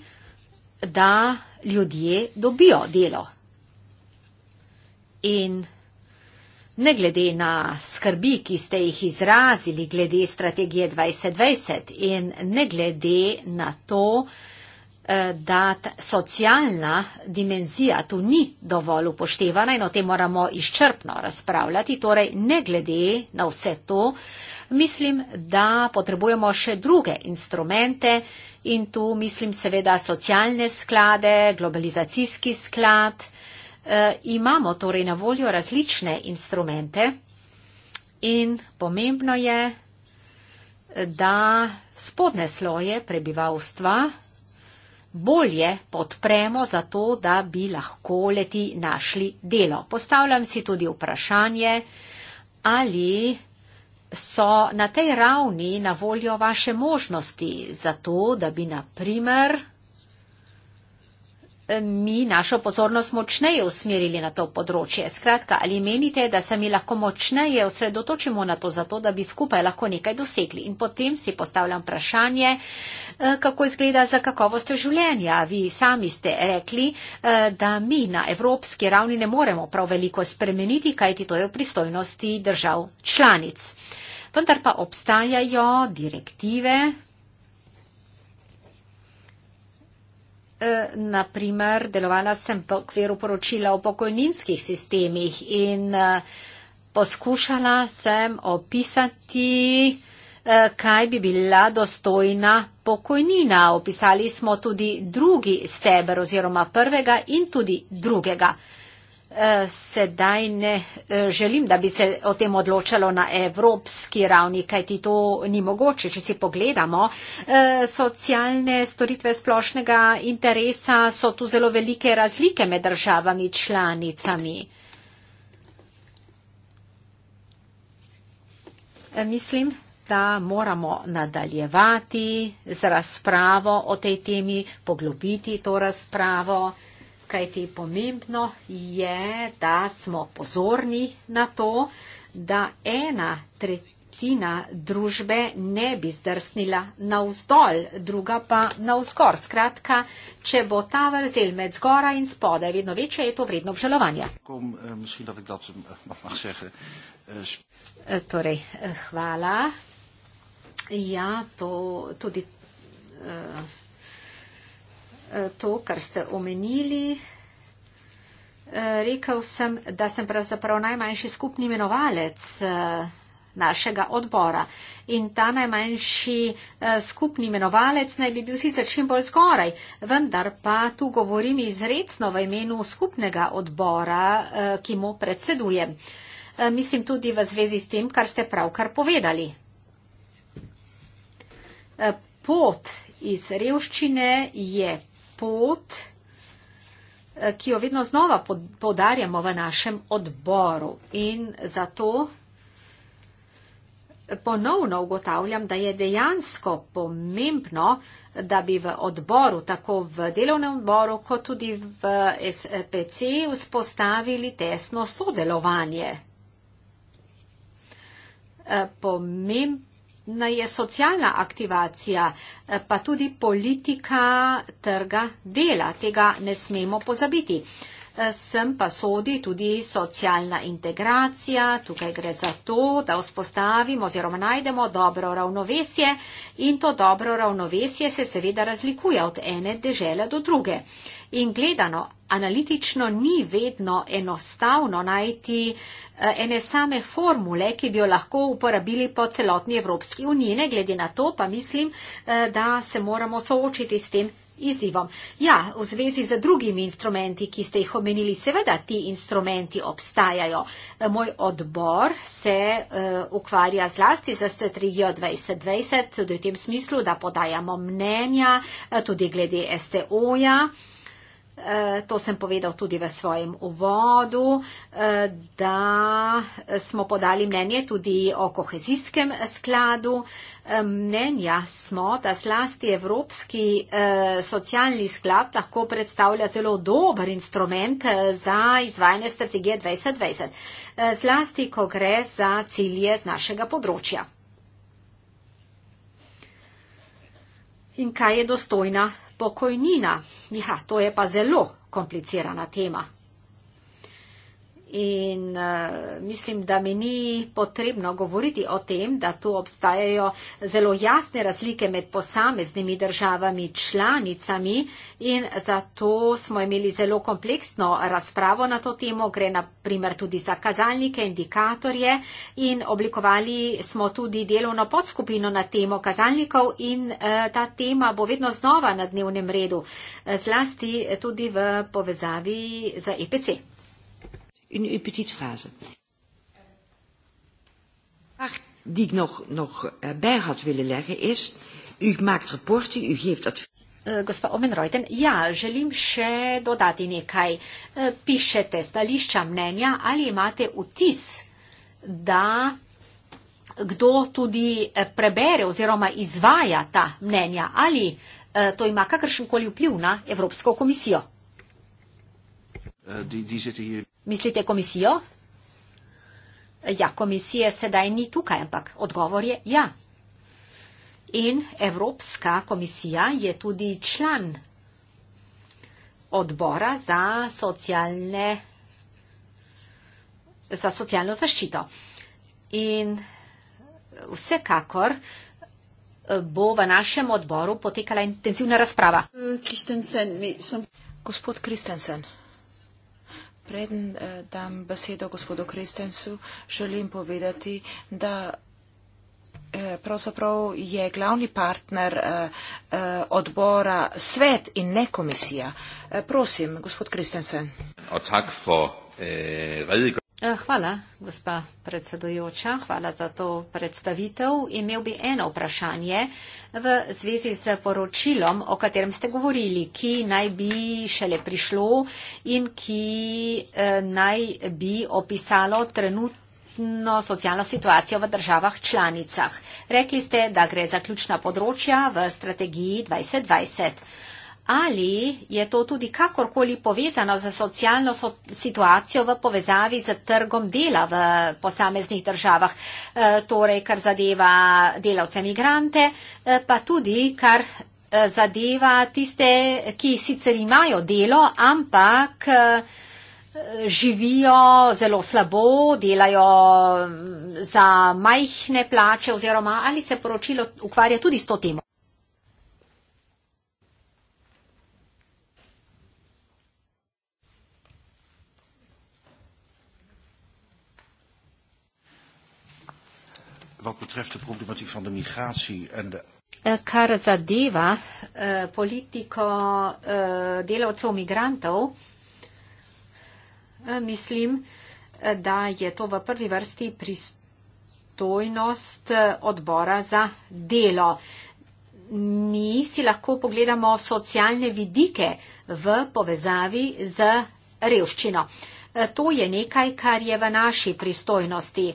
da ljudje dobijo delo. In ne glede na skrbi, ki ste jih izrazili glede strategije 2020 in ne glede na to, Eh, da socialna dimenzija tu ni dovolj upoštevana in o tem moramo izčrpno razpravljati. Torej, ne glede na vse to, mislim, da potrebujemo še druge instrumente in tu mislim seveda socialne sklade, globalizacijski sklad. E, imamo torej na voljo različne instrumente in pomembno je, da spodne sloje prebivalstva bolje podpremo za to, da bi lahko leti našli delo. Postavljam si tudi vprašanje, ali so na tej ravni na voljo vaše možnosti za to, da bi naprimer mi našo pozornost močneje usmerili na to področje. Skratka, ali menite, da se mi lahko močneje osredotočimo na to, zato da bi skupaj lahko nekaj dosegli? In potem si postavljam vprašanje, eh, kako izgleda za kakovost življenja. Vi sami ste rekli, eh, da mi na evropski ravni ne moremo prav veliko spremeniti, kajti to je v pristojnosti držav članic. Vendar pa obstajajo direktive, Eh, naprimer, delovala sem po okviru poročila o pokojninskih sistemih in eh, poskušala sem opisati, eh, kaj bi bila dostojna pokojnina. Opisali smo tudi drugi steber oziroma prvega in tudi drugega sedaj ne eh, želim, da bi se o tem odločalo na evropski ravni, kaj ti to ni mogoče. Če si pogledamo, eh, socialne storitve splošnega interesa so tu zelo velike razlike med državami članicami. Eh, mislim, da moramo nadaljevati z razpravo o tej temi, poglobiti to razpravo kajti pomembno je, da smo pozorni na to, da ena tretjina družbe ne bi zdrsnila navzdol, druga pa navzgor. Skratka, če bo ta vrzel med zgora in spodaj, vedno večje je to vredno obžalovanja. Torej, hvala. Ja, to tudi. Uh, to, kar ste omenili. Eh, rekel sem, da sem pravzaprav najmanjši skupni imenovalec eh, našega odbora. In ta najmanjši eh, skupni imenovalec naj bi bil sicer čim bolj skoraj, vendar pa tu govorim izredno v imenu skupnega odbora, ki mu predseduje. Mislim tudi v zvezi s tem, kar ste pravkar povedali. Pot iz revščine je pot, eh, ki jo vedno znova podarjamo v našem odboru. In zato ponovno ugotavljam, da je dejansko pomembno, da bi v odboru, tako v delovnem odboru, kot tudi v SPC, vzpostavili tesno sodelovanje. Eh, pomembno da je socialna aktivacija, eh, pa tudi politika trga dela. Tega ne smemo pozabiti sem pa sodi tudi socialna integracija. Tukaj gre za to, da vzpostavimo oziroma najdemo dobro ravnovesje in to dobro ravnovesje se seveda razlikuje od ene dežele do druge. In gledano, analitično ni vedno enostavno najti eh, ene same formule, ki bi jo lahko uporabili po celotni Evropski uniji. Ne glede na to pa mislim, eh, da se moramo soočiti s tem izzivom. Ja, v zvezi z drugimi instrumenti, ki ste jih omenili, seveda ti instrumenti obstajajo. Moj odbor se eh, ukvarja zlasti za strategijo 2020, tudi v tem smislu, da podajamo mnenja, eh, tudi glede STO-ja. -ja. Eh, to sem povedal tudi v svojem uvodu, eh, da smo podali mnenje tudi o kohezijskem skladu. Eh, mnenja smo, da zlasti Evropski socialni sklad lahko predstavlja zelo dober instrument za izvajanje strategije 2020, zlasti, ko gre za cilje z našega področja. In kaj je dostojna pokojnina. Ja, to je pa zelo komplicirana tema. In uh, mislim, da mi ni potrebno govoriti o tem, da tu obstajajo zelo jasne razlike med posameznimi državami članicami in zato smo imeli zelo kompleksno razpravo na to temo. Gre na primer tudi za kazalnike, indikatorje in oblikovali smo tudi delovno podskupino na temo kazalnikov in uh, ta tema bo vedno znova na dnevnem redu, eh, zlasti tudi v povezavi z EPC in uw petitfase. De vraag die ik nog, nog eh, bij had willen leggen is, u maakt rapporten, u geeft advies. Eh, gospa Omenrojten, ja, želim še dodati nekaj. Eh, pišete stališča mnenja ali imate vtis, da kdo tudi prebere oziroma izvaja ta mnenja ali to ima kakršenkoli vpliv na Evropsko komisijo? Uh, die, die Mislite komisijo? Ja, komisije sedaj ni tukaj, ampak odgovor je ja. In Evropska komisija je tudi član odbora za, socialne, za socialno zaščito. In vsekakor eh, bo v našem odboru potekala intenzivna razprava. Eh, Kristensen, mi sem. Gospod Kristensen. Preden eh, dam besedo gospodu Kristensu, želim povedati, da eh, pravzaprav je glavni partner eh, odbora svet in ne komisija. Prosim, gospod Kristensen. Eh, hvala, gospa predsedujoča. Hvala za to predstavitev. Imel bi eno vprašanje v zvezi z poročilom, o katerem ste govorili, ki naj bi šele prišlo in ki eh, naj bi opisalo trenutno socialno situacijo v državah članicah. Rekli ste, da gre za ključna področja v strategiji 2020. Ali je to tudi kakorkoli povezano z socialno so situacijo v povezavi z trgom dela v posameznih državah, e, torej kar zadeva delavce imigrante, e, pa tudi kar e, zadeva tiste, ki sicer imajo delo, ampak e, živijo zelo slabo, delajo za majhne plače oziroma ali se poročilo ukvarja tudi s to temo. wat betreft de problematiek van de migratie en de. Eh, kar zadeva eh, politiko eh, delavcev migrantov, eh, mislim, eh, da je to v prvi vrsti pristojnost eh, odbora za delo. Mi si lahko pogledamo socialne vidike v povezavi z revščino. Eh, to je nekaj, kar je v naši pristojnosti. Eh,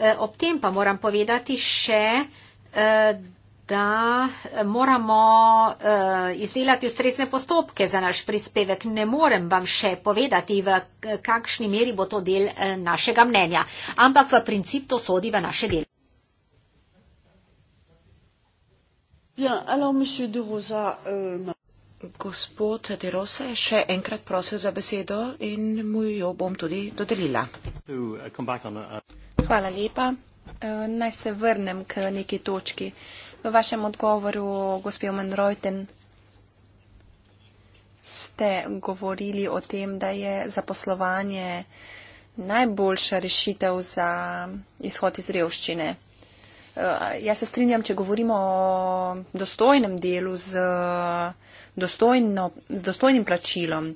Eh, ob tem pa moram povedati še, eh, da moramo eh, izdelati ustrezne postopke za naš prispevek. Ne morem vam še povedati, v kakšni meri bo to del našega mnenja, ampak v princip to sodi v naše delo. Bien, alors, monsieur de Rosa. Euh, Gospod De Rose je še enkrat prosil za besedo in mu jo bom tudi dodelila. Uh, uh, Hvala lepa. Uh, naj se vrnem k neki točki. V vašem odgovoru, gospod Van Reuten, ste govorili o tem, da je zaposlovanje najboljša rešitev za izhod iz revščine. Jaz se strinjam, če govorimo o dostojnem delu z dostojno, z dostojnim plačilom.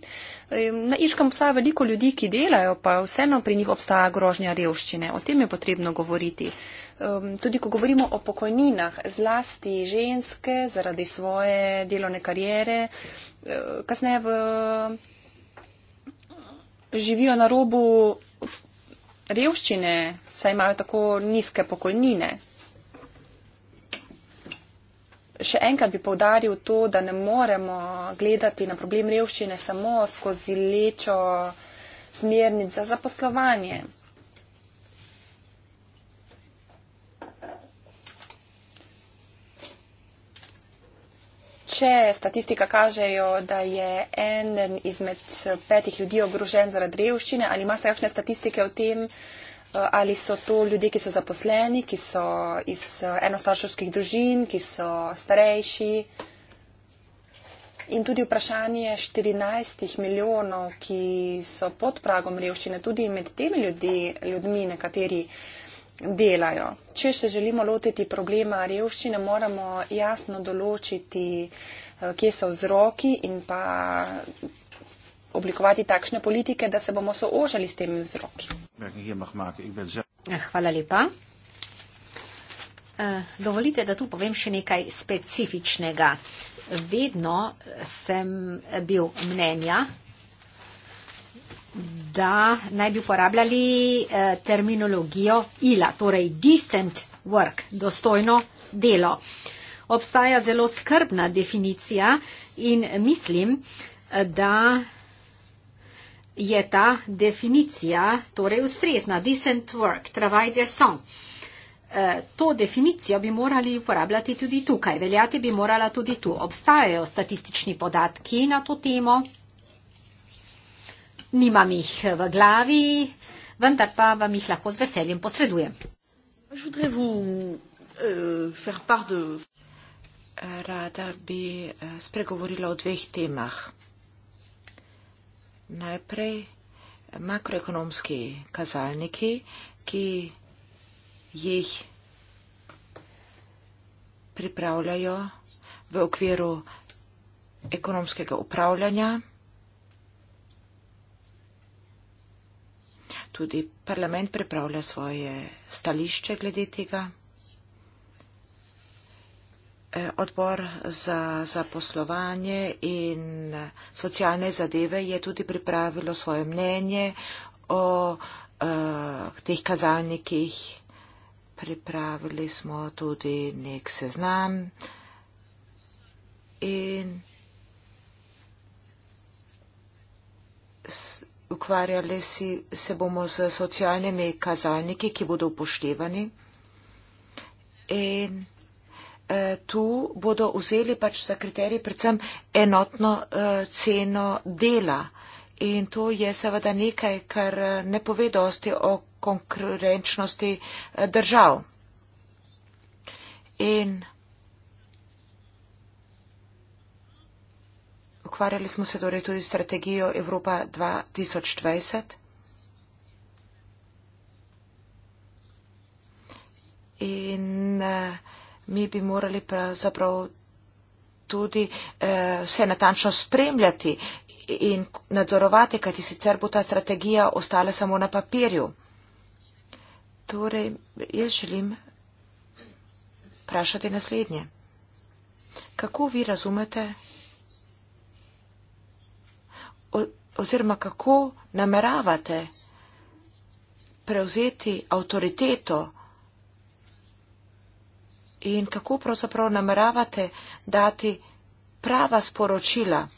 Ehm, na Iškem obstaja veliko ljudi, ki delajo, pa vseeno pri njih obstaja grožnja revščine. O tem je potrebno govoriti. Ehm, tudi ko govorimo o pokojninah, zlasti ženske zaradi svoje delovne karijere, eh, kasneje v... živijo na robu revščine, saj imajo tako nizke pokojnine še enkrat bi povdaril to, da ne moremo gledati na problem revščine samo skozi lečo smernic za zaposlovanje. Če statistika kažejo, da je en izmed petih ljudi ogrožen zaradi revščine, ali ima se kakšne statistike o tem, Eh, ali so to ljudje, ki so zaposleni, ki so iz eh, enostarševskih družin, ki so starejši. In tudi vprašanje 14 milijonov, ki so pod pragom revščine, tudi med temi ljudi, ljudmi nekateri delajo. Če se želimo lotiti problema revščine, moramo jasno določiti, eh, kje so vzroki in pa oblikovati takšne politike, da se bomo soožali s temi vzroki. Eh, hvala lepa. Eh, dovolite, da tu povem še nekaj specifičnega. Vedno sem bil mnenja, da naj bi uporabljali eh, terminologijo ILA, torej decent work, dostojno delo. Obstaja zelo skrbna definicija in mislim, da je ta definicija torej ustrezna. Decent work, travail decent. Eh, to definicijo bi morali uporabljati tudi tukaj, veljati bi morala tudi tu. Obstajajo statistični podatki na to temo, nimam jih v glavi, vendar pa vam jih lahko z veseljem posredujem. Eh, Rada bi eh, spregovorila o dveh temah najprej makroekonomski kazalniki, ki jih pripravljajo v okviru ekonomskega upravljanja. Tudi parlament pripravlja svoje stališče glede tega. E, odbor za zaposlovanje in socialne zadeve je tudi pripravilo svoje mnenje o uh, teh kazalnikih. Pripravili smo tudi nek seznam in ukvarjali si, se bomo z socialnimi kazalniki, ki bodo upoštevani. In Eh, tu bodo vzeli pač za kriterij predvsem enotno eh, ceno dela. In to je seveda nekaj, kar eh, ne pove dosti o konkurenčnosti držav. In ukvarjali smo se torej tudi strategijo Evropa 2020. In uh, mi bi morali pravzaprav tudi eh, vse natančno spremljati in nadzorovati, kajti sicer bo ta strategija ostala samo na papirju. Torej, jaz želim vprašati naslednje. Kako vi razumete oziroma kako nameravate prevzeti avtoriteto, in kako pravzaprav nameravate dati prava sporočila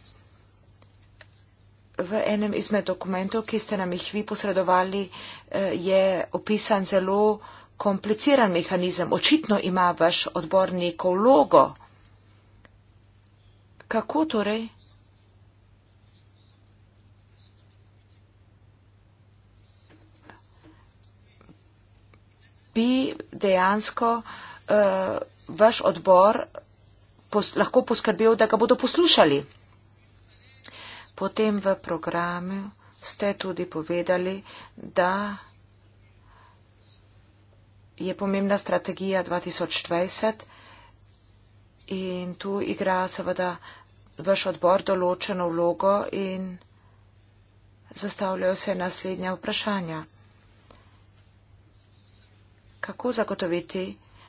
v enem izmed dokumentov, ki ste nam jih vi posredovali, eh, je opisan zelo kompliciran mehanizem. Očitno ima vaš odbor neko vlogo. Kako torej? Bi dejansko uh, uh, vaš odbor pos lahko poskrbel, da ga bodo poslušali. Potem v programu ste tudi povedali, da je pomembna strategija 2020 in tu igra seveda vaš odbor določeno vlogo in zastavljajo se naslednja vprašanja. Kako zagotoviti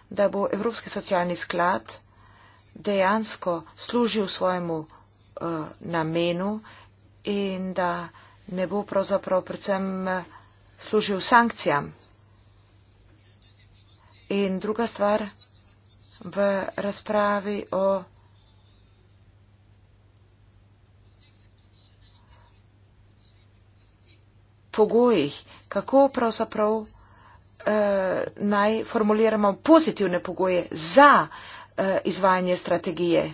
da bo Evropski socialni sklad dejansko služil svojemu uh, namenu in da ne bo pravzaprav predvsem eh, služil sankcijam. In druga stvar v razpravi o pogojih, kako pravzaprav eh, naj formuliramo pozitivne pogoje za eh, izvajanje strategije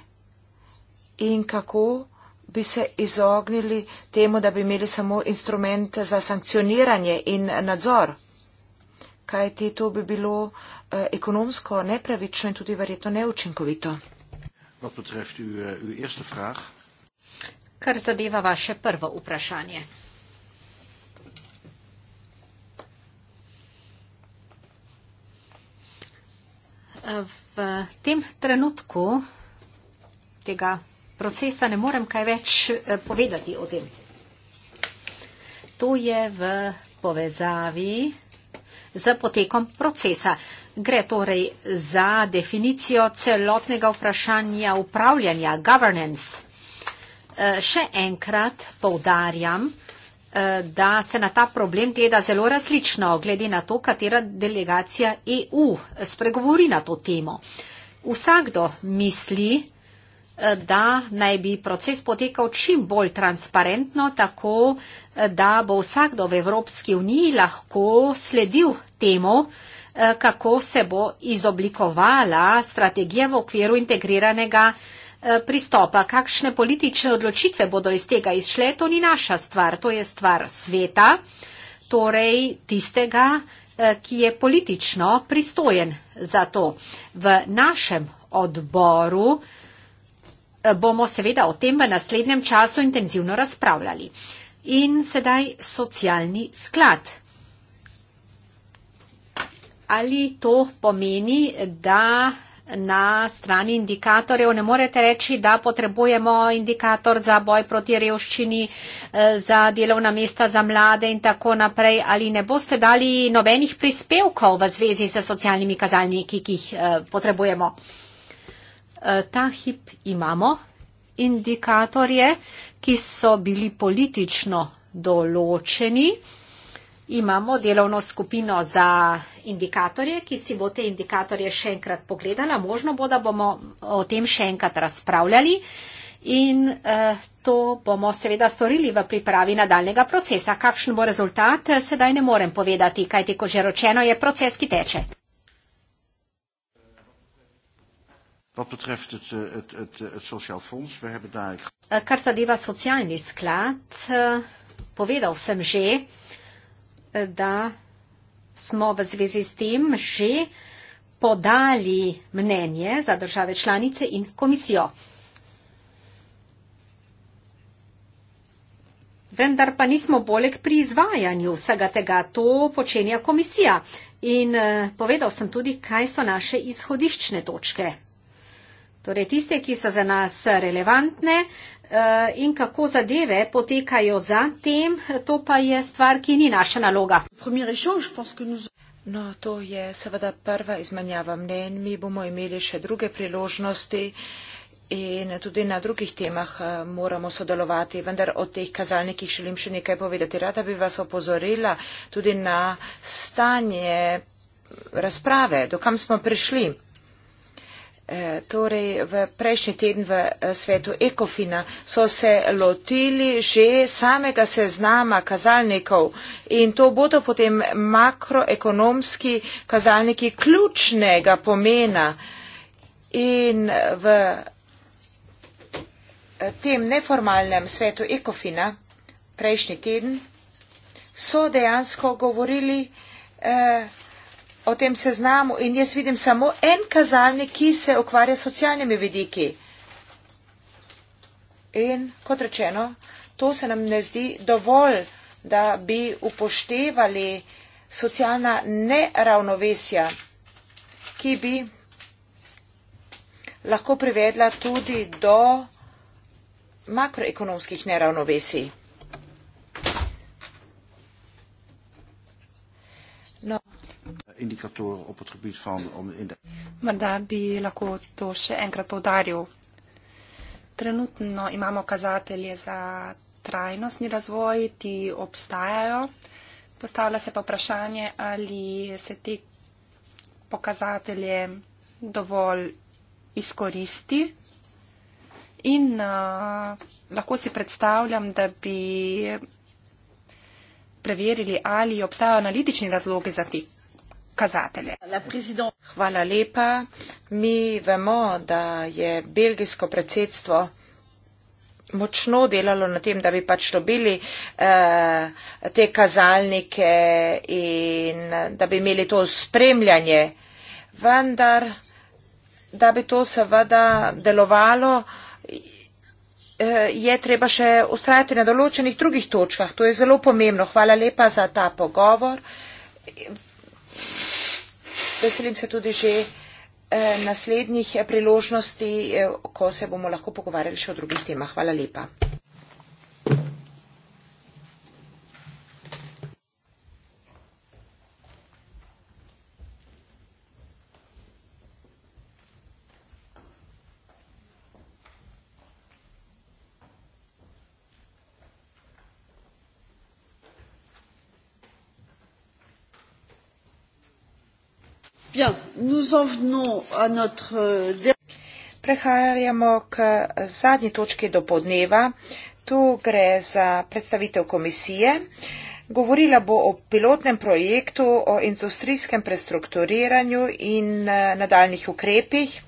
in kako bi se izognili temu, da bi imeli samo instrument za sankcioniranje in nadzor. Kaj ti to bi bilo eh, ekonomsko nepravično in tudi verjetno neučinkovito? Eh, Kar zadeva vaše prvo vprašanje. v tem trenutku tega procesa ne morem kaj več eh, povedati o tem. To je v povezavi z potekom procesa. Gre torej za definicijo celotnega vprašanja upravljanja, governance. Eh, še enkrat poudarjam, da se na ta problem gleda zelo različno, glede na to, katera delegacija EU spregovori na to temo. Vsakdo misli, da naj bi proces potekal čim bolj transparentno, tako da bo vsakdo v Evropski uniji lahko sledil temu, eh, kako se bo izoblikovala strategija v okviru integriranega Eh, pristopa, kakšne politične odločitve bodo iz tega izšle, to ni naša stvar, to je stvar sveta, torej tistega, eh, ki je politično pristojen za to. V našem odboru eh, bomo seveda o tem v naslednjem času intenzivno razpravljali. In sedaj socialni sklad. Ali to pomeni, da na strani indikatorjev. Ne morete reči, da potrebujemo indikator za boj proti revščini, eh, za delovna mesta za mlade in tako naprej. Ali ne boste dali nobenih prispevkov v zvezi s socialnimi kazalniki, ki jih eh, potrebujemo? Eh, ta hip imamo indikatorje, ki so bili politično določeni imamo delovno skupino za indikatorje, ki si bo te indikatorje še enkrat pogledala. Možno bo, da bomo o tem še enkrat razpravljali in eh, to bomo seveda storili v pripravi nadaljnega procesa. Kakšen bo rezultat, eh, sedaj ne morem povedati, kajti, kot že rečeno, je proces, ki teče. Eh, eh, kar zadeva socialni sklad, povedal sem že, da smo v zvezi s tem že podali mnenje za države članice in komisijo. Vendar pa nismo boleg pri izvajanju vsega tega, to počenja komisija. In eh, povedal sem tudi, kaj so naše izhodiščne točke. Torej tiste, ki so za nas relevantne, Eh, in kako zadeve potekajo za tem, to pa je stvar, ki ni naša naloga. No, to je seveda prva izmenjava mnen. Mi bomo imeli še druge priložnosti in tudi na drugih temah eh, moramo sodelovati, vendar o teh kazalnikih želim še nekaj povedati. Rada bi vas opozorila tudi na stanje razprave, do kam smo prišli. Eh, torej, v prejšnji teden v eh, svetu Ekofina so se lotili že samega seznama kazalnikov in to bodo potem makroekonomski kazalniki ključnega pomena. In eh, v tem neformalnem svetu Ekofina prejšnji teden so dejansko govorili. Eh, o tem seznamu in jaz vidim samo en kazalnik, ki se ukvarja s socialnimi vidiki. In kot rečeno, to se nam ne zdi dovolj, da bi upoštevali socialna neravnovesja, ki bi lahko privedla tudi do makroekonomskih neravnovesij. indicatoren op het gebied van... Om in de... Maar daar bi lahko to še enkrat poudaril. Trenutno imamo kazatelje za trajnostni razvoj, ti obstajajo. Postavlja se pa vprašanje, ali se te pokazatelje dovolj izkoristi. In uh, lahko si predstavljam, da bi preverili, ali obstajajo analitični razlogi za te kazatelje. Hvala lepa. Mi vemo, da je belgijsko predsedstvo močno delalo na tem, da bi pač dobili eh, te kazalnike in eh, da bi imeli to spremljanje. Vendar, da bi to seveda delovalo, eh, je treba še ustrajati na določenih drugih točkah. To je zelo pomembno. Hvala lepa za ta pogovor veselim se tudi že eh, naslednjih eh, priložnosti, eh, ko se bomo lahko pogovarjali še o drugih temah. Hvala lepa. Euh, Prehajamo k zadnji točki do podneva. Tu gre za predstavitev komisije. Govorila bo o pilotnem projektu, o industrijskem prestrukturiranju in eh, nadaljnih ukrepih.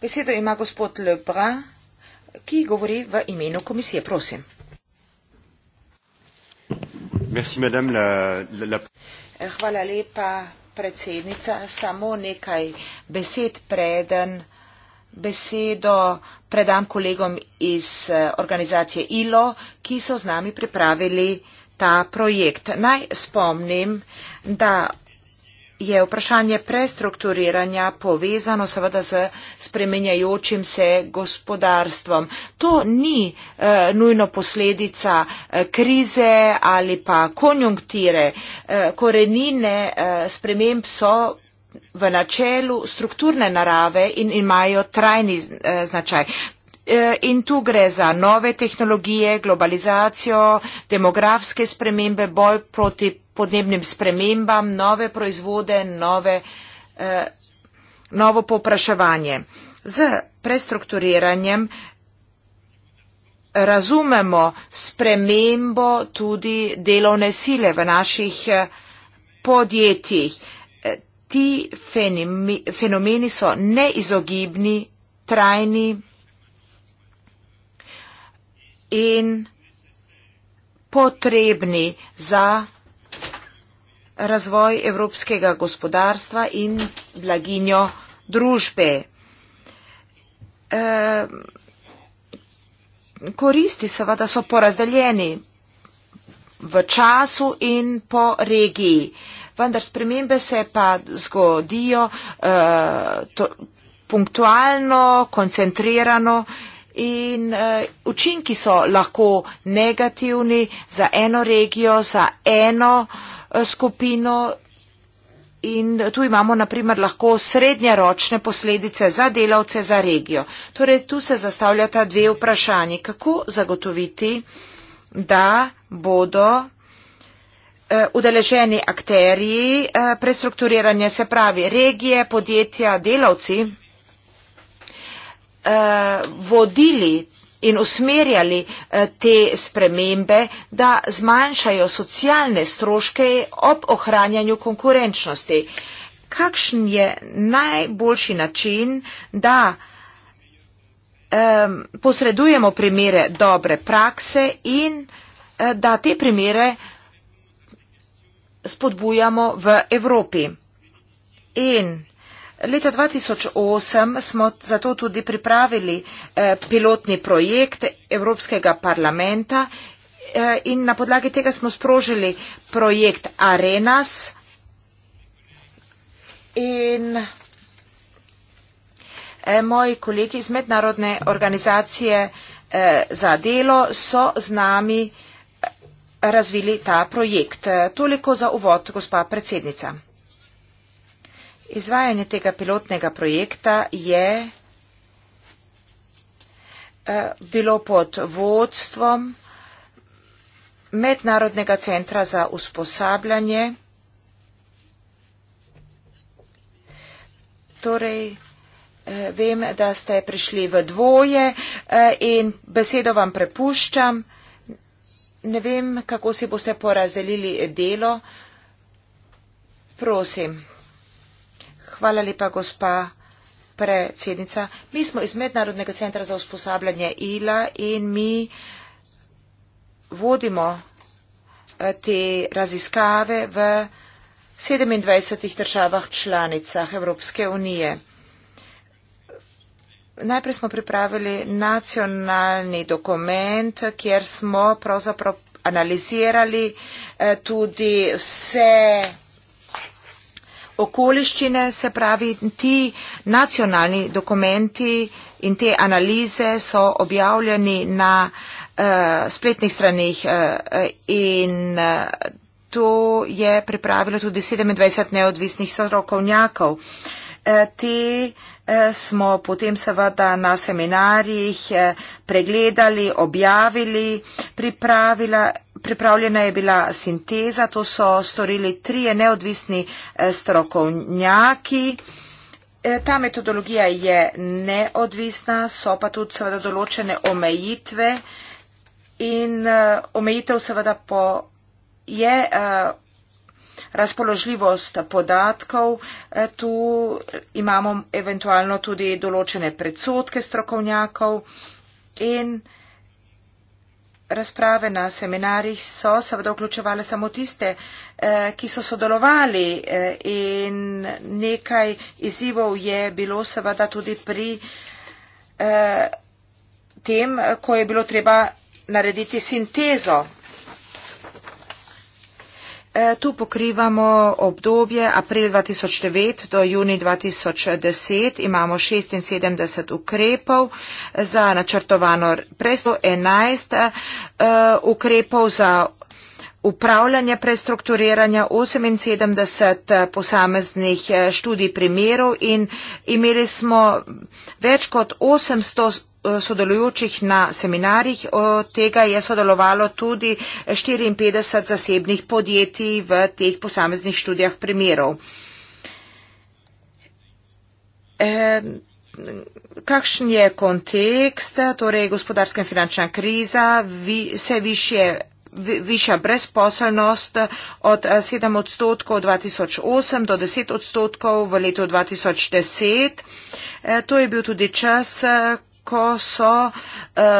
Besedo ima gospod Lebrun, ki govori v imenu komisije. Prosim. Merci, madame, la, la... Hvala lepa, predsednica. Samo nekaj besed preden besedo predam kolegom iz eh, organizacije ILO, ki so z nami pripravili ta projekt. Naj spomnim, da je vprašanje prestrukturiranja povezano seveda z spremenjajočim se gospodarstvom. To ni e, nujno posledica e, krize ali pa konjunktire. E, eh, korenine e, sprememb so v načelu strukturne narave in imajo trajni e, značaj. In tu gre za nove tehnologije, globalizacijo, demografske spremembe, boj proti podnebnim spremembam, nove proizvode, nove, eh, novo popraševanje. Z prestrukturiranjem razumemo spremembo tudi delovne sile v naših eh, podjetjih. Eh, ti fenomeni so neizogibni, trajni in potrebni za razvoj evropskega gospodarstva in blaginjo družbe. E, koristi seveda so porazdeljeni v času in po regiji, vendar spremembe se pa zgodijo e, to, punktualno, koncentrirano in e, učinki so lahko negativni za eno regijo, za eno e, Eh, skupino in tu imamo naprimer lahko srednjeročne posledice za delavce, za regijo. Torej tu se zastavljata dve vprašanje. Kako zagotoviti, da bodo eh, udeleženi akteriji eh, prestrukturiranja, se pravi regije, podjetja, delavci, vodili in usmerjali eh, te spremembe, da zmanjšajo socialne stroške ob ohranjanju konkurenčnosti. Kakšen je najboljši način, da um, posredujemo primere dobre prakse in uh, da te primere spodbujamo v Evropi? In Leta 2008 smo zato tudi pripravili eh, pilotni projekt Evropskega parlamenta eh, in na podlagi tega smo sprožili projekt Arenas in eh, moji kolegi iz mednarodne organizacije za delo so z nami razvili ta projekt. Toliko za uvod, gospa predsednica. Izvajanje tega pilotnega projekta je eh, bilo pod vodstvom Mednarodnega centra za usposabljanje, torej eh, vem, da ste prišli v dvoje eh, in besedo vam prepuščam, ne vem, kako si boste porazdelili delo, prosim. Hvala lepa, gospa predsednica. Mi smo iz Mednarodnega centra za usposabljanje ILA in mi vodimo eh, te raziskave v 27 državah članicah Evropske unije. Najprej smo pripravili nacionalni dokument, kjer smo pravzaprav analizirali eh, tudi vse okoliščine, se pravi, ti nacionalni dokumenti in te analize so objavljeni na uh, spletnih stranih uh, eh, eh, in uh, to je pripravilo tudi 27 neodvisnih sodrokovnjakov. Uh, te smo potem seveda na seminarjih pregledali, objavili, pripravila pripravljena je bila sinteza, to so storili trije neodvisni eh, strokovnjaki. Eh, ta metodologija je neodvisna, so pa tudi seveda določene omejitve in eh, omejitev seveda po, je razpoložljivost podatkov. Tu imamo eventualno tudi določene predsotke strokovnjakov in razprave na seminarjih so seveda vključevale samo tiste, eh, ki so sodelovali eh, in nekaj izzivov je bilo seveda tudi pri eh, tem, ko je bilo treba narediti sintezo E, tu pokrivamo obdobje april 2009 do juni 2010. Imamo 76 ukrepov za načrtovano presto, 11 e, ukrepov za upravljanje prestrukturiranja, 78 e, posameznih študij primerov in imeli smo več kot 800 sodelujočih na seminarjih, od tega je sodelovalo tudi 54 zasebnih podjetij v teh posameznih študijah primerov. E, kakšen je kontekst, torej gospodarska in finančna kriza, vi, vse više. Višja brezposelnost od 7 odstotkov 2008 do 10 odstotkov v letu 2010. E, to je bil tudi čas, ko so uh,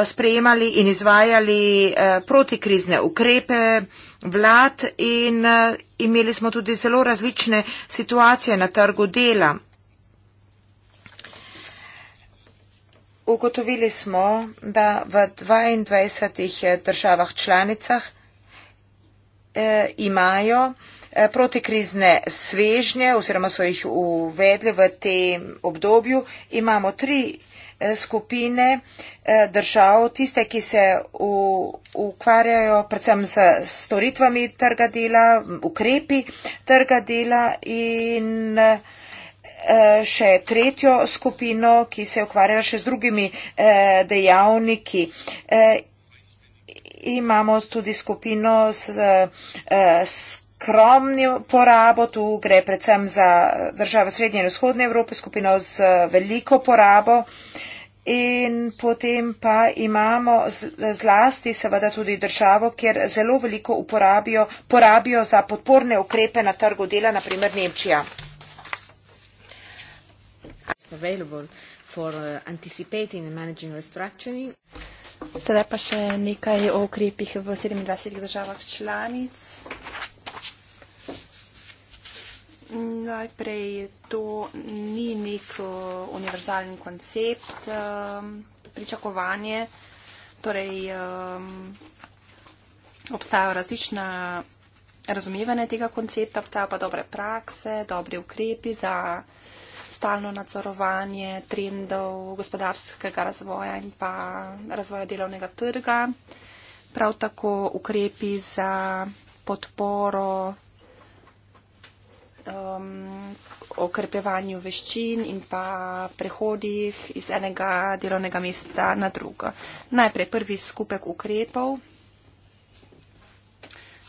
sprejemali in izvajali uh, protikrizne ukrepe vlad in uh, imeli smo tudi zelo različne situacije na trgu dela. Ugotovili smo, da v 22 državah članicah eh, imajo eh, protikrizne svežnje oziroma so jih uvedli v tem obdobju. Imamo tri Eh, skupine eh, držav, tiste, ki se ukvarjajo predvsem z storitvami trga dela, ukrepi trga dela in eh, še tretjo skupino, ki se ukvarja še z drugimi dejavniki. Imamo tudi skupino s skromnim porabo, tu gre predvsem za države srednje in vzhodne Evrope, skupino z veliko porabo. Uh, In potem pa imamo zlasti seveda tudi državo, kjer zelo veliko uporabijo, porabijo za podporne ukrepe na trgu dela, naprimer Nemčija. Uh, Sedaj pa še nekaj o ukrepih v 27 državah članic. Najprej to ni nek eh, univerzalni koncept, eh, pričakovanje. Torej, eh, obstajajo različna razumevanja tega koncepta, obstajajo pa dobre prakse, dobri ukrepi za stalno nadzorovanje trendov gospodarskega razvoja in pa razvoja delovnega trga. Prav tako ukrepi za podporo um, okrepevanju veščin in pa prehodih iz enega delovnega mesta na drugo. Najprej prvi skupek ukrepov.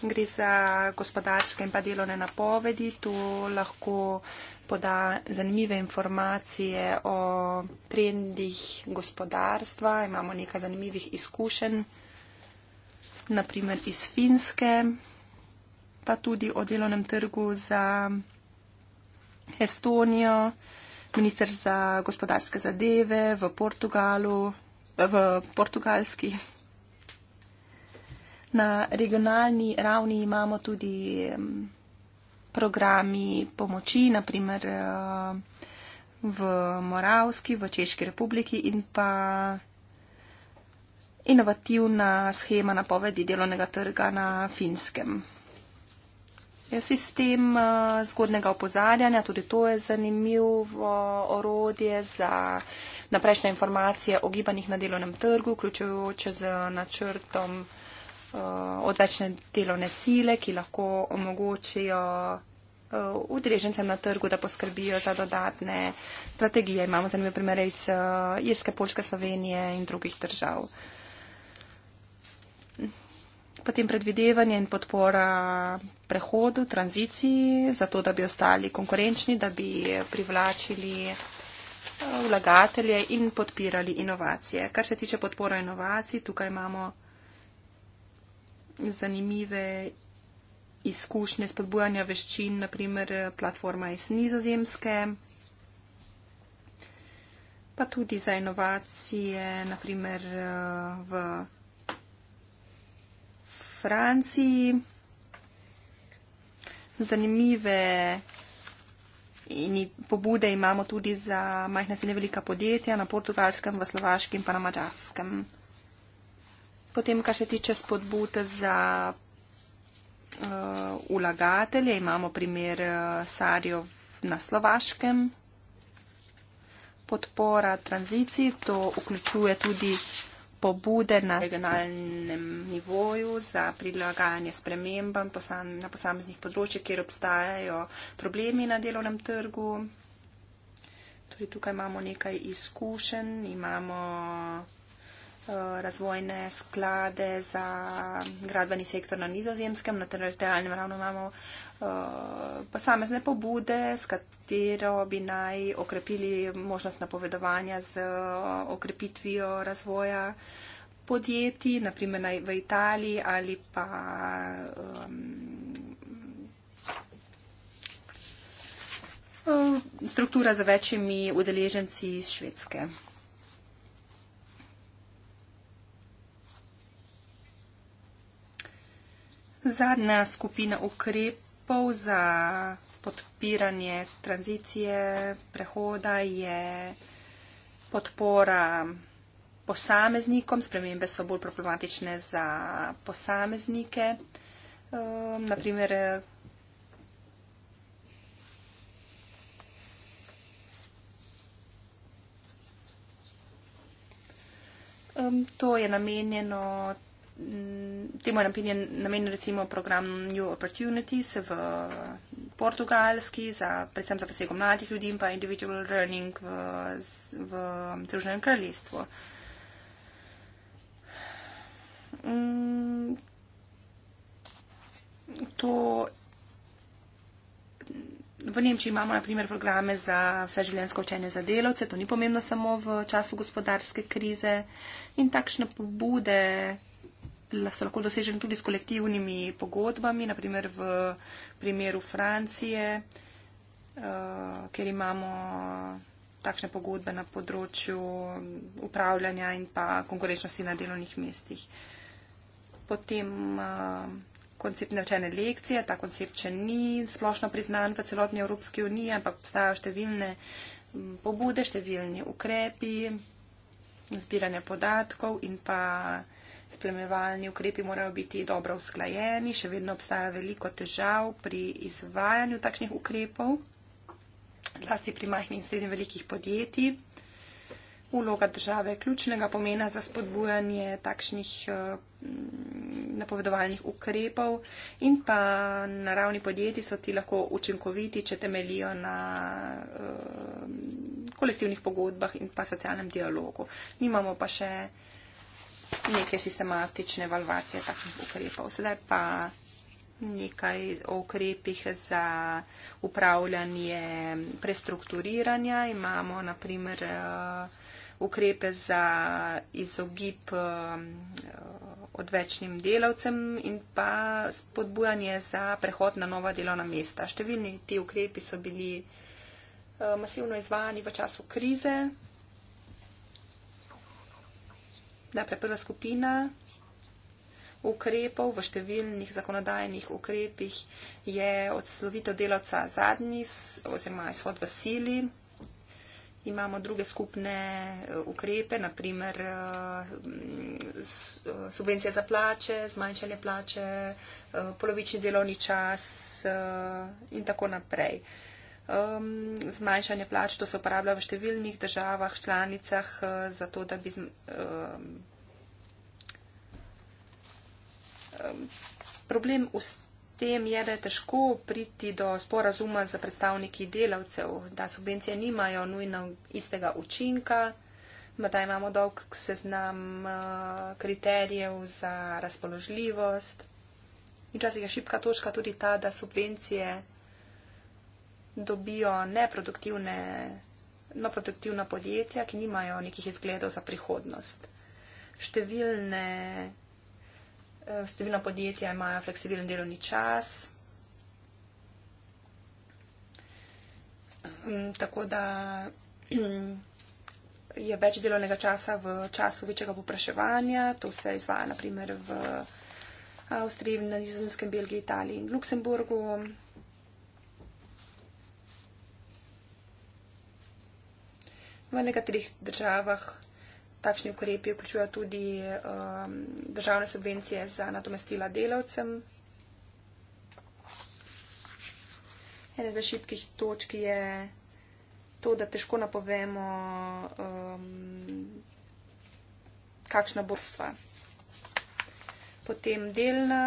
Gre za gospodarske in pa delovne napovedi. Tu lahko poda zanimive informacije o trendih gospodarstva. Imamo nekaj zanimivih izkušenj, naprimer iz Finske pa tudi o delovnem trgu za Estonijo, minister za gospodarske zadeve v Portugalu, v portugalski. Na regionalni ravni imamo tudi mm, programi pomoči, naprimer eh, v Moravski, v Češki republiki in pa inovativna shema napovedi delovnega trga na finskem. Sistem eh, zgodnega opozarjanja, tudi to je zanimivo orodje za naprejšnje informacije o gibanjih na delovnem trgu, vključujoče z načrtom eh, odvečne delovne sile, ki lahko omogočijo eh, udeležencem na trgu, da poskrbijo za dodatne strategije. Imamo zanimive primere iz Irske, Polske, Slovenije in drugih držav potem predvidevanje in podpora prehodu, tranziciji, zato da bi ostali konkurenčni, da bi privlačili eh, vlagatelje in podpirali inovacije. Kar se tiče podpora inovacij, tukaj imamo zanimive izkušnje spodbujanja veščin, naprimer platforma iz Nizozemske, pa tudi za inovacije, naprimer eh, v Franciji. Zanimive pobude imamo tudi za majhne srednje velika podjetja na portugalskem, v slovaškem in pa na mačarskem. Potem, kar se tiče spodbud za uh, eh, ulagatelje, imamo primer uh, Sarjo na slovaškem. Podpora tranziciji, to vključuje tudi pobude na regionalnem nivoju za prilagajanje spremembam na posameznih področjih, kjer obstajajo problemi na delovnem trgu. Tudi tukaj imamo nekaj izkušenj, imamo eh, razvojne sklade za gradbeni sektor na nizozemskem, na teritorijalnem ravno imamo uh, Eh, posamezne pobude, s katero bi naj okrepili možnost napovedovanja z eh, okrepitvijo razvoja podjetij, naprimer naj v Italiji ali pa um, struktura za večjimi udeleženci iz Švedske. Zadnja skupina ukrep pol za podpiranje tranzicije, prehoda je podpora posameznikom, spremembe so bolj problematične za posameznike. Um, ehm, naprimer, um, ehm, to je namenjeno Mm, temu je namenjen, namenjen recimo program New Opportunities v portugalski, za, predvsem za posego mladih ljudi in pa individual learning v, v družnem kraljestvu. Mm, to v Nemčiji imamo naprimer programe za vseživljenjsko učenje za delovce, to ni pomembno samo v času gospodarske krize in takšne pobude so lahko doseženi tudi s kolektivnimi pogodbami, naprimer v primeru Francije, eh, kjer imamo takšne pogodbe na področju upravljanja in pa konkurenčnosti na delovnih mestih. Potem eh, koncept naučene lekcije, ta koncept še ni splošno priznan v celotni Evropski uniji, ampak obstajajo številne mm, pobude, številni ukrepi, zbiranje podatkov in pa spremljevalni ukrepi morajo biti dobro usklajeni, še vedno obstaja veliko težav pri izvajanju takšnih ukrepov, zlasti pri majhnih in srednjih velikih podjetij. Uloga države je ključnega pomena za spodbujanje takšnih eh, napovedovalnih ukrepov in pa na ravni podjetij so ti lahko učinkoviti, če temelijo na eh, kolektivnih pogodbah in pa socialnem dialogu. Nimamo pa še neke sistematične valvacije takih ukrepov. Sedaj pa nekaj o ukrepih za upravljanje prestrukturiranja. Imamo naprimer eh, ukrepe za izogib eh, odvečnim delavcem in pa spodbujanje za prehod na nova delovna mesta. Številni ti ukrepi so bili eh, masivno izvajani v času krize, najprej prva skupina ukrepov v številnih zakonodajnih ukrepih je odslovitev delavca zadnji oziroma izhod v sili. Imamo druge skupne eh, ukrepe, naprimer eh, eh, subvencije za plače, zmanjšanje plače, polovični delovni čas in tako naprej um, zmanjšanje plač, to se uporablja v številnih državah, članicah, uh, zato da bi. Um, um, problem v tem je, da je težko priti do sporazuma za predstavniki delavcev, da subvencije nimajo nujno istega učinka. Da imamo dolg seznam uh, kriterijev za razpoložljivost. In včasih je šipka točka tudi ta, da subvencije dobijo neproduktivna podjetja, ki nimajo nekih izgledov za prihodnost. Številne, eh, številna podjetja imajo fleksibilen delovni čas. Mm, tako da je več delovnega časa v času večjega popraševanja. To se izvaja naprimer v Avstriji, na Nizozemskem, Belgiji, Italiji in Luksemburgu. V nekaterih državah takšni ukrepi vključujejo tudi um, državne subvencije za nadomestila delavcem. Ena izmed šibkih točk je to, da težko napovemo, um, kakšna bodstva. Potem delna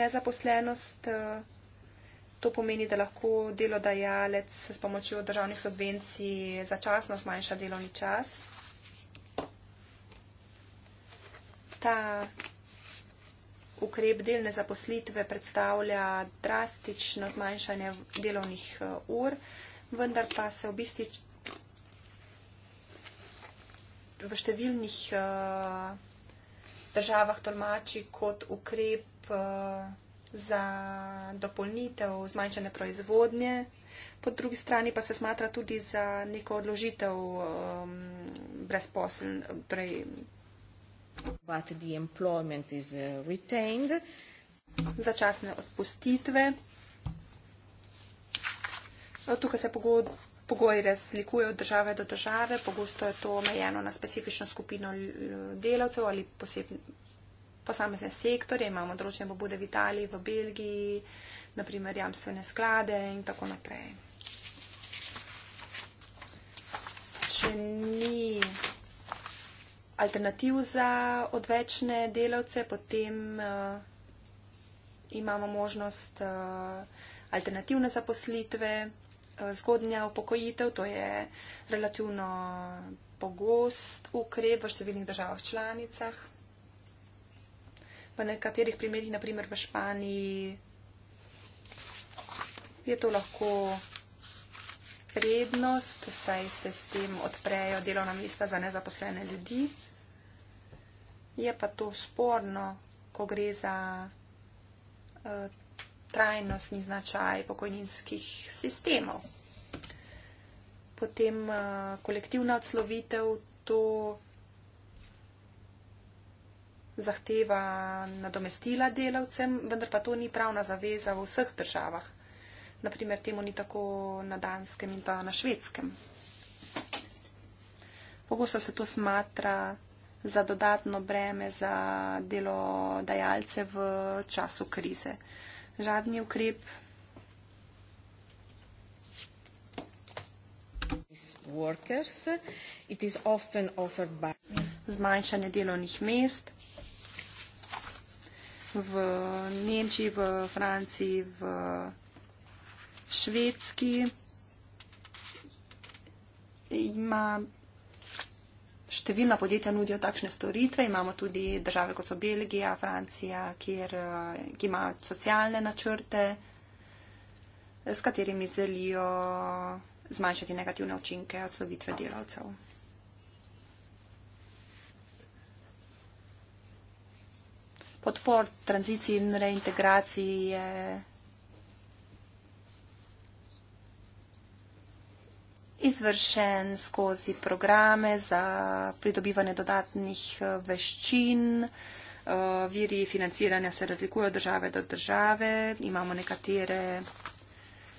nezaposlenost. Uh, To pomeni, da lahko delodajalec s pomočjo državnih subvencij začasno zmanjša delovni čas. Ta ukrep delne zaposlitve predstavlja drastično zmanjšanje delovnih eh, ur, vendar pa se v bistvu v številnih eh, državah tolmači kot ukrep. Eh, za dopolnitev, zmanjšanje proizvodnje, po drugi strani pa se smatra tudi za neko odložitev um, brezposelnosti. Torej, But the employment is uh, retained. Začasne odpustitve. No, tukaj se pogoji razlikujejo od države do države. Pogosto je to omejeno na specifično skupino delavcev ali posebno posamezne sektorje, imamo določene pobude v Italiji, v Belgiji, naprimer jamstvene sklade in tako naprej. Če ni alternativ za odvečne delavce, potem uh, imamo možnost uh, alternativne zaposlitve, uh, zgodnja upokojitev, to je relativno pogost ukrep v številnih državah članicah nekaterih primerjih, naprimer v Španiji, je to lahko prednost, saj se s tem odprejo delovna mesta za nezaposlene ljudi. Je pa to sporno, ko gre za uh, trajnostni značaj pokojninskih sistemov. Potem uh, kolektivna odslovitev, to zahteva nadomestila delavcem, vendar pa to ni pravna zaveza v vseh državah. Naprimer, temu ni tako na Danskem in pa na Švedskem. Pogosto se to smatra za dodatno breme za delodajalce v času krize. Žadni ukrep. Workers, by... Zmanjšanje delovnih mest v Nemčiji, v Franciji, v Švedski. Ima številna podjetja nudijo takšne storitve, imamo tudi države, kot so Belgija, Francija, kjer, eh, ki imajo socialne načrte, s katerimi želijo zmanjšati negativne učinke odslovitve delavcev. podpor tranziciji in reintegraciji je. Izvršen skozi programe za pridobivanje dodatnih eh, veščin. Eh, viri financiranja se razlikujejo od države do države. Imamo nekatere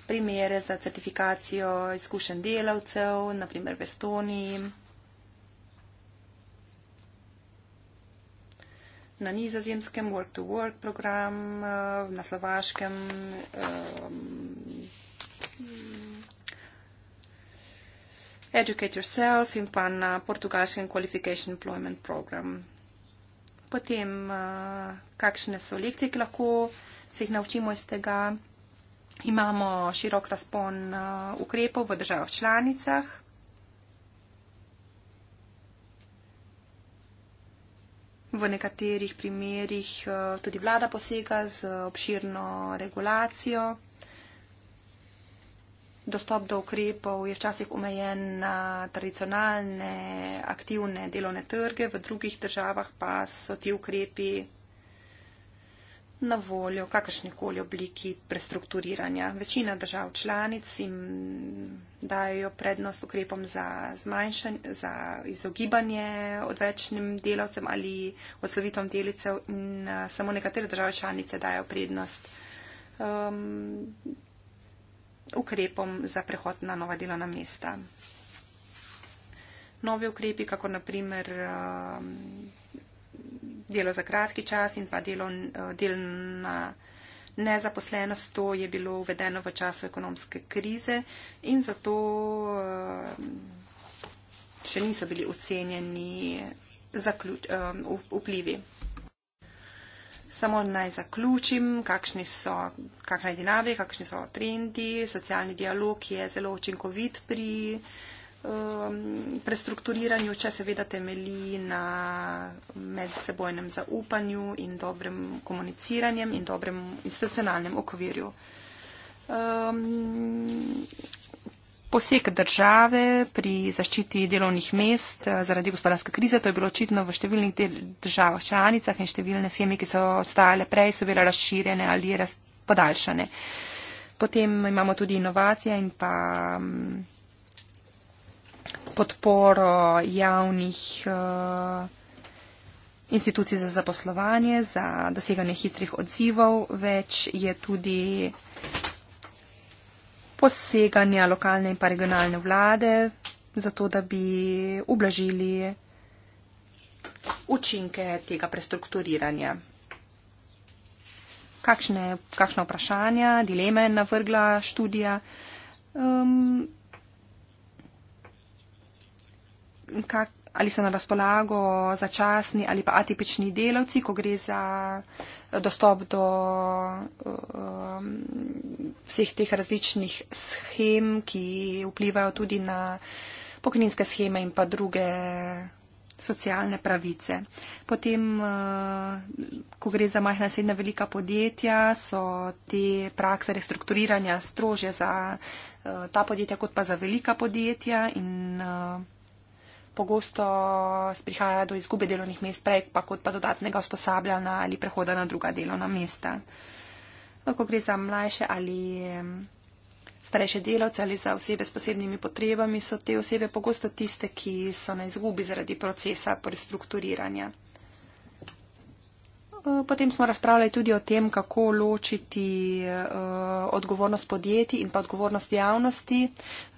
primere za certifikacijo izkušen delavcev, naprimer v Estoniji. na nizozemskem Work to Work program, eh, na slovaškem um, Educate Yourself in pa na portugalskem Qualification Employment Program. Potem, uh, kakšne so lekcije, ki lahko se jih naučimo iz tega. Imamo širok razpon uh, ukrepov v državah članicah. V nekaterih primerjih eh, tudi vlada posega z obširno regulacijo. Dostop do ukrepov je včasih omejen na tradicionalne aktivne delovne trge, v drugih državah pa so ti ukrepi na voljo kakršnekoli obliki prestrukturiranja. Večina držav članic jim dajo prednost ukrepom za, zmanjšan, za izogibanje odvečnim delavcem ali odslovitvam delicev in eh, samo nekatere države članice dajo prednost um, ukrepom za prehod na nova delovna mesta. Novi ukrepi, kako naprimer um, delo za kratki čas in pa delo, eh, del na nezaposlenost. To je bilo uvedeno v času ekonomske krize in zato eh, še niso bili ocenjeni zaključ, eh, vplivi. Samo naj zaključim, kakšni so, kakšna je dinamika, kakšni so trendi. Socialni dialog je zelo učinkovit pri um, prestrukturiranju, če seveda temelji na medsebojnem zaupanju in dobrem komuniciranjem in dobrem institucionalnem okvirju. Um, Poseg države pri zaščiti delovnih mest uh, zaradi gospodarske krize, to je bilo očitno v številnih državah članicah in številne scheme, ki so ostale prej, so bile razširjene ali podaljšane. Potem imamo tudi inovacije in pa. Um, podporo javnih eh, institucij za zaposlovanje, za doseganje hitrih odzivov, več je tudi poseganja lokalne in pa regionalne vlade, zato da bi ublažili učinke tega prestrukturiranja. Kakšne, kakšne vprašanja, dileme je navrgla študija? Um, kak, ali so na razpolago začasni ali pa atipični delavci, ko gre za eh, dostop do um, vseh teh različnih schem, ki vplivajo tudi na pokojninske scheme in pa druge socialne pravice. Potem, eh, ko gre za majhna srednja velika podjetja, so te prakse restrukturiranja strože za ta podjetja kot pa za velika podjetja in pogosto prihaja do izgube delovnih mest prej, pa kot pa dodatnega usposabljanja ali prehoda na druga delovna mesta. Lahko gre za mlajše ali starejše delavce ali za osebe s posebnimi potrebami, so te osebe pogosto tiste, ki so na izgubi zaradi procesa prestrukturiranja. Po Eh, potem smo razpravljali tudi o tem, kako ločiti eh, odgovornost podjetij in pa odgovornost javnosti.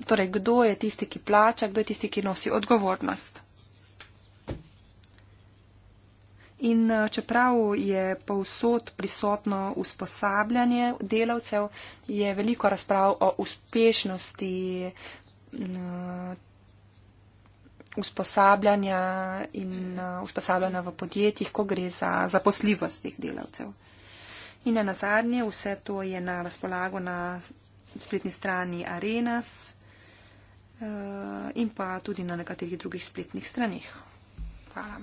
Torej, kdo je tisti, ki plača, kdo je tisti, ki nosi odgovornost. In eh, čeprav je povsod prisotno usposabljanje delavcev, je veliko razprav o uspešnosti usposabljanja in uh, usposabljanja v podjetjih, ko gre za zaposljivost teh delavcev. In na zadnje, vse to je na razpolago na spletni strani Arenas uh, in pa tudi na nekaterih drugih spletnih stranih. Hvala.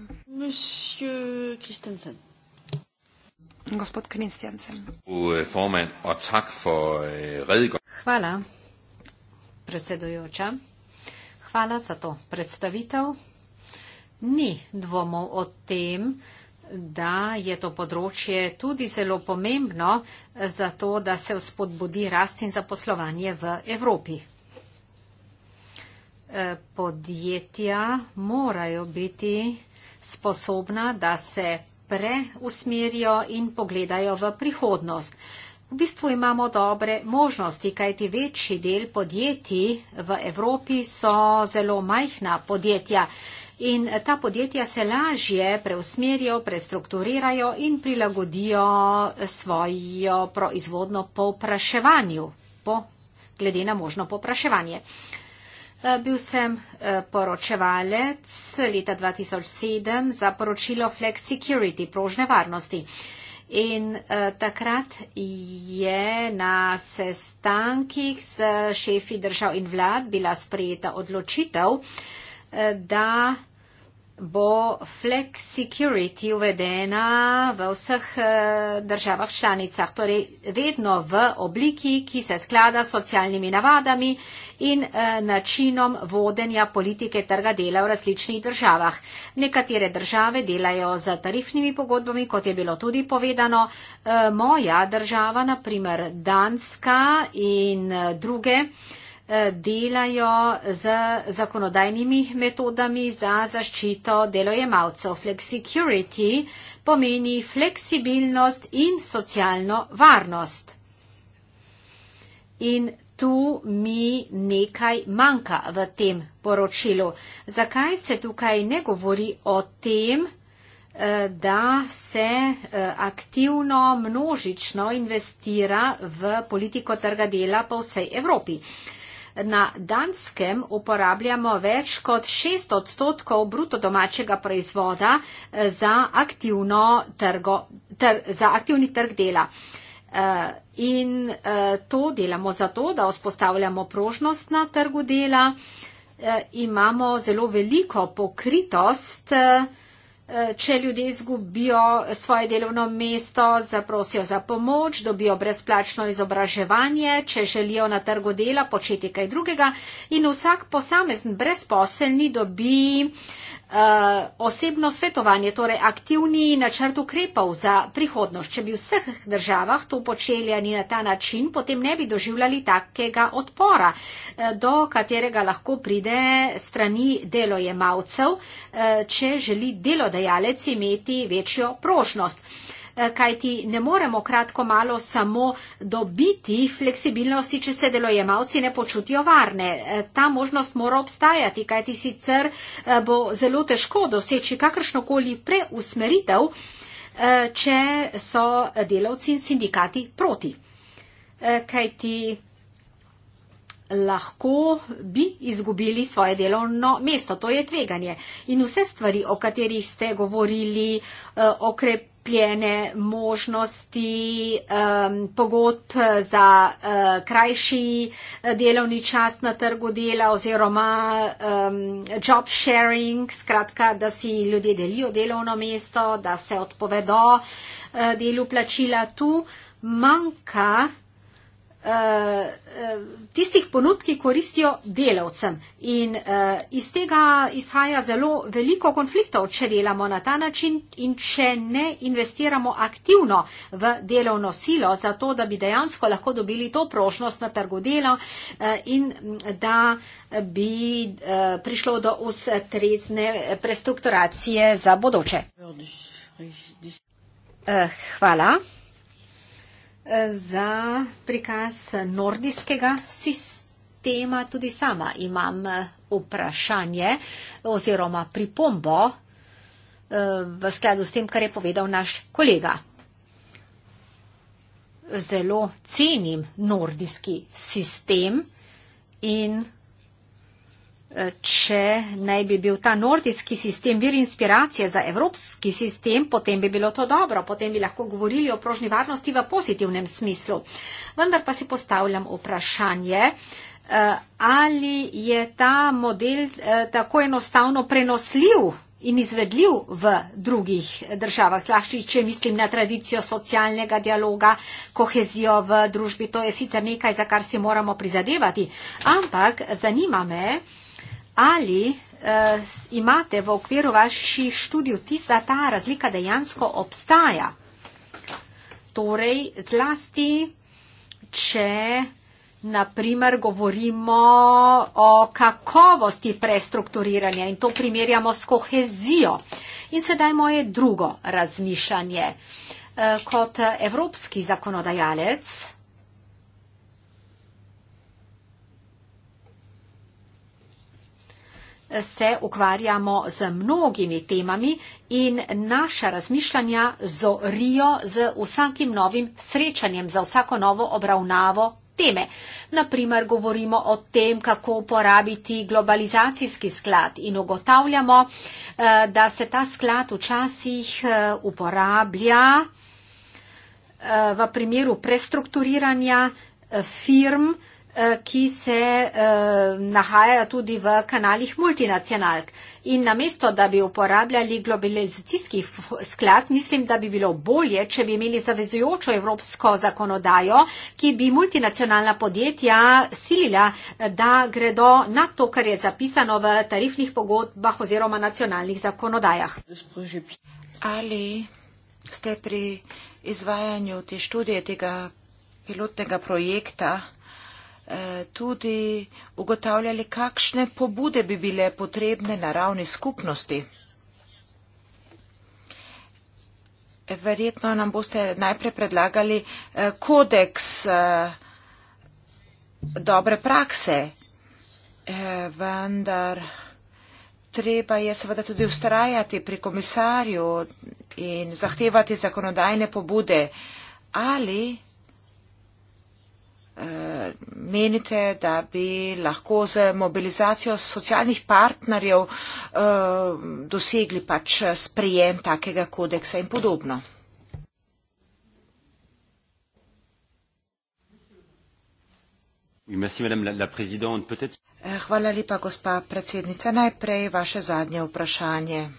Gospod Kristjansen. Eh, Hvala, predsedujoča. Hvala za to predstavitev. Ni dvomov o tem, da je to področje tudi zelo pomembno za to, da se vzpodbudi rast in zaposlovanje v Evropi. E, podjetja morajo biti sposobna, da se preusmerijo in pogledajo v prihodnost. V bistvu imamo dobre možnosti, kajti večji del podjetij v Evropi so zelo majhna podjetja in ta podjetja se lažje preusmerijo, prestrukturirajo in prilagodijo svojo proizvodno popraševanju, po, glede na možno popraševanje. Eh, bil sem eh, poročevalec leta 2007 za poročilo Flex Security, prožne varnosti. In uh, takrat je na sestankih s šefi držav in vlad bila sprejeta odločitev, uh, da bo flex security uvedena v vseh eh, državah članicah, torej vedno v obliki, ki se sklada s socialnimi navadami in eh, načinom vodenja politike trga dela v različnih državah. Nekatere države delajo z tarifnimi pogodbami, kot je bilo tudi povedano. Eh, moja država, naprimer Danska in druge, delajo z zakonodajnimi metodami za zaščito delojemalcev. Flexicurity pomeni fleksibilnost in socialno varnost. In tu mi nekaj manjka v tem poročilu. Zakaj se tukaj ne govori o tem, eh, da se eh, aktivno, množično investira v politiko trga dela po vsej Evropi na Danskem uporabljamo več kot 6 odstotkov brutodomačega proizvoda eh, za, trgo, tr, za aktivni trg dela. Eh, in eh, to delamo zato, da vzpostavljamo prožnost na trgu dela, imamo zelo veliko pokritost, Eh, če ljudje izgubijo svoje delovno mesto, zaprosijo za pomoč, dobijo brezplačno izobraževanje, če želijo na trgu dela početi kaj drugega in vsak posamezen brezposelni dobi Eh, osebno svetovanje, torej aktivni načrt ukrepov za prihodnost. Če bi v vseh državah to počeli ani na ta način, potem ne bi doživljali takega odpora, eh, do katerega lahko pride strani delojemalcev, eh, če želi delodajalec imeti večjo prožnost. Eh, kajti ne moremo kratko malo samo dobiti fleksibilnosti, če se delojemalci ne počutijo varne. Eh, ta možnost mora obstajati, kajti sicer eh, bo zelo težko doseči kakršnokoli preusmeritev, če so delavci in sindikati proti. Kajti lahko bi izgubili svoje delovno mesto. To je tveganje. In vse stvari, o katerih ste govorili, okrep, odklopljene možnosti um, pogodb za uh, krajši eh, delovni čas na trgu dela oziroma um, job sharing, skratka, da si ljudje delijo delovno mesto, da se odpovedo uh, delu plačila tu. Manjka Eh, eh, tistih ponud, ki koristijo delavcem. In uh, iz tega izhaja zelo veliko konfliktov, če delamo na ta način in če ne investiramo aktivno v delovno silo, zato da bi dejansko lahko dobili to prošnost na trgu dela uh, in mm, da bi uh, prišlo do ustrezne prestrukturacije za bodoče. Uh, hvala. Za prikaz nordijskega sistema tudi sama imam eh, vprašanje oziroma pripombo eh, v skladu s tem, kar je povedal naš kolega. Zelo cenim nordijski sistem in Eh, če ne bi bil ta nordijski sistem vir inspiracije za evropski sistem, potem bi bilo to dobro, potem bi lahko govorili o prožni varnosti v pozitivnem smislu. Vendar pa si postavljam vprašanje, eh, ali je ta model eh, tako enostavno prenosljiv in izvedljiv v drugih državah, zlašči, če mislim na tradicijo socialnega dialoga, kohezijo v družbi, to je sicer nekaj, za kar si moramo prizadevati, ampak zanima me, ali uh, imate v okviru vaših študij vtis, da ta razlika dejansko obstaja. Torej, zlasti, če naprimer govorimo o kakovosti prestrukturiranja in to primerjamo s kohezijo. In sedaj moje drugo razmišljanje. Eh, kot evropski zakonodajalec se ukvarjamo z mnogimi temami in naša razmišljanja zorijo z vsakim novim srečanjem, za vsako novo obravnavo. Teme. Naprimer, govorimo o tem, kako uporabiti globalizacijski sklad in ugotavljamo, eh, da se ta sklad včasih eh, uporablja eh, v primeru prestrukturiranja firm, Eh, ki se uh, nahajajo tudi v kanalih multinacionalk. In namesto, da bi uporabljali globalizacijski sklad, mislim, da bi bilo bolje, če bi imeli zavezujočo evropsko zakonodajo, ki bi multinacionalna podjetja silila, eh, da gredo na to, kar je zapisano v tarifnih pogodbah oziroma nacionalnih zakonodajah. Ali ste pri izvajanju te študije tega pilotnega projekta? Eh, tudi ugotavljali, kakšne pobude bi bile potrebne na ravni skupnosti. Verjetno nam boste najprej predlagali eh, kodeks eh, dobre prakse, vendar treba je seveda tudi ustrajati pri komisarju in zahtevati zakonodajne pobude ali menite, da bi lahko z mobilizacijo socialnih partnerjev eh, dosegli pač sprejem takega kodeksa in podobno? Eh, hvala lepa, gospa predsednica. Najprej vaše zadnje vprašanje.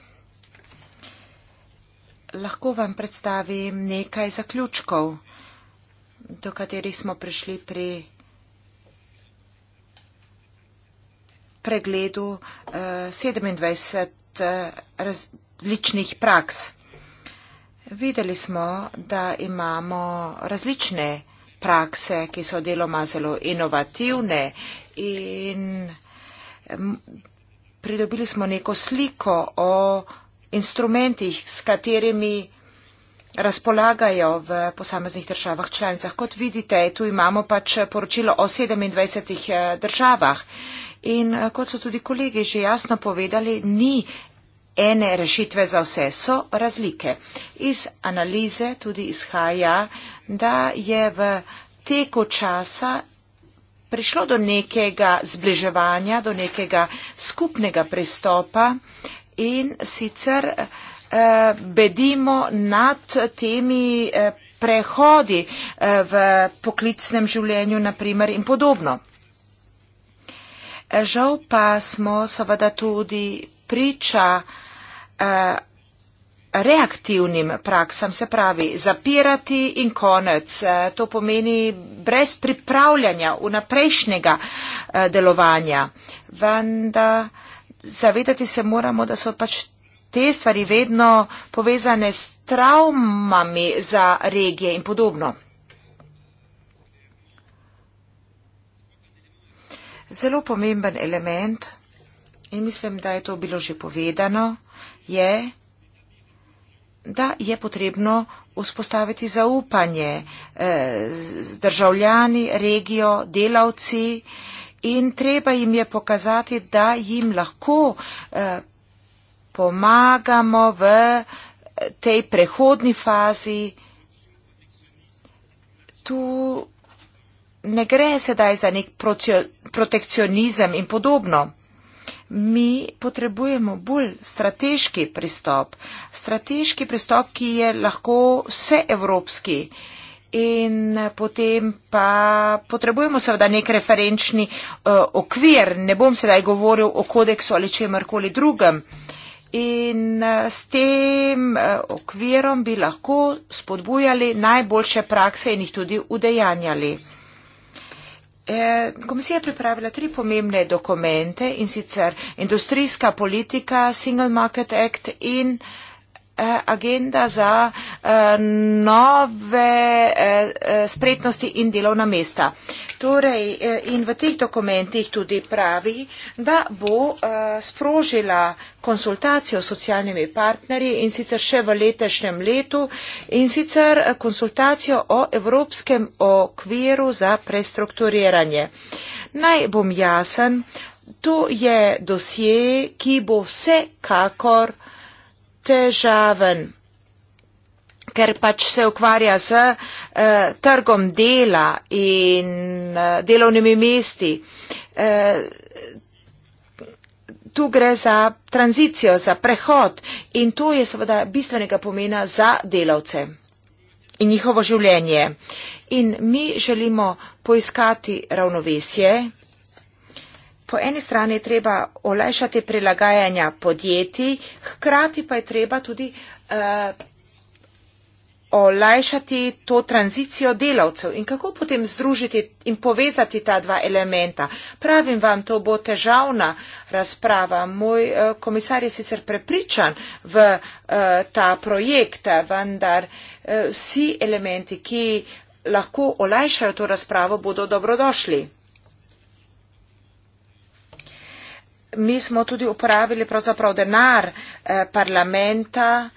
Lahko vam predstavim nekaj zaključkov do katerih smo prišli pri pregledu 27 eh, eh, različnih praks. Videli smo, da imamo različne prakse, ki so deloma zelo inovativne in pridobili smo neko sliko o instrumentih, s katerimi razpolagajo v posameznih državah članicah. Kot vidite, tu imamo pač poročilo o 27 eh, državah. In eh, kot so tudi kolegi že jasno povedali, ni ene rešitve za vse, so razlike. Iz analize tudi izhaja, da je v teku časa prišlo do nekega zbliževanja, do nekega skupnega pristopa in sicer Eh, bedimo nad temi eh, prehodi eh, v poklicnem življenju naprimer in podobno. Žal pa smo seveda tudi priča reaktivnim praksam, se pravi zapirati in konec. To pomeni brez pripravljanja vnaprejšnjega delovanja. Vendar zavedati se moramo, da so pač te stvari vedno povezane s travmami za regije in podobno. Zelo pomemben element, in mislim, da je to bilo že povedano, je, da je potrebno vzpostaviti zaupanje eh, z državljani, regijo, delavci in treba jim je pokazati, da jim lahko eh, pomagamo v eh, tej prehodni fazi. Tu ne gre sedaj za nek protekcionizem in podobno. Mi potrebujemo bolj strateški pristop, strateški pristop, ki je lahko vseevropski. In eh, potem pa potrebujemo seveda nek referenčni uh, okvir. Ne bom sedaj govoril o kodeksu ali čemarkoli drugem. Uh, in eh, s tem eh, okvirom bi lahko spodbujali najboljše prakse in jih tudi udejanjali. Eh, komisija je pripravila tri pomembne dokumente in sicer industrijska politika, Single Market Act in uh, Eh, agenda za eh, nove eh, spretnosti in delovna mesta. Torej, in v teh dokumentih tudi pravi, da bo sprožila konsultacijo s socialnimi partnerji in sicer še v letešnjem letu in sicer konsultacijo o evropskem okviru za prestrukturiranje. Naj bom jasen, to je dosje, ki bo vsekakor težaven, ker pač se ukvarja z eh, trgom dela in eh, delovnimi mesti. Eh, tu gre za tranzicijo, za prehod in to je seveda bistvenega pomena za delavce in njihovo življenje. In mi želimo poiskati ravnovesje po eni strani treba olajšati prilagajanja podjetij, hkrati pa je treba tudi uh, olajšati to tranzicijo delavcev. In kako potem združiti in povezati ta dva elementa? Pravim vam, to bo težavna razprava. Moj uh, komisar je sicer prepričan v uh, ta projekt, vendar uh, vsi elementi, ki lahko olajšajo to razpravo, bodo dobrodošli. mi smo tudi uporabili pravzaprav denar eh, parlamenta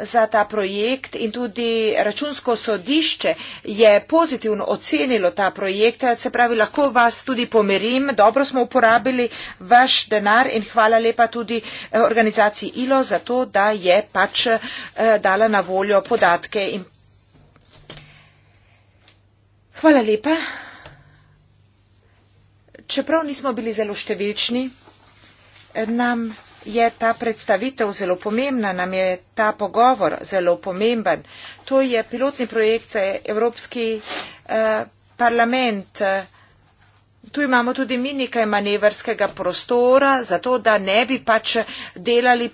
za ta projekt in tudi računsko sodišče je pozitivno ocenilo ta projekt, se pravi, lahko vas tudi pomerim, dobro smo uporabili vaš denar in hvala lepa tudi eh, organizaciji ILO za to, da je pač eh, dala na voljo podatke. In hvala lepa. Čeprav nismo bili zelo številčni, nam je ta predstavitev zelo pomembna, nam je ta pogovor zelo pomemben. To je pilotni projekt za Evropski eh, parlament. Tu imamo tudi mi nekaj manevrskega prostora, zato da ne bi pač delali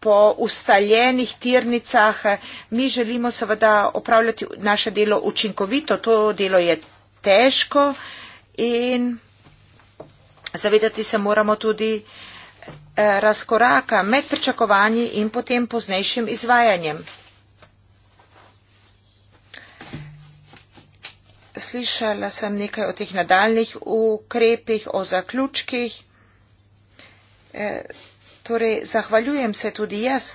po ustaljenih tirnicah. Mi želimo seveda opravljati naše delo učinkovito. To delo je težko in zavedati se moramo tudi uh, Eh, razkoraka med pričakovanji in potem poznejšim izvajanjem. Slišala sem nekaj o teh nadaljnih ukrepih, o zaključkih. E, torej, zahvaljujem se tudi jaz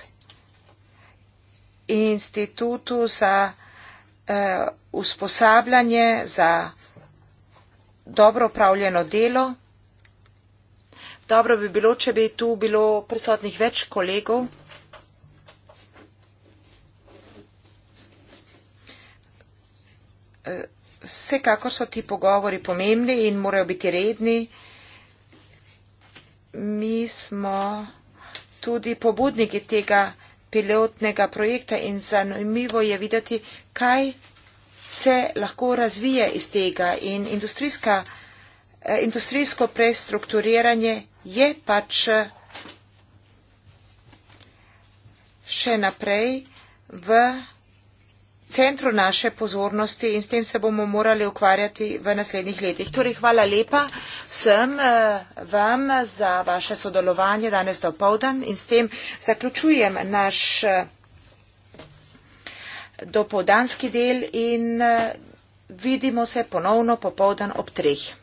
Institutu za e, usposabljanje za dobro upravljeno delo. Dobro bi bilo, če bi tu bilo prisotnih več kolegov. Eh, vsekakor so ti pogovori pomembni in morajo biti redni. Mi smo tudi pobudniki tega pilotnega projekta in zanimivo je videti, kaj se lahko razvije iz tega in eh, industrijsko prestrukturiranje je pač eh, še naprej v centru naše pozornosti in s tem se bomo morali ukvarjati v naslednjih letih. Torej, hvala lepa vsem eh, vam za vaše sodelovanje danes do povdan in s tem zaključujem naš eh, dopovdanski del in vidimo se ponovno popovdan ob treh.